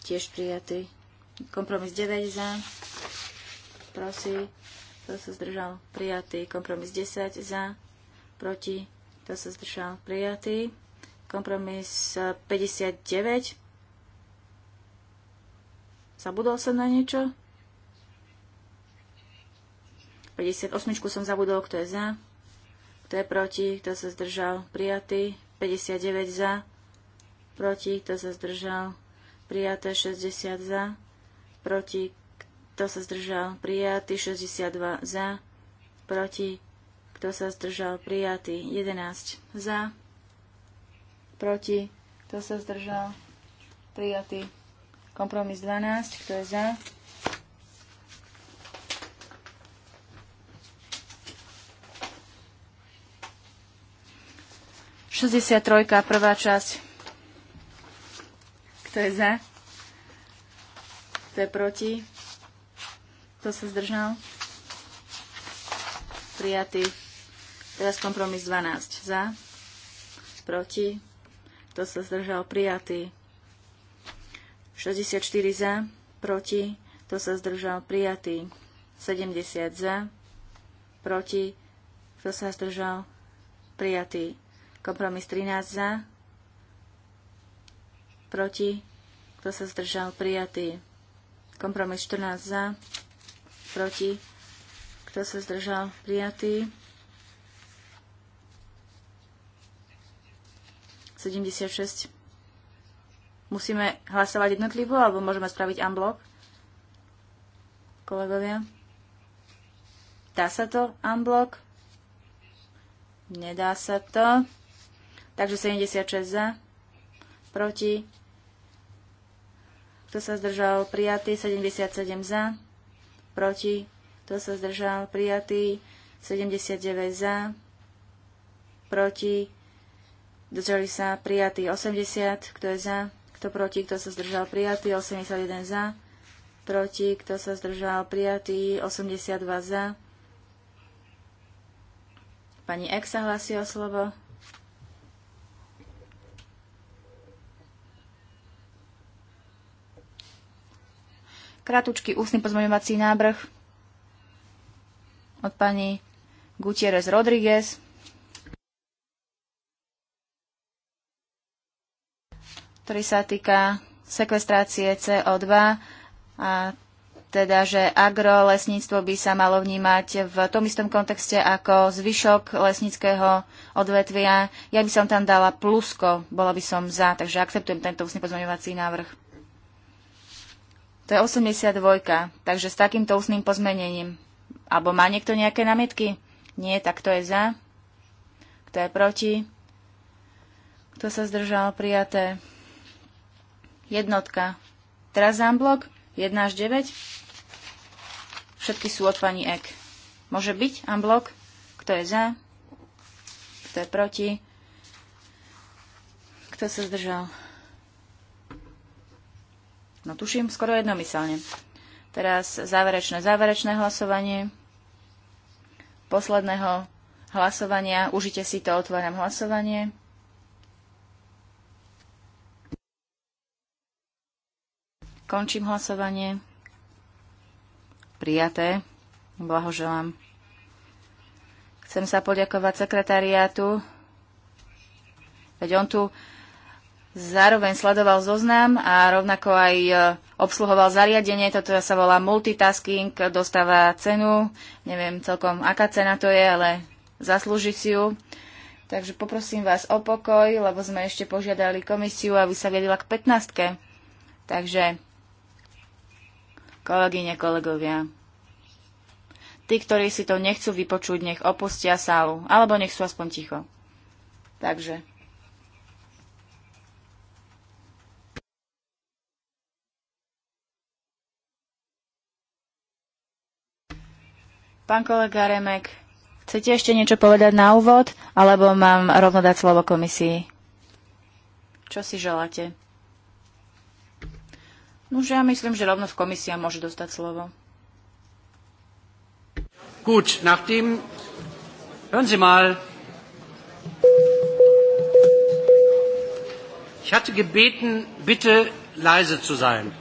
tiež prijatý. Kompromis 9 za, prosí, kto sa zdržal, prijatý. Kompromis 10 za, proti, kto sa zdržal, prijatý. Kompromis 59. E, zabudol som na niečo? 58 som zabudol, kto je za, kto je proti, kto sa zdržal, prijatý. 59 za, proti, kto sa zdržal, prijaté 60 za, proti, kto sa zdržal, prijatý 62 za, proti, kto sa zdržal, prijatý 11 za, proti, kto sa zdržal, prijatý kompromis 12, kto je za, Šesťdesiat trojka, prvá časť. Kto je za? Kto je proti? Kto sa zdržal? Prijatý. Teraz kompromis 12. Za? Proti? Kto sa zdržal? Prijatý. 64 za? Proti? Kto sa zdržal? Prijatý. 70 za? Proti? Kto sa zdržal? Prijatý. Kompromis 13 za? proti, kto sa zdržal, prijatý. Kompromis 14 za, proti, kto sa zdržal, prijatý. 76. Musíme hlasovať jednotlivo, alebo môžeme spraviť unblock? Kolegovia? Dá sa to unblock? Nedá sa to. Takže 76 za, proti, kto sa zdržal? Prijatý. 77 za. Proti. Kto sa zdržal? Prijatý. 79 za. Proti. Zdržali sa prijatý 80. Kto je za? Kto proti? Kto sa zdržal? Prijatý 81 za. Proti. Kto sa zdržal? Prijatý 82 za. Pani Ek sa hlasí o slovo. Kratučký ústny pozmeňovací návrh od pani Gutierrez Rodriguez. ktorý sa týka sekvestrácie CO2 a teda, že agrolesníctvo by sa malo vnímať v tom istom kontexte ako zvyšok lesníckého odvetvia. Ja by som tam dala plusko, bola by som za, takže akceptujem tento ústny pozmeňovací návrh. To je 82, takže s takýmto ústnym pozmenením. Alebo má niekto nejaké námietky? Nie, tak kto je za? Kto je proti? Kto sa zdržal? Prijaté. Jednotka. Teraz blok 1 až 9. Všetky sú od pani Ek. Môže byť unblock? Kto je za? Kto je proti? Kto sa zdržal? No tuším, skoro jednomyselne. Teraz záverečné, záverečné hlasovanie posledného hlasovania. Užite si to, otváram hlasovanie. Končím hlasovanie. Prijaté. Blahoželám. Chcem sa poďakovať sekretariátu Veď on tu zároveň sledoval zoznam a rovnako aj e, obsluhoval zariadenie. Toto sa volá multitasking, dostáva cenu. Neviem celkom, aká cena to je, ale zaslúži si ju. Takže poprosím vás o pokoj, lebo sme ešte požiadali komisiu, aby sa viedila k 15. Takže, kolegyne, kolegovia, tí, ktorí si to nechcú vypočuť, nech opustia sálu, alebo nech sú aspoň ticho. Takže. Pán kolega Remek, chcete ešte niečo povedať na úvod, alebo mám rovno dať slovo komisii? Čo si želáte? No, že ja myslím, že rovno komisia môže dostať slovo. Gut, nach dem... Hören Sie mal. Ich hatte gebeten, bitte leise zu sein.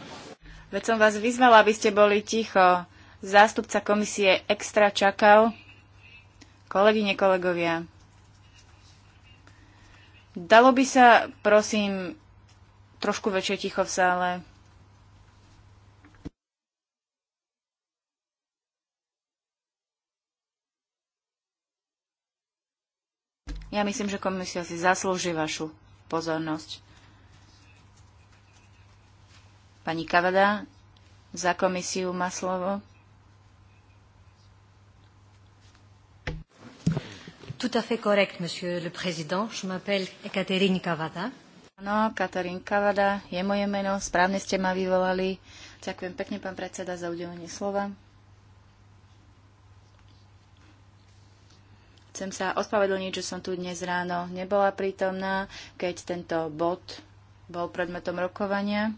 Veď som vás vyzvala, aby ste boli ticho zástupca komisie extra čakal. Kolegyne, kolegovia, dalo by sa, prosím, trošku väčšie ticho v sále. Ja myslím, že komisia si zaslúži vašu pozornosť. Pani Kavada, za komisiu má slovo. Tout à fait correct, monsieur le président. Je m'appelle Ekaterine Kavada. Áno, Katarín Kavada je moje meno. Správne ste ma vyvolali. Ďakujem pekne, pán predseda, za udelenie slova. Chcem sa ospravedlniť, že som tu dnes ráno nebola prítomná, keď tento bod bol predmetom rokovania.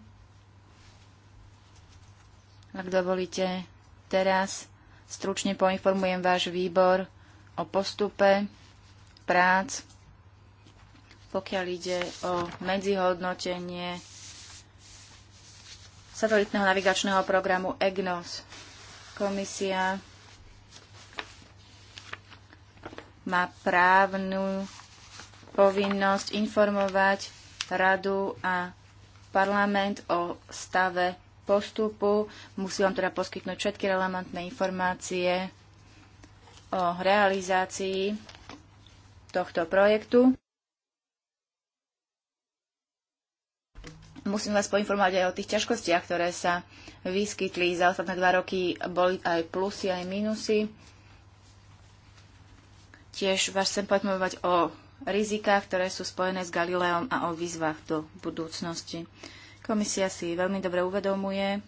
Ak dovolíte, teraz stručne poinformujem váš výbor o postupe prác, pokiaľ ide o medzihodnotenie satelitného navigačného programu EGNOS. Komisia má právnu povinnosť informovať radu a parlament o stave postupu. Musí vám teda poskytnúť všetky relevantné informácie o realizácii tohto projektu. Musím vás poinformovať aj o tých ťažkostiach, ktoré sa vyskytli za ostatné dva roky. Boli aj plusy, aj minusy. Tiež vás chcem poinformovať o rizikách, ktoré sú spojené s Galileom a o výzvach do budúcnosti. Komisia si veľmi dobre uvedomuje,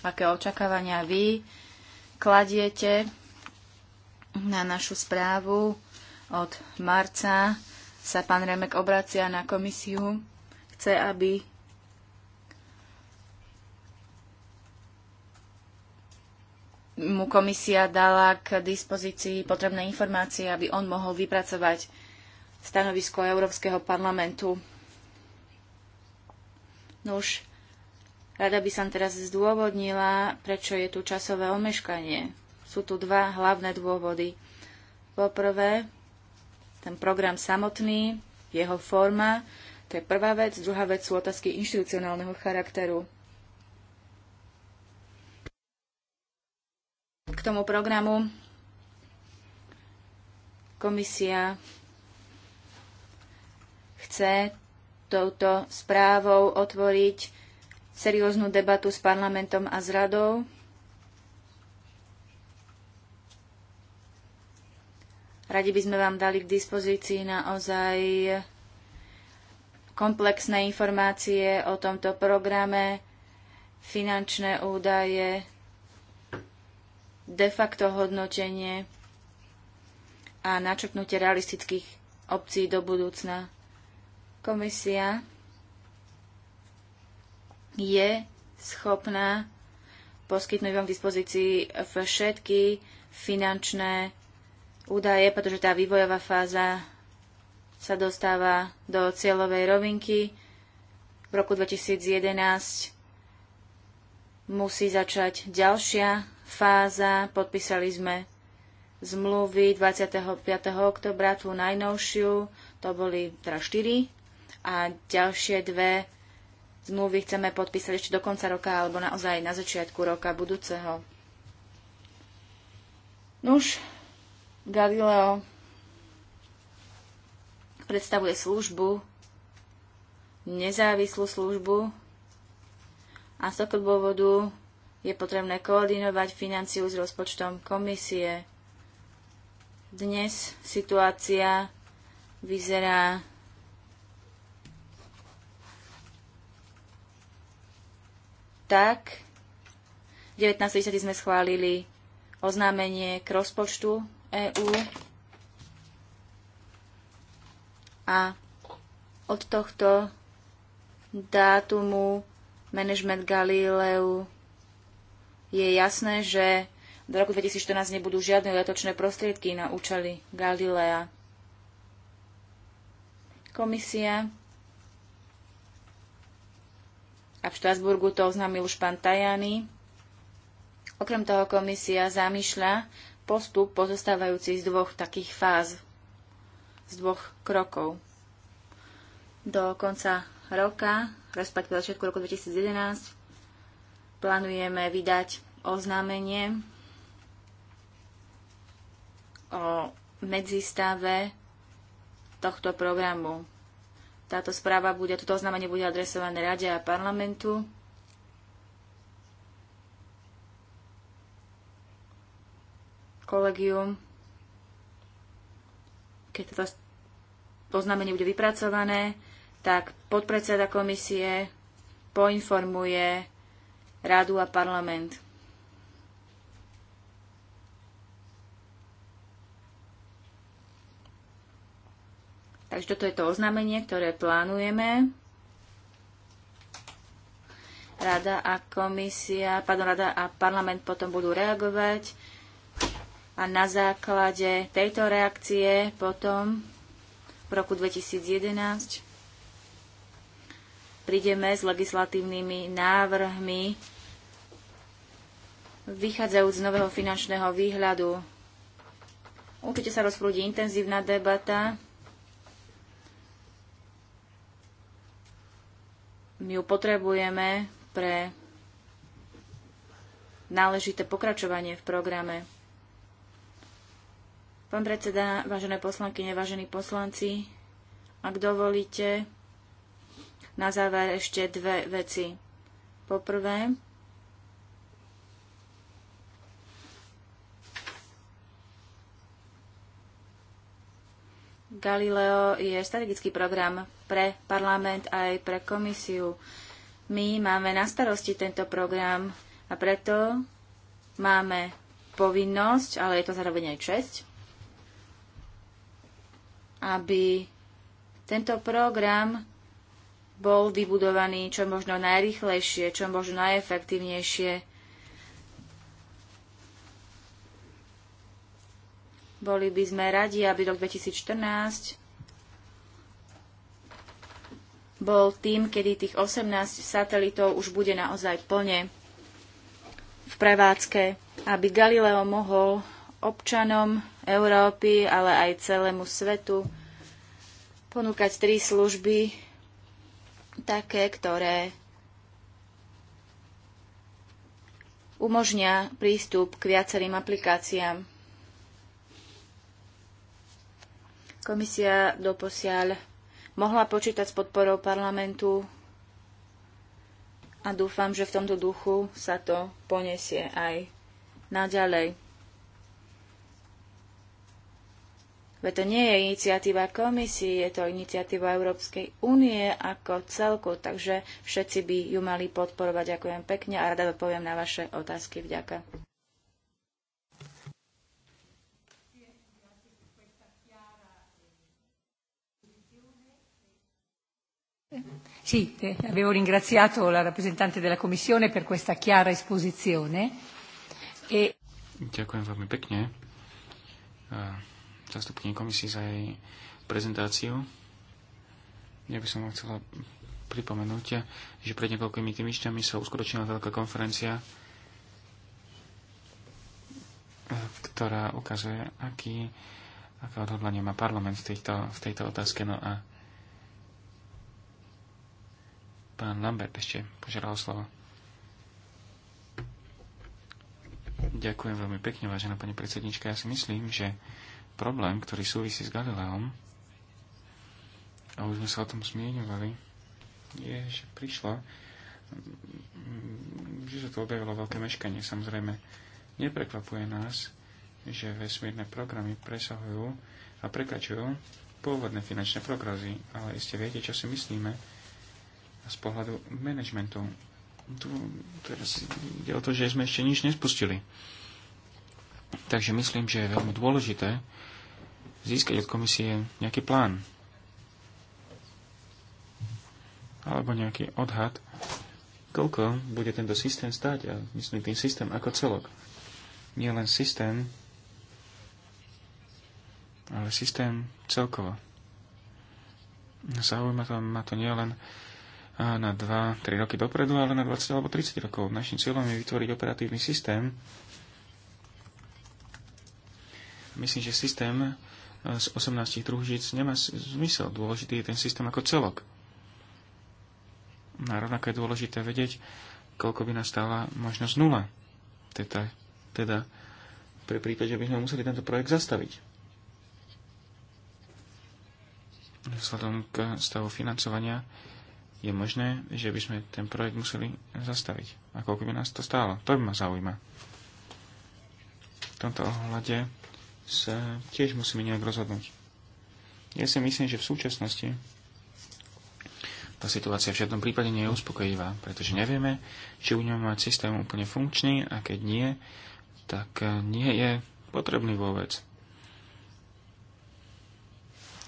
aké očakávania vy kladiete na našu správu. Od marca sa pán Remek obracia na komisiu. Chce, aby mu komisia dala k dispozícii potrebné informácie, aby on mohol vypracovať stanovisko Európskeho parlamentu. No už Rada by som teraz zdôvodnila, prečo je tu časové omeškanie. Sú tu dva hlavné dôvody. Poprvé, ten program samotný, jeho forma, to je prvá vec. Druhá vec sú otázky inštitucionálneho charakteru. K tomu programu komisia chce touto správou otvoriť serióznu debatu s parlamentom a s radou. Radi by sme vám dali k dispozícii naozaj komplexné informácie o tomto programe, finančné údaje, de facto hodnotenie a načrtnutie realistických obcí do budúcna. Komisia je schopná poskytnúť vám k dispozícii všetky finančné údaje, pretože tá vývojová fáza sa dostáva do cieľovej rovinky. V roku 2011 musí začať ďalšia fáza. Podpísali sme zmluvy 25. oktobra, tú najnovšiu, to boli teda 4 a ďalšie dve zmluvy chceme podpísať ešte do konca roka alebo naozaj na začiatku roka budúceho. Nuž, Galileo predstavuje službu, nezávislú službu a z tohto dôvodu je potrebné koordinovať financiu s rozpočtom komisie. Dnes situácia vyzerá tak 19.10. sme schválili oznámenie k rozpočtu EÚ a od tohto dátumu management Galileu je jasné, že do roku 2014 nebudú žiadne letočné prostriedky na účely Galilea. Komisia a v Štrasburgu to oznámil už pán Tajany. Okrem toho komisia zamýšľa postup pozostávajúci z dvoch takých fáz, z dvoch krokov. Do konca roka, respektíve začiatku roku 2011, plánujeme vydať oznámenie o medzistave tohto programu táto správa bude, toto oznámenie bude adresované Rade a parlamentu. Kolegium, keď toto oznámenie bude vypracované, tak podpredseda komisie poinformuje Radu a parlament. Takže toto je to oznámenie, ktoré plánujeme. Rada a komisia, pardon, rada a parlament potom budú reagovať a na základe tejto reakcie potom v roku 2011 prídeme s legislatívnymi návrhmi vychádzajúc z nového finančného výhľadu. Určite sa rozprúdi intenzívna debata My ju potrebujeme pre náležité pokračovanie v programe. Pán predseda, vážené poslanky, vážení poslanci, ak dovolíte, na záver ešte dve veci. Poprvé, Galileo je strategický program pre parlament aj pre komisiu. My máme na starosti tento program a preto máme povinnosť, ale je to zároveň aj čest, aby tento program bol vybudovaný čo možno najrychlejšie, čo možno najefektívnejšie. Boli by sme radi, aby rok 2014 bol tým, kedy tých 18 satelitov už bude naozaj plne v prevádzke, aby Galileo mohol občanom Európy, ale aj celému svetu ponúkať tri služby, také, ktoré umožňa prístup k viacerým aplikáciám. Komisia doposiaľ mohla počítať s podporou parlamentu a dúfam, že v tomto duchu sa to poniesie aj naďalej. Veď to nie je iniciatíva komisie, je to iniciatíva Európskej únie ako celku, takže všetci by ju mali podporovať. Ďakujem pekne a rada odpoviem na vaše otázky. Vďaka. Sì, eh, avevo ringraziato la rappresentante della Commissione per questa chiara esposizione. E... Ďakujem veľmi pekne Uh, zastupkyni komisii za jej prezentáciu. Ja by som vám chcela pripomenúť, eh, že pred niekoľkými tými týždňami sa uskutočnila veľká konferencia, ktorá ukazuje, aký, aké odhodlanie má parlament v tejto, v tejto otázke. No a Pán Lambert ešte požiadal slovo. Ďakujem veľmi pekne, vážená pani predsednička. Ja si myslím, že problém, ktorý súvisí s Galileom, a už sme sa o tom zmieňovali, je, že prišlo, že sa to objavilo veľké meškanie. Samozrejme, neprekvapuje nás, že vesmírne programy presahujú a prekračujú pôvodné finančné prognozy, ale iste viete, čo si myslíme z pohľadu manažmentu. Tu teraz ide o to, že sme ešte nič nespustili. Takže myslím, že je veľmi dôležité získať od komisie nejaký plán alebo nejaký odhad, koľko bude tento systém stať a myslím tým systém ako celok. Nie len systém, ale systém celkovo. Zaujíma to, ma to nielen na 2-3 roky dopredu, ale na 20 alebo 30 rokov. Našim cieľom je vytvoriť operatívny systém. Myslím, že systém e, z 18 družíc nemá zmysel. Dôležitý je ten systém ako celok. A rovnako je dôležité vedieť, koľko by nastala možnosť nula. Teda, teda pre prípade, že by sme museli tento projekt zastaviť. Vzhľadom k stavu financovania je možné, že by sme ten projekt museli zastaviť. A koľko by nás to stálo? To by ma zaujíma. V tomto ohľade sa tiež musíme nejak rozhodnúť. Ja si myslím, že v súčasnosti tá situácia v žiadnom prípade nie je uspokojivá, pretože nevieme, či budeme mať systém úplne funkčný a keď nie, tak nie je potrebný vôbec.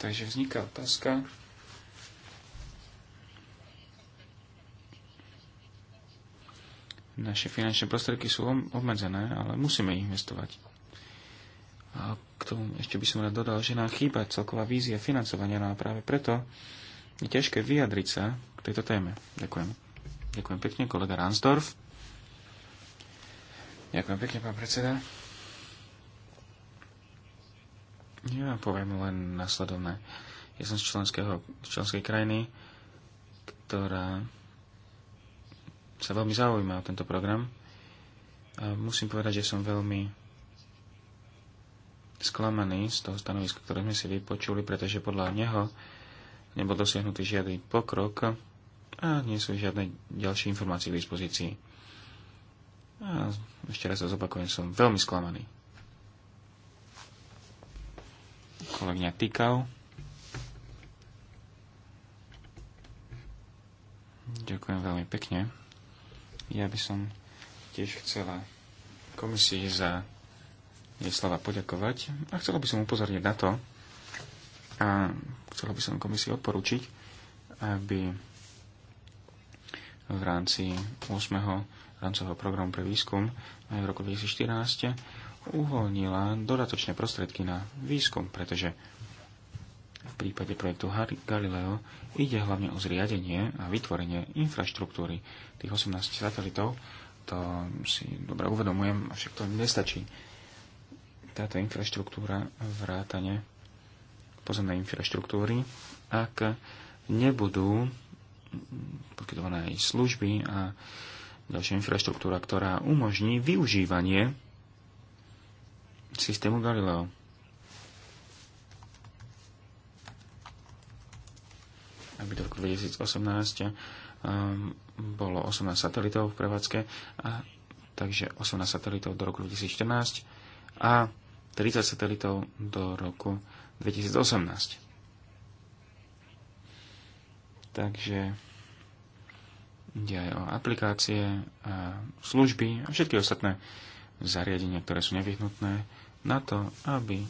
Takže vzniká otázka, Naše finančné prostriedky sú obmedzené, ale musíme ich investovať. A k tomu ešte by som rád dodal, že nám chýba celková vízia financovania no a práve preto je ťažké vyjadriť sa k tejto téme. Ďakujem. Ďakujem pekne, kolega Ransdorf. Ďakujem pekne, pán predseda. Ja poviem len nasledovné. Ja som z, členského, členskej krajiny, ktorá sa veľmi zaujíma o tento program. A musím povedať, že som veľmi sklamaný z toho stanoviska, ktoré sme si vypočuli, pretože podľa neho nebol dosiahnutý žiadny pokrok a nie sú žiadne ďalšie informácie k dispozícii. A ešte raz sa zopakujem, som veľmi sklamaný. Kolegňa Tykal. Ďakujem veľmi pekne. Ja by som tiež chcela komisii za jej slova poďakovať a chcela by som upozorniť na to a chcela by som komisii odporučiť, aby v rámci 8. rámcového programu pre výskum v roku 2014 uvoľnila dodatočné prostriedky na výskum, pretože v prípade projektu Galileo ide hlavne o zriadenie a vytvorenie infraštruktúry tých 18 satelitov. To si dobre uvedomujem, avšak to nestačí. Táto infraštruktúra vrátane pozemnej infraštruktúry, ak nebudú poskytované aj služby a ďalšia infraštruktúra, ktorá umožní využívanie systému Galileo. aby do roku 2018 um, ehm, bolo 18 satelitov v prevádzke, a, takže 18 satelitov do roku 2014 a 30 satelitov do roku 2018. Takže ide aj o aplikácie, a služby a všetky ostatné zariadenia, ktoré sú nevyhnutné na to, aby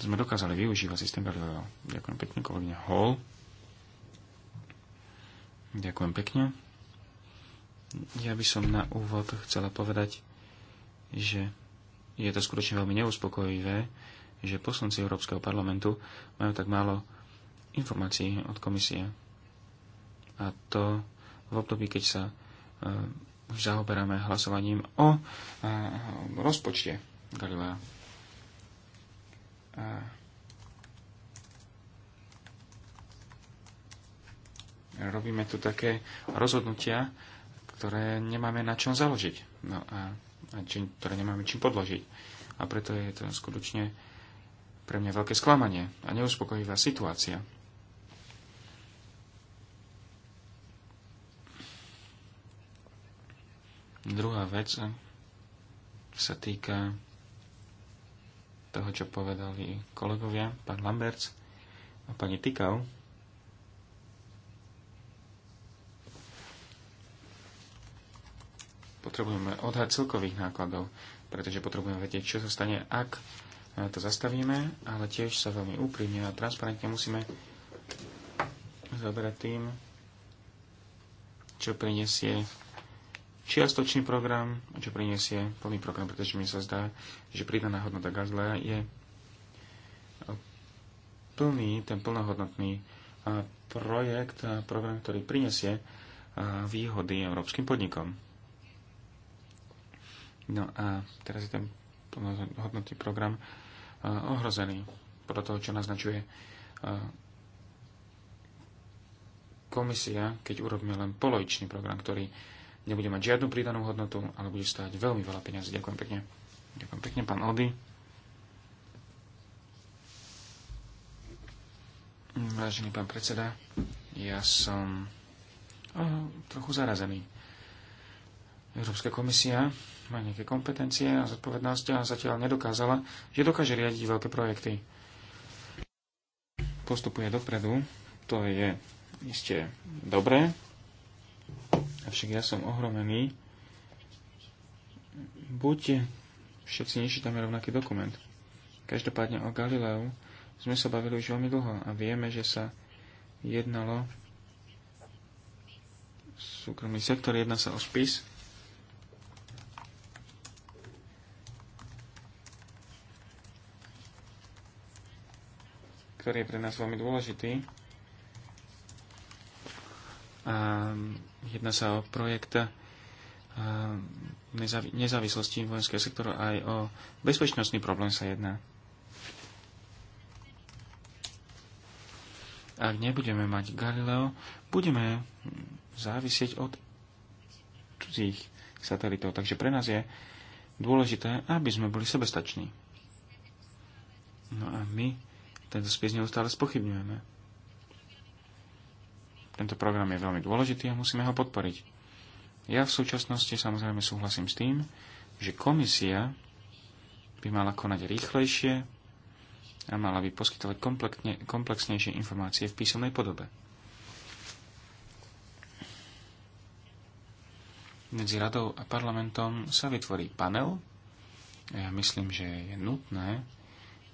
sme dokázali využívať systém Galileo. Ďakujem pekne, kolegyňa Hall. Ďakujem pekne. Ja by som na úvod chcela povedať, že je to skutočne veľmi neuspokojivé, že poslanci Európskeho parlamentu majú tak málo informácií od komisie. A to v období, keď sa e, už zaoberáme hlasovaním o e, rozpočte Galilea. A robíme tu také rozhodnutia, ktoré nemáme na čom založiť, no a, a či, ktoré nemáme čím podložiť. A preto je to skutočne pre mňa veľké sklamanie a neuspokojivá situácia. Druhá vec sa týka toho, čo povedali kolegovia, pán Lamberts a pani Tykau. potrebujeme odhad celkových nákladov, pretože potrebujeme vedieť, čo sa stane, ak to zastavíme, ale tiež sa veľmi úprimne a transparentne musíme zaberať tým, čo prinesie čiastočný program a čo prinesie plný program, pretože mi sa zdá, že pridaná hodnota Gazlea je plný, ten plnohodnotný projekt a program, ktorý prinesie výhody európskym podnikom. No a teraz je ten hodnotný program e, ohrozený podľa toho, čo naznačuje e, komisia, keď urobíme len polovičný program, ktorý nebude mať žiadnu pridanú hodnotu, ale bude stáť veľmi veľa peniazy. Ďakujem pekne. Ďakujem pekne, pán Ody. Vážený pán predseda, ja som oh, trochu zarazený. Európska komisia má nejaké kompetencie a zodpovednosť a zatiaľ nedokázala, že dokáže riadiť veľké projekty. Postupuje dopredu, to je iste dobré, avšak ja som ohromený. Buď všetci nečítame rovnaký dokument. Každopádne o Galileu sme sa bavili už veľmi dlho a vieme, že sa jednalo súkromný sektor, jedná sa o spis, ktorý je pre nás veľmi dôležitý. A jedná sa o projekt nezávislosti vojenského sektoru aj o bezpečnostný problém sa jedná. Ak nebudeme mať Galileo, budeme závisieť od cudzích satelitov. Takže pre nás je dôležité, aby sme boli sebestační. No a my tento spis neustále spochybňujeme. Tento program je veľmi dôležitý a musíme ho podporiť. Ja v súčasnosti samozrejme súhlasím s tým, že komisia by mala konať rýchlejšie a mala by poskytovať komplexnejšie informácie v písomnej podobe. medzi radou a parlamentom sa vytvorí panel. Ja myslím, že je nutné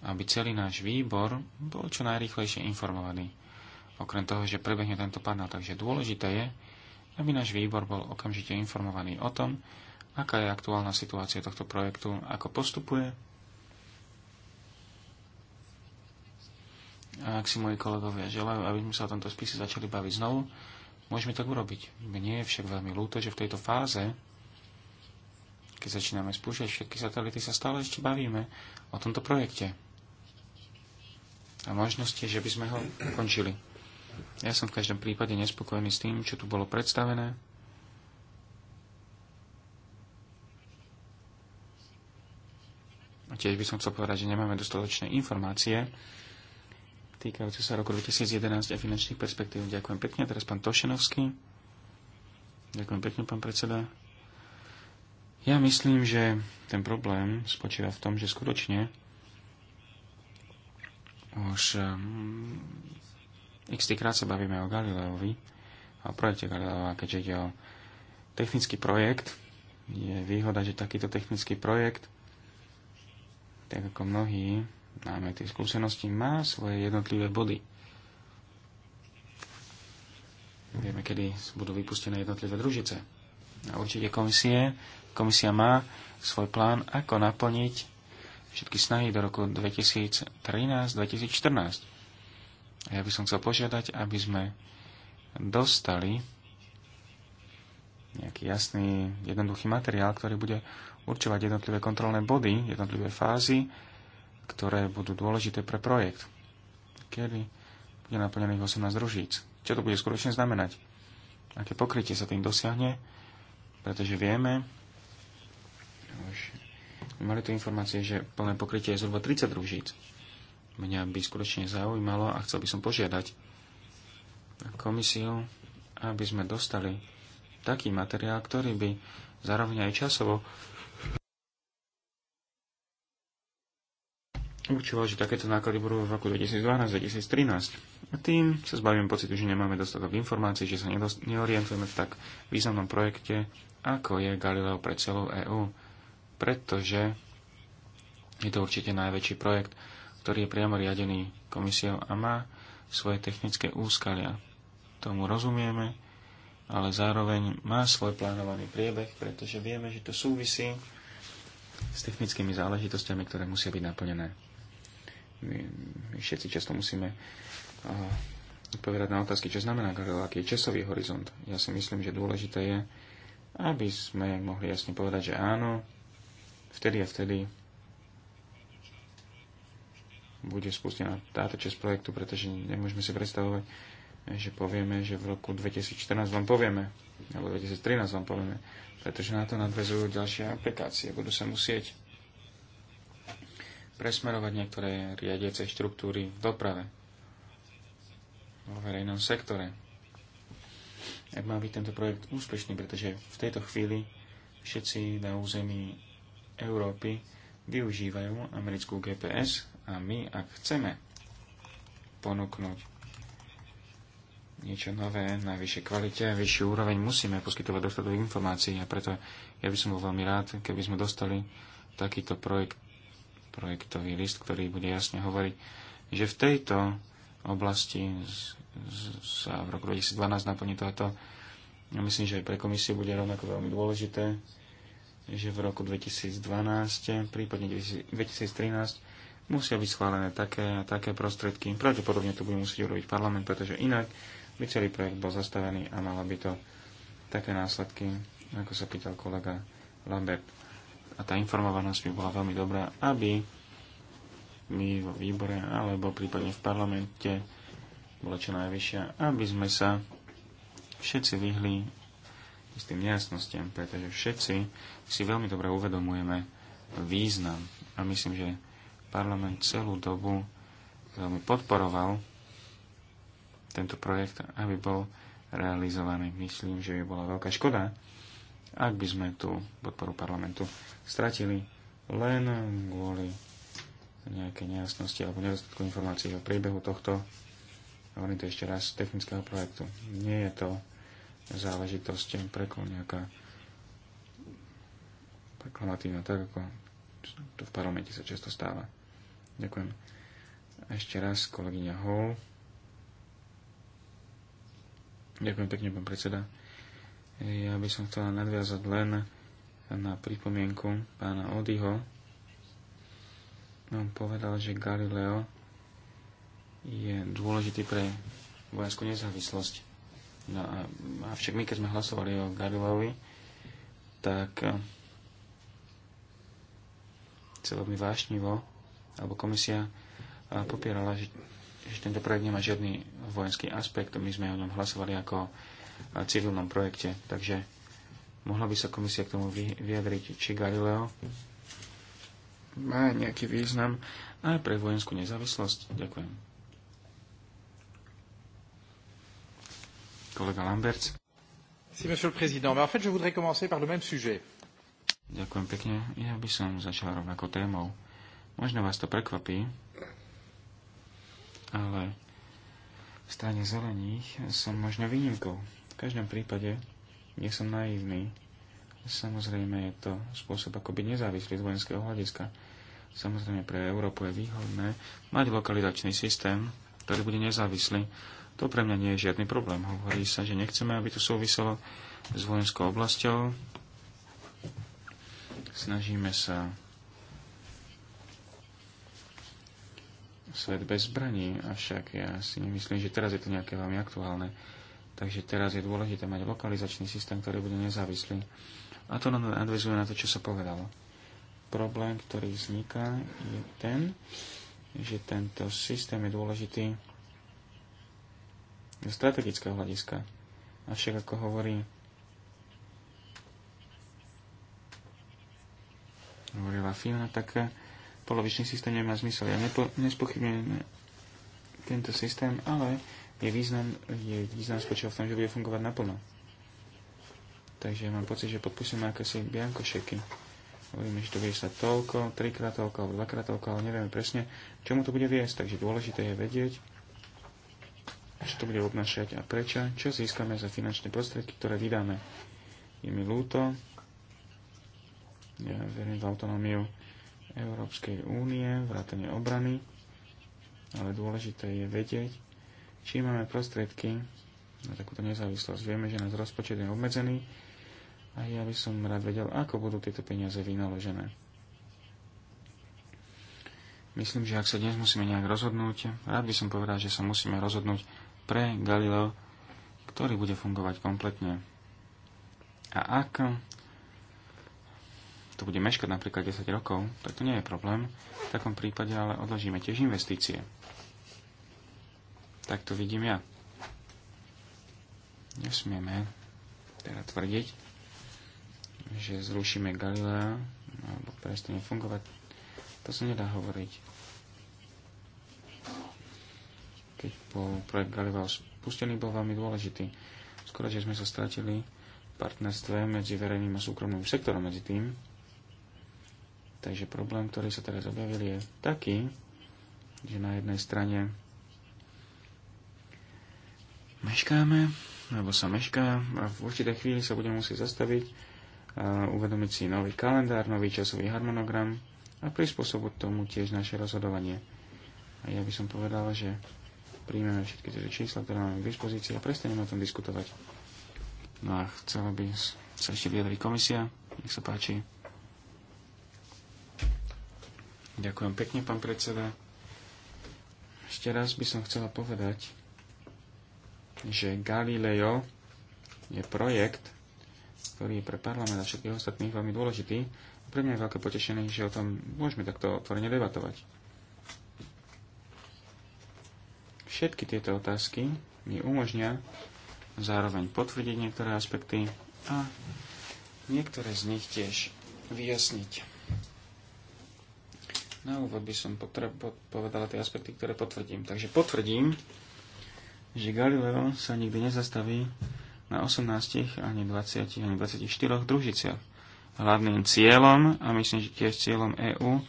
aby celý náš výbor bol čo najrýchlejšie informovaný. Okrem toho, že prebehne tento panel, takže dôležité je, aby náš výbor bol okamžite informovaný o tom, aká je aktuálna situácia tohto projektu, ako postupuje. A ak si moji kolegovia želajú, aby sme sa o tomto spise začali baviť znovu, môžeme tak urobiť. Mne je však veľmi ľúto, že v tejto fáze, keď začíname spúšať všetky satelity, sa stále ešte bavíme o tomto projekte a možnosti, že by sme ho ukončili. Ja som v každom prípade nespokojný s tým, čo tu bolo predstavené. A tiež by som chcel povedať, že nemáme dostatočné informácie týkajúce sa roku 2011 a finančných perspektív. Ďakujem pekne. teraz pán Tošenovský. Ďakujem pekne, pán predseda. Ja myslím, že ten problém spočíva v tom, že skutočne už um, eh, x krát sa bavíme o Galileovi, o projekte Galileova, keďže ide o technický projekt, je výhoda, že takýto technický projekt, tak ako mnohí máme tie skúsenosti, má svoje jednotlivé body. Vieme, kedy budú vypustené jednotlivé družice. A určite komisie, komisia má svoj plán, ako naplniť všetky snahy do roku 2013-2014. A ja by som chcel požiadať, aby sme dostali nejaký jasný, jednoduchý materiál, ktorý bude určovať jednotlivé kontrolné body, jednotlivé fázy, ktoré budú dôležité pre projekt. Kedy bude naplnených 18 družíc. Čo to bude skutočne znamenať? Aké pokrytie sa tým dosiahne? Pretože vieme, Mali tu informácie, že plné pokrytie je zhruba 30 družíc. Mňa by skutočne zaujímalo a chcel by som požiadať komisiu, aby sme dostali taký materiál, ktorý by zároveň aj časovo určoval, že takéto náklady budú v roku 2012-2013. A tým sa zbavím pocitu, že nemáme dostatok informácií, že sa neorientujeme v tak významnom projekte, ako je Galileo pre celú EÚ pretože je to určite najväčší projekt, ktorý je priamo riadený komisiou a má svoje technické úskalia. Tomu rozumieme, ale zároveň má svoj plánovaný priebeh, pretože vieme, že to súvisí s technickými záležitostiami, ktoré musia byť naplnené. My, my všetci často musíme odpovedať na otázky, čo znamená aký je časový horizont. Ja si myslím, že dôležité je, aby sme mohli jasne povedať, že áno, vtedy a vtedy bude spustená táto časť projektu, pretože nemôžeme si predstavovať, že povieme, že v roku 2014 vám povieme, alebo 2013 vám povieme, pretože na to nadvezujú ďalšie aplikácie. Budú sa musieť presmerovať niektoré riadiace štruktúry v doprave, vo verejnom sektore. Ak má byť tento projekt úspešný, pretože v tejto chvíli všetci na území Európy využívajú americkú GPS a my, ak chceme ponúknuť niečo nové na vyššej kvalite a vyššiu úroveň, musíme poskytovať dostatok informácií a preto ja by som bol veľmi rád, keby sme dostali takýto projekt, projektový list, ktorý bude jasne hovoriť, že v tejto oblasti sa v roku 2012 naplní toto. Myslím, že aj pre komisie bude rovnako veľmi dôležité že v roku 2012, prípadne 2013, musia byť schválené také a také prostriedky. Pravdepodobne to bude musieť urobiť parlament, pretože inak by celý projekt bol zastavený a mala by to také následky, ako sa pýtal kolega Lambert. A tá informovanosť by bola veľmi dobrá, aby my vo výbore alebo prípadne v parlamente bola čo najvyššia, aby sme sa všetci vyhli istým nejasnostiam, pretože všetci si veľmi dobre uvedomujeme význam a myslím, že parlament celú dobu veľmi podporoval tento projekt, aby bol realizovaný. Myslím, že by bola veľká škoda, ak by sme tú podporu parlamentu stratili len kvôli nejaké nejasnosti alebo nedostatku informácií o priebehu tohto, hovorím to ešte raz, technického projektu. Nie je to záležitosť pre nejaká preklamatívna, tak ako tu v parlamente sa často stáva. Ďakujem. A ešte raz kolegyňa Hall. Ďakujem pekne, pán predseda. Ja by som chcela nadviazať len na pripomienku pána Odyho. On povedal, že Galileo je dôležitý pre vojenskú nezávislosť. No a, však my, keď sme hlasovali o Galileovi, tak chcelo eh, mi vášnivo, alebo komisia eh, popierala, že, že tento projekt nemá žiadny vojenský aspekt. My sme o ňom hlasovali ako o eh, civilnom projekte, takže mohla by sa komisia k tomu vyjadriť, či Galileo má nejaký význam aj pre vojenskú nezávislosť. Ďakujem. Kolega Lamberts. Si, monsieur le président. Mais en fait, je voudrais commencer par le même sujet. Ďakujem pekne. Ja by som začal rovnako témou. Možno vás to prekvapí, ale v strane zelených som možno výnimkou. V každom prípade nie som naivný. Samozrejme je to spôsob, ako byť nezávislý z vojenského hľadiska. Samozrejme pre Európu je výhodné mať lokalizačný systém, ktorý bude nezávislý to pre mňa nie je žiadny problém. Hovorí sa, že nechceme, aby to súviselo s vojenskou oblasťou. Snažíme sa svet bez zbraní, avšak ja si nemyslím, že teraz je to nejaké veľmi aktuálne. Takže teraz je dôležité mať lokalizačný systém, ktorý bude nezávislý. A to nadvezuje na to, čo sa povedalo. Problém, ktorý vzniká, je ten, že tento systém je dôležitý strategického hľadiska. Avšak ako hovorí hovorila Fina, no tak eh, polovičný systém nemá zmysel. Ja nepo, nespochybňujem tento systém, ale je význam, je význam spočíval v tom, že bude fungovať naplno. Takže mám pocit, že podpíšeme akési biankošeky. Hovoríme, že to bude sa toľko, trikrát toľko, alebo dvakrát toľko, ale nevieme presne, čomu to bude viesť. Takže dôležité je vedieť, čo to bude obnašať a prečo, čo získame za finančné prostriedky, ktoré vydáme. Je mi ľúto, ja verím v autonómiu Európskej únie, vrátanie obrany, ale dôležité je vedieť, či máme prostriedky na takúto nezávislosť. Vieme, že nás rozpočet je obmedzený a ja by som rád vedel, ako budú tieto peniaze vynaložené. Myslím, že ak sa dnes musíme nejak rozhodnúť, rád by som povedal, že sa musíme rozhodnúť pre Galileo, ktorý bude fungovať kompletne. A ak to bude meškať napríklad 10 rokov, tak to nie je problém. V takom prípade ale odložíme tiež investície. Tak to vidím ja. Nesmieme teda tvrdiť, že zrušíme Galilea, alebo prestane fungovať. To sa nedá hovoriť keď bol projekt Galileo spustený, bol veľmi dôležitý. Skoro, že sme sa stratili v partnerstve medzi verejným a súkromným sektorom medzi tým. Takže problém, ktorý sa teraz objavil, je taký, že na jednej strane meškáme, alebo sa mešká a v určitej chvíli sa budeme musieť zastaviť, a uvedomiť si nový kalendár, nový časový harmonogram a prispôsobiť tomu tiež naše rozhodovanie. A ja by som povedala, že príjmeme všetky tie čísla, ktoré máme k dispozícii a prestaneme o tom diskutovať. No a chcela by sa ešte vyjadriť komisia. Nech sa páči. Ďakujem pekne, pán predseda. Ešte raz by som chcela povedať, že Galileo je projekt, ktorý je pre parlament a všetkých ostatných veľmi dôležitý. Pre mňa je veľké potešenie, že o tom môžeme takto otvorene debatovať. Všetky tieto otázky mi umožňa zároveň potvrdiť niektoré aspekty a niektoré z nich tiež vyjasniť. Na úvod by som povedala tie aspekty, ktoré potvrdím. Takže potvrdím, že Galileo sa nikdy nezastaví na 18 ani 20 ani 24 družiciach. Hlavným cieľom, a myslím, že tiež cieľom EÚ,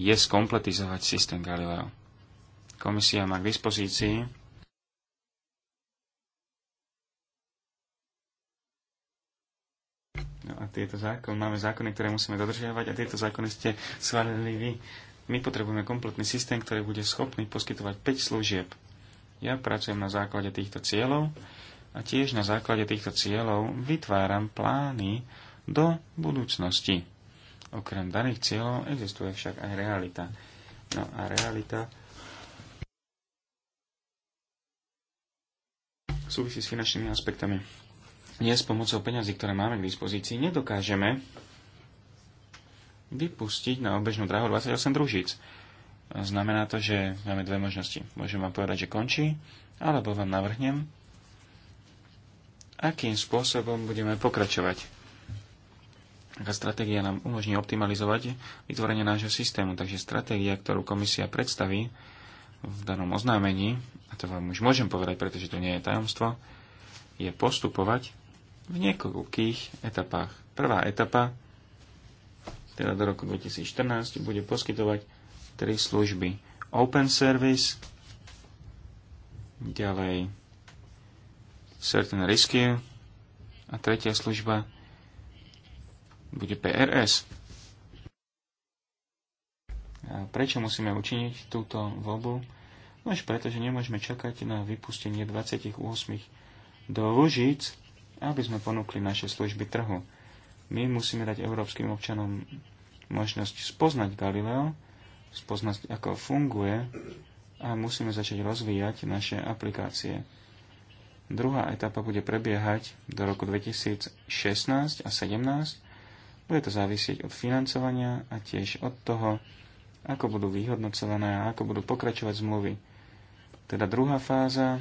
je skompletizovať systém Galileo. Komisia má k dispozícii No a tieto zákony, máme zákony, ktoré musíme dodržiavať a tieto zákony ste schválili vy. My potrebujeme kompletný systém, ktorý bude schopný poskytovať 5 služieb. Ja pracujem na základe týchto cieľov a tiež na základe týchto cieľov vytváram plány do budúcnosti. Okrem daných cieľov existuje však aj realita. No a realita súvisí s finančnými aspektami. Nie s pomocou peňazí, ktoré máme k dispozícii, nedokážeme vypustiť na obežnú drahu 28 družíc. Znamená to, že máme dve možnosti. Môžem vám povedať, že končí, alebo vám navrhnem, akým spôsobom budeme pokračovať. Aká stratégia nám umožní optimalizovať vytvorenie nášho systému, takže stratégia, ktorú komisia predstaví, v danom oznámení, a to vám už môžem povedať, pretože to nie je tajomstvo, je postupovať v niekoľkých etapách. Prvá etapa, teda do roku 2014, bude poskytovať tri služby. Open Service, ďalej Certain Rescue a tretia služba bude PRS. Prečo musíme učiniť túto voľbu? No už preto, že nemôžeme čakať na vypustenie 28 do Lužíc, aby sme ponúkli naše služby trhu. My musíme dať európskym občanom možnosť spoznať Galileo, spoznať, ako funguje a musíme začať rozvíjať naše aplikácie. Druhá etapa bude prebiehať do roku 2016 a 2017. Bude to závisieť od financovania a tiež od toho, ako budú vyhodnocované a ako budú pokračovať zmluvy. Teda druhá fáza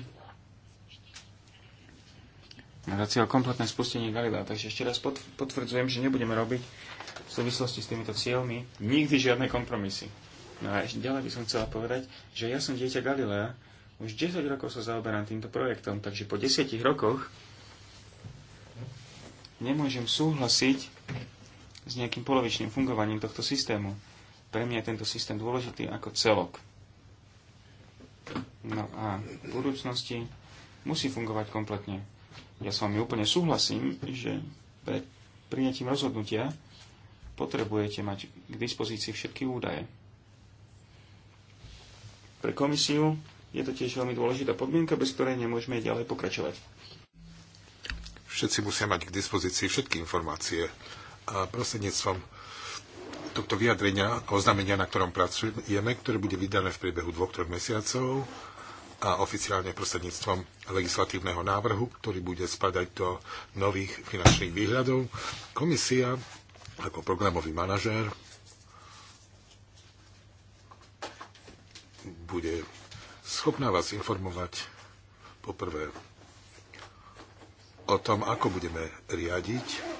Na za cieľ kompletné spustenie Galilea. Takže ešte raz potvrdzujem, že nebudeme robiť v súvislosti s týmito cieľmi nikdy žiadne kompromisy. No a ešte ďalej by som chcela povedať, že ja som dieťa Galilea, už 10 rokov sa zaoberám týmto projektom, takže po 10 rokoch nemôžem súhlasiť s nejakým polovičným fungovaním tohto systému pre mňa je tento systém dôležitý ako celok. No a v budúcnosti musí fungovať kompletne. Ja s vami úplne súhlasím, že pred prijatím rozhodnutia potrebujete mať k dispozícii všetky údaje. Pre komisiu je to tiež veľmi dôležitá podmienka, bez ktorej nemôžeme ďalej pokračovať. Všetci musia mať k dispozícii všetky informácie a prostredníctvom tohto vyjadrenia, oznámenia, na ktorom pracujeme, ktoré bude vydané v priebehu dvoch, troch mesiacov a oficiálne prostredníctvom legislatívneho návrhu, ktorý bude spadať do nových finančných výhľadov. Komisia ako programový manažér bude schopná vás informovať poprvé o tom, ako budeme riadiť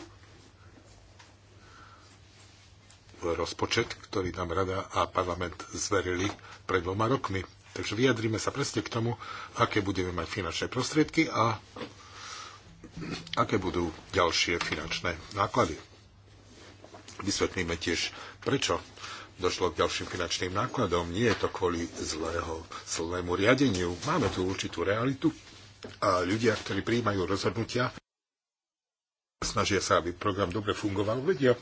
rozpočet, ktorý nám Rada a parlament zverili pred dvoma rokmi. Takže vyjadríme sa presne k tomu, aké budeme mať finančné prostriedky a aké budú ďalšie finančné náklady. Vysvetlíme tiež, prečo došlo k ďalším finančným nákladom. Nie je to kvôli zlého, zlému riadeniu. Máme tu určitú realitu a ľudia, ktorí prijímajú rozhodnutia, snažia sa, aby program dobre fungoval, vedia,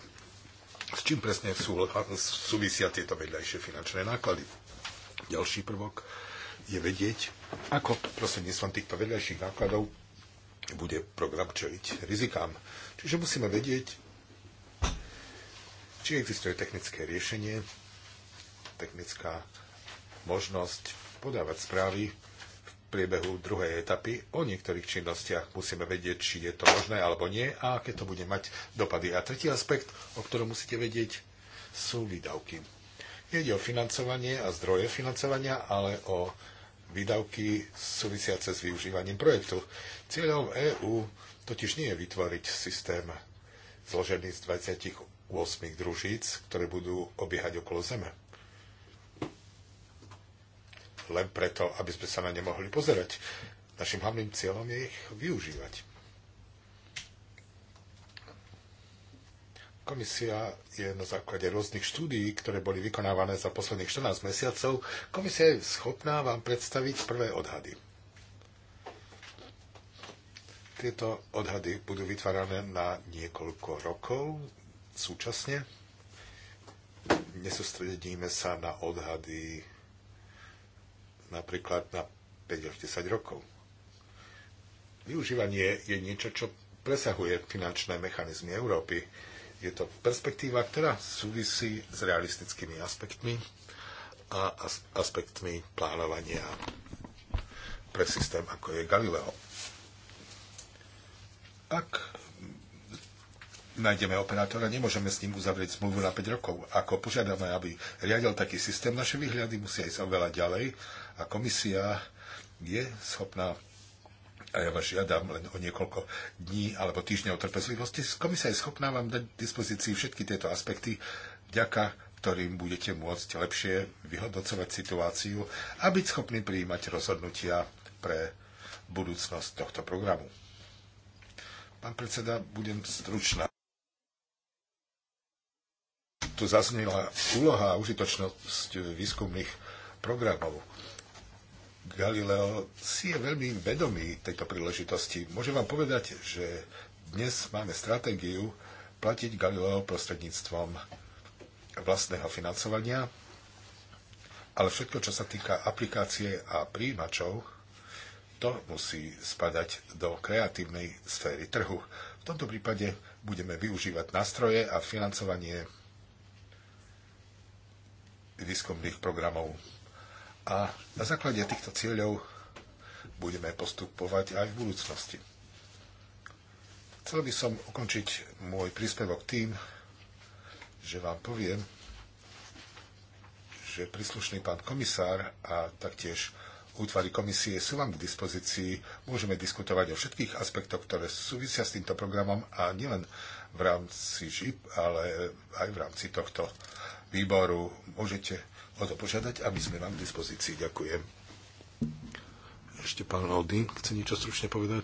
s čím presne sú, súvisia tieto vedľajšie finančné náklady? Ďalší prvok je vedieť, ako prostredníctvom týchto vedľajších nákladov bude program čeliť rizikám. Čiže musíme vedieť, či existuje technické riešenie, technická možnosť podávať správy priebehu druhej etapy. O niektorých činnostiach musíme vedieť, či je to možné alebo nie a aké to bude mať dopady. A tretí aspekt, o ktorom musíte vedieť, sú výdavky. Nejde o financovanie a zdroje financovania, ale o výdavky súvisiace s využívaním projektu. Cieľom EÚ totiž nie je vytvoriť systém zložený z 28 družíc, ktoré budú obiehať okolo Zeme len preto, aby sme sa na ne mohli pozerať. Našim hlavným cieľom je ich využívať. Komisia je na základe rôznych štúdií, ktoré boli vykonávané za posledných 14 mesiacov, komisia je schopná vám predstaviť prvé odhady. Tieto odhady budú vytvárané na niekoľko rokov súčasne. Nesústredíme sa na odhady napríklad na 5 až 10 rokov. Využívanie je niečo, čo presahuje finančné mechanizmy Európy. Je to perspektíva, ktorá súvisí s realistickými aspektmi a aspektmi plánovania pre systém, ako je Galileo. Ak nájdeme operátora, nemôžeme s ním uzavrieť zmluvu na 5 rokov. Ako požiadame, aby riadil taký systém, naše výhľady musia ísť oveľa ďalej a komisia je schopná a ja vás žiadam len o niekoľko dní alebo týždňov trpezlivosti. Komisia je schopná vám dať k dispozícii všetky tieto aspekty, vďaka ktorým budete môcť lepšie vyhodnocovať situáciu a byť schopní prijímať rozhodnutia pre budúcnosť tohto programu. Pán predseda, budem stručná. Tu zaznela úloha a užitočnosť výskumných programov Galileo si je veľmi vedomý tejto príležitosti. Môžem vám povedať, že dnes máme stratégiu platiť Galileo prostredníctvom vlastného financovania, ale všetko, čo sa týka aplikácie a príjimačov, to musí spadať do kreatívnej sféry trhu. V tomto prípade budeme využívať nástroje a financovanie výskumných programov a na základe týchto cieľov budeme postupovať aj v budúcnosti. Chcel by som ukončiť môj príspevok tým, že vám poviem, že príslušný pán komisár a taktiež útvary komisie sú vám k dispozícii. Môžeme diskutovať o všetkých aspektoch, ktoré súvisia s týmto programom a nielen v rámci ŽIP, ale aj v rámci tohto výboru môžete o to požiadať, aby sme vám k dispozícii. Ďakujem. Ešte pán Aldy chce niečo stručne povedať?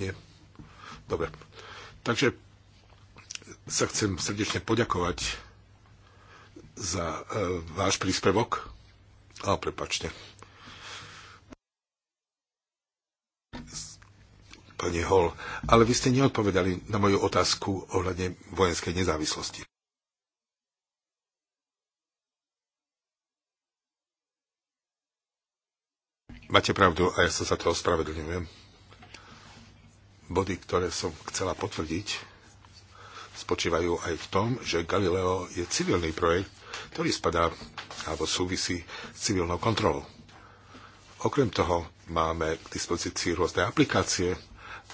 Nie? Dobre. Takže sa chcem srdečne poďakovať za e, váš príspevok. A prepačte. Pani Hall, ale vy ste neodpovedali na moju otázku ohľadne vojenskej nezávislosti. Máte pravdu a ja som sa to ospravedlňujem. Body, ktoré som chcela potvrdiť, spočívajú aj v tom, že Galileo je civilný projekt, ktorý spadá alebo súvisí s civilnou kontrolou. Okrem toho máme k dispozícii rôzne aplikácie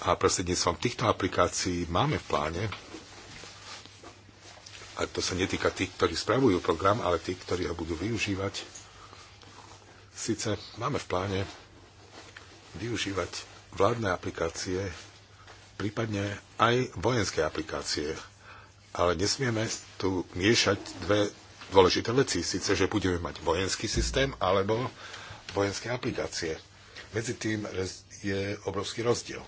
a prostredníctvom týchto aplikácií máme v pláne, a to sa netýka tých, ktorí spravujú program, ale tých, ktorí ho budú využívať, Sice máme v pláne využívať vládne aplikácie, prípadne aj vojenské aplikácie, ale nesmieme tu miešať dve dôležité veci. Sice, že budeme mať vojenský systém alebo vojenské aplikácie. Medzi tým je obrovský rozdiel.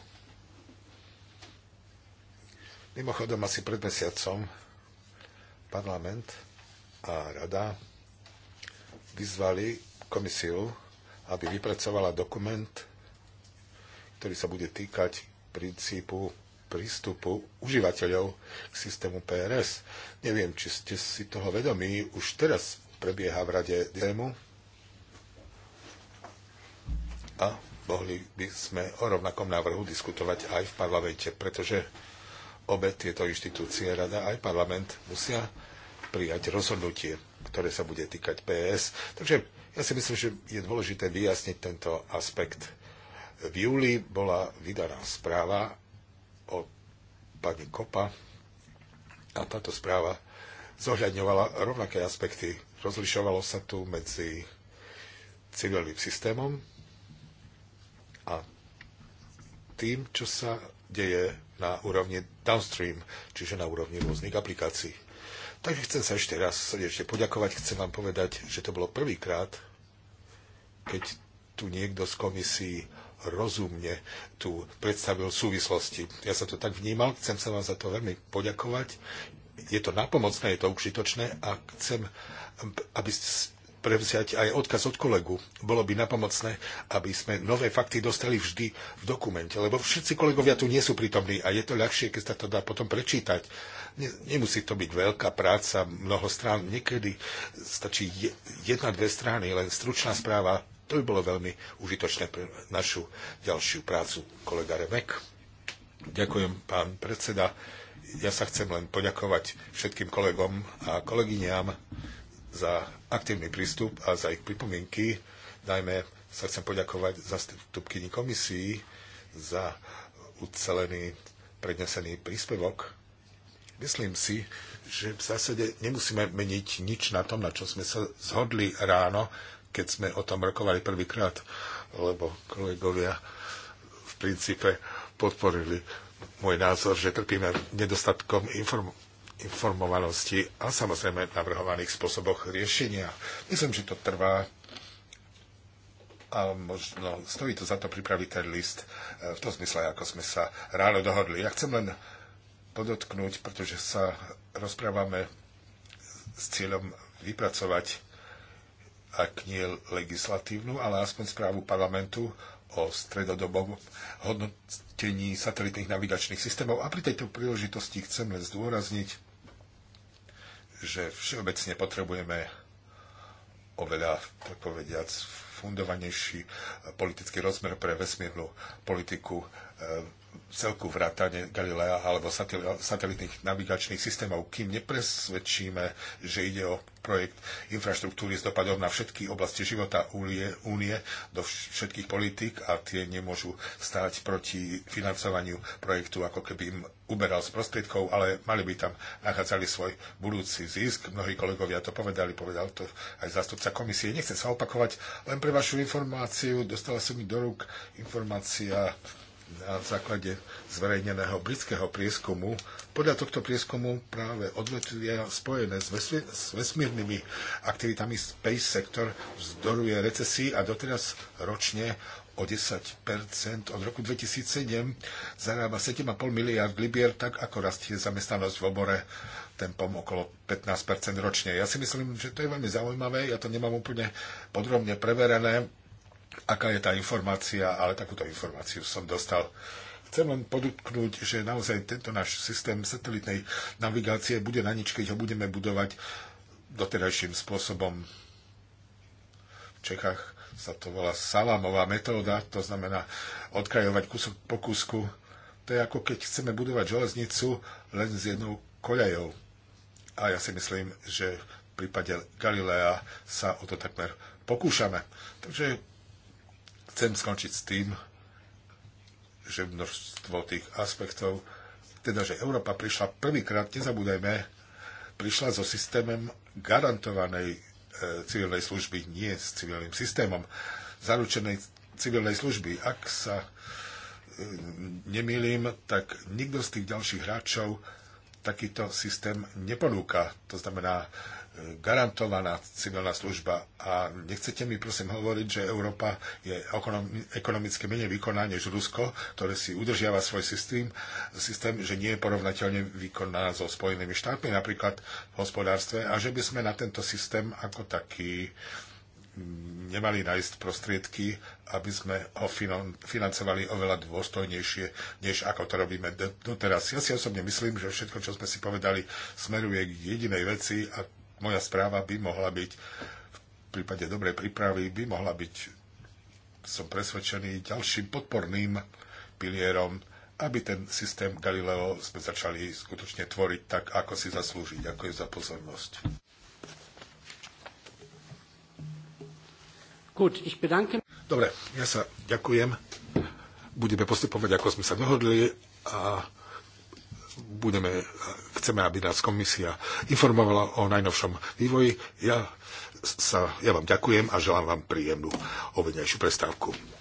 Mimochodom, asi pred mesiacom parlament a rada vyzvali komisiu, aby vypracovala dokument, ktorý sa bude týkať princípu prístupu užívateľov k systému PRS. Neviem, či ste si toho vedomí. Už teraz prebieha v rade tému a mohli by sme o rovnakom návrhu diskutovať aj v parlamente, pretože obe tieto inštitúcie, rada aj parlament, musia prijať rozhodnutie, ktoré sa bude týkať PS. Takže ja si myslím, že je dôležité vyjasniť tento aspekt. V júli bola vydaná správa o pani Kopa a táto správa zohľadňovala rovnaké aspekty. Rozlišovalo sa tu medzi civilným systémom a tým, čo sa deje na úrovni downstream, čiže na úrovni rôznych aplikácií. Takže chcem sa ešte raz srdečne poďakovať. Chcem vám povedať, že to bolo prvýkrát, keď tu niekto z komisí rozumne tu predstavil súvislosti. Ja som to tak vnímal, chcem sa vám za to veľmi poďakovať. Je to napomocné, je to užitočné a chcem, aby prevziať aj odkaz od kolegu. Bolo by napomocné, aby sme nové fakty dostali vždy v dokumente, lebo všetci kolegovia tu nie sú prítomní a je to ľahšie, keď sa to dá potom prečítať. Nemusí to byť veľká práca, mnoho strán. Niekedy stačí jedna, dve strany, len stručná správa. To by bolo veľmi užitočné pre našu ďalšiu prácu. Kolega Remek. Ďakujem, pán predseda. Ja sa chcem len poďakovať všetkým kolegom a kolegyňám za aktívny prístup a za ich pripomienky. Najmä sa chcem poďakovať za stupkyni komisii za ucelený prednesený príspevok. Myslím si, že v zásade nemusíme meniť nič na tom, na čo sme sa zhodli ráno, keď sme o tom rokovali prvýkrát, lebo kolegovia v princípe podporili môj názor, že trpíme nedostatkom inform- informovanosti a samozrejme navrhovaných spôsoboch riešenia. Myslím, že to trvá a možno stojí to za to pripraviť ten list e, v tom zmysle, ako sme sa ráno dohodli. Ja chcem len podotknúť, pretože sa rozprávame s cieľom vypracovať, ak nie legislatívnu, ale aspoň správu parlamentu o stredodobom hodnotení satelitných navigačných systémov. A pri tejto príležitosti chcem len zdôrazniť, že všeobecne potrebujeme oveľa, tak povediac, fundovanejší politický rozmer pre vesmírnu politiku eh, celku vrátane Galilea alebo satelitných navigačných systémov, kým nepresvedčíme, že ide o projekt infraštruktúry s dopadom na všetky oblasti života únie, únie do všetkých politík a tie nemôžu stáť proti financovaniu projektu, ako keby im uberal z prostriedkov, ale mali by tam nachádzali svoj budúci zisk. Mnohí kolegovia to povedali, povedal to aj zástupca komisie. Nechcem sa opakovať, len pre vašu informáciu dostala sa mi do rúk informácia na základe zverejneného britského prieskumu. Podľa tohto prieskumu práve odvetvia spojené s, s vesmírnymi aktivitami space sector vzdoruje recesii a doteraz ročne o 10 od roku 2007 zarába 7,5 miliard libier, tak ako rastie zamestnanosť v obore tempom okolo 15 ročne. Ja si myslím, že to je veľmi zaujímavé, ja to nemám úplne podrobne preverené, aká je tá informácia, ale takúto informáciu som dostal. Chcem len podotknúť, že naozaj tento náš systém satelitnej navigácie bude na nič, keď ho budeme budovať doterajším spôsobom. V Čechách sa to volá salamová metóda, to znamená odkrajovať kusok po kusku. To je ako keď chceme budovať železnicu len s jednou koľajou. A ja si myslím, že v prípade Galilea sa o to takmer pokúšame. Takže Chcem skončiť s tým, že množstvo tých aspektov, teda že Európa prišla prvýkrát, nezabúdajme, prišla so systémem garantovanej e, civilnej služby, nie s civilným systémom zaručenej civilnej služby. Ak sa e, nemýlim, tak nikto z tých ďalších hráčov takýto systém neponúka. To znamená, garantovaná civilná služba. A nechcete mi prosím hovoriť, že Európa je ekonomicky menej výkonná než Rusko, ktoré si udržiava svoj systém, systém, že nie je porovnateľne výkonná so Spojenými štátmi napríklad v hospodárstve a že by sme na tento systém ako taký mm, nemali nájsť prostriedky, aby sme ho financovali oveľa dôstojnejšie, než ako to robíme doteraz. Ja si osobne myslím, že všetko, čo sme si povedali, smeruje k jedinej veci a moja správa by mohla byť, v prípade dobrej prípravy, by mohla byť, som presvedčený, ďalším podporným pilierom, aby ten systém Galileo sme začali skutočne tvoriť tak, ako si zaslúži. Ďakujem za pozornosť. Dobre, ja sa ďakujem. Budeme postupovať, ako sme sa dohodli a budeme, chceme, aby nás komisia informovala o najnovšom vývoji. Ja, sa, ja vám ďakujem a želám vám príjemnú obednejšiu prestávku.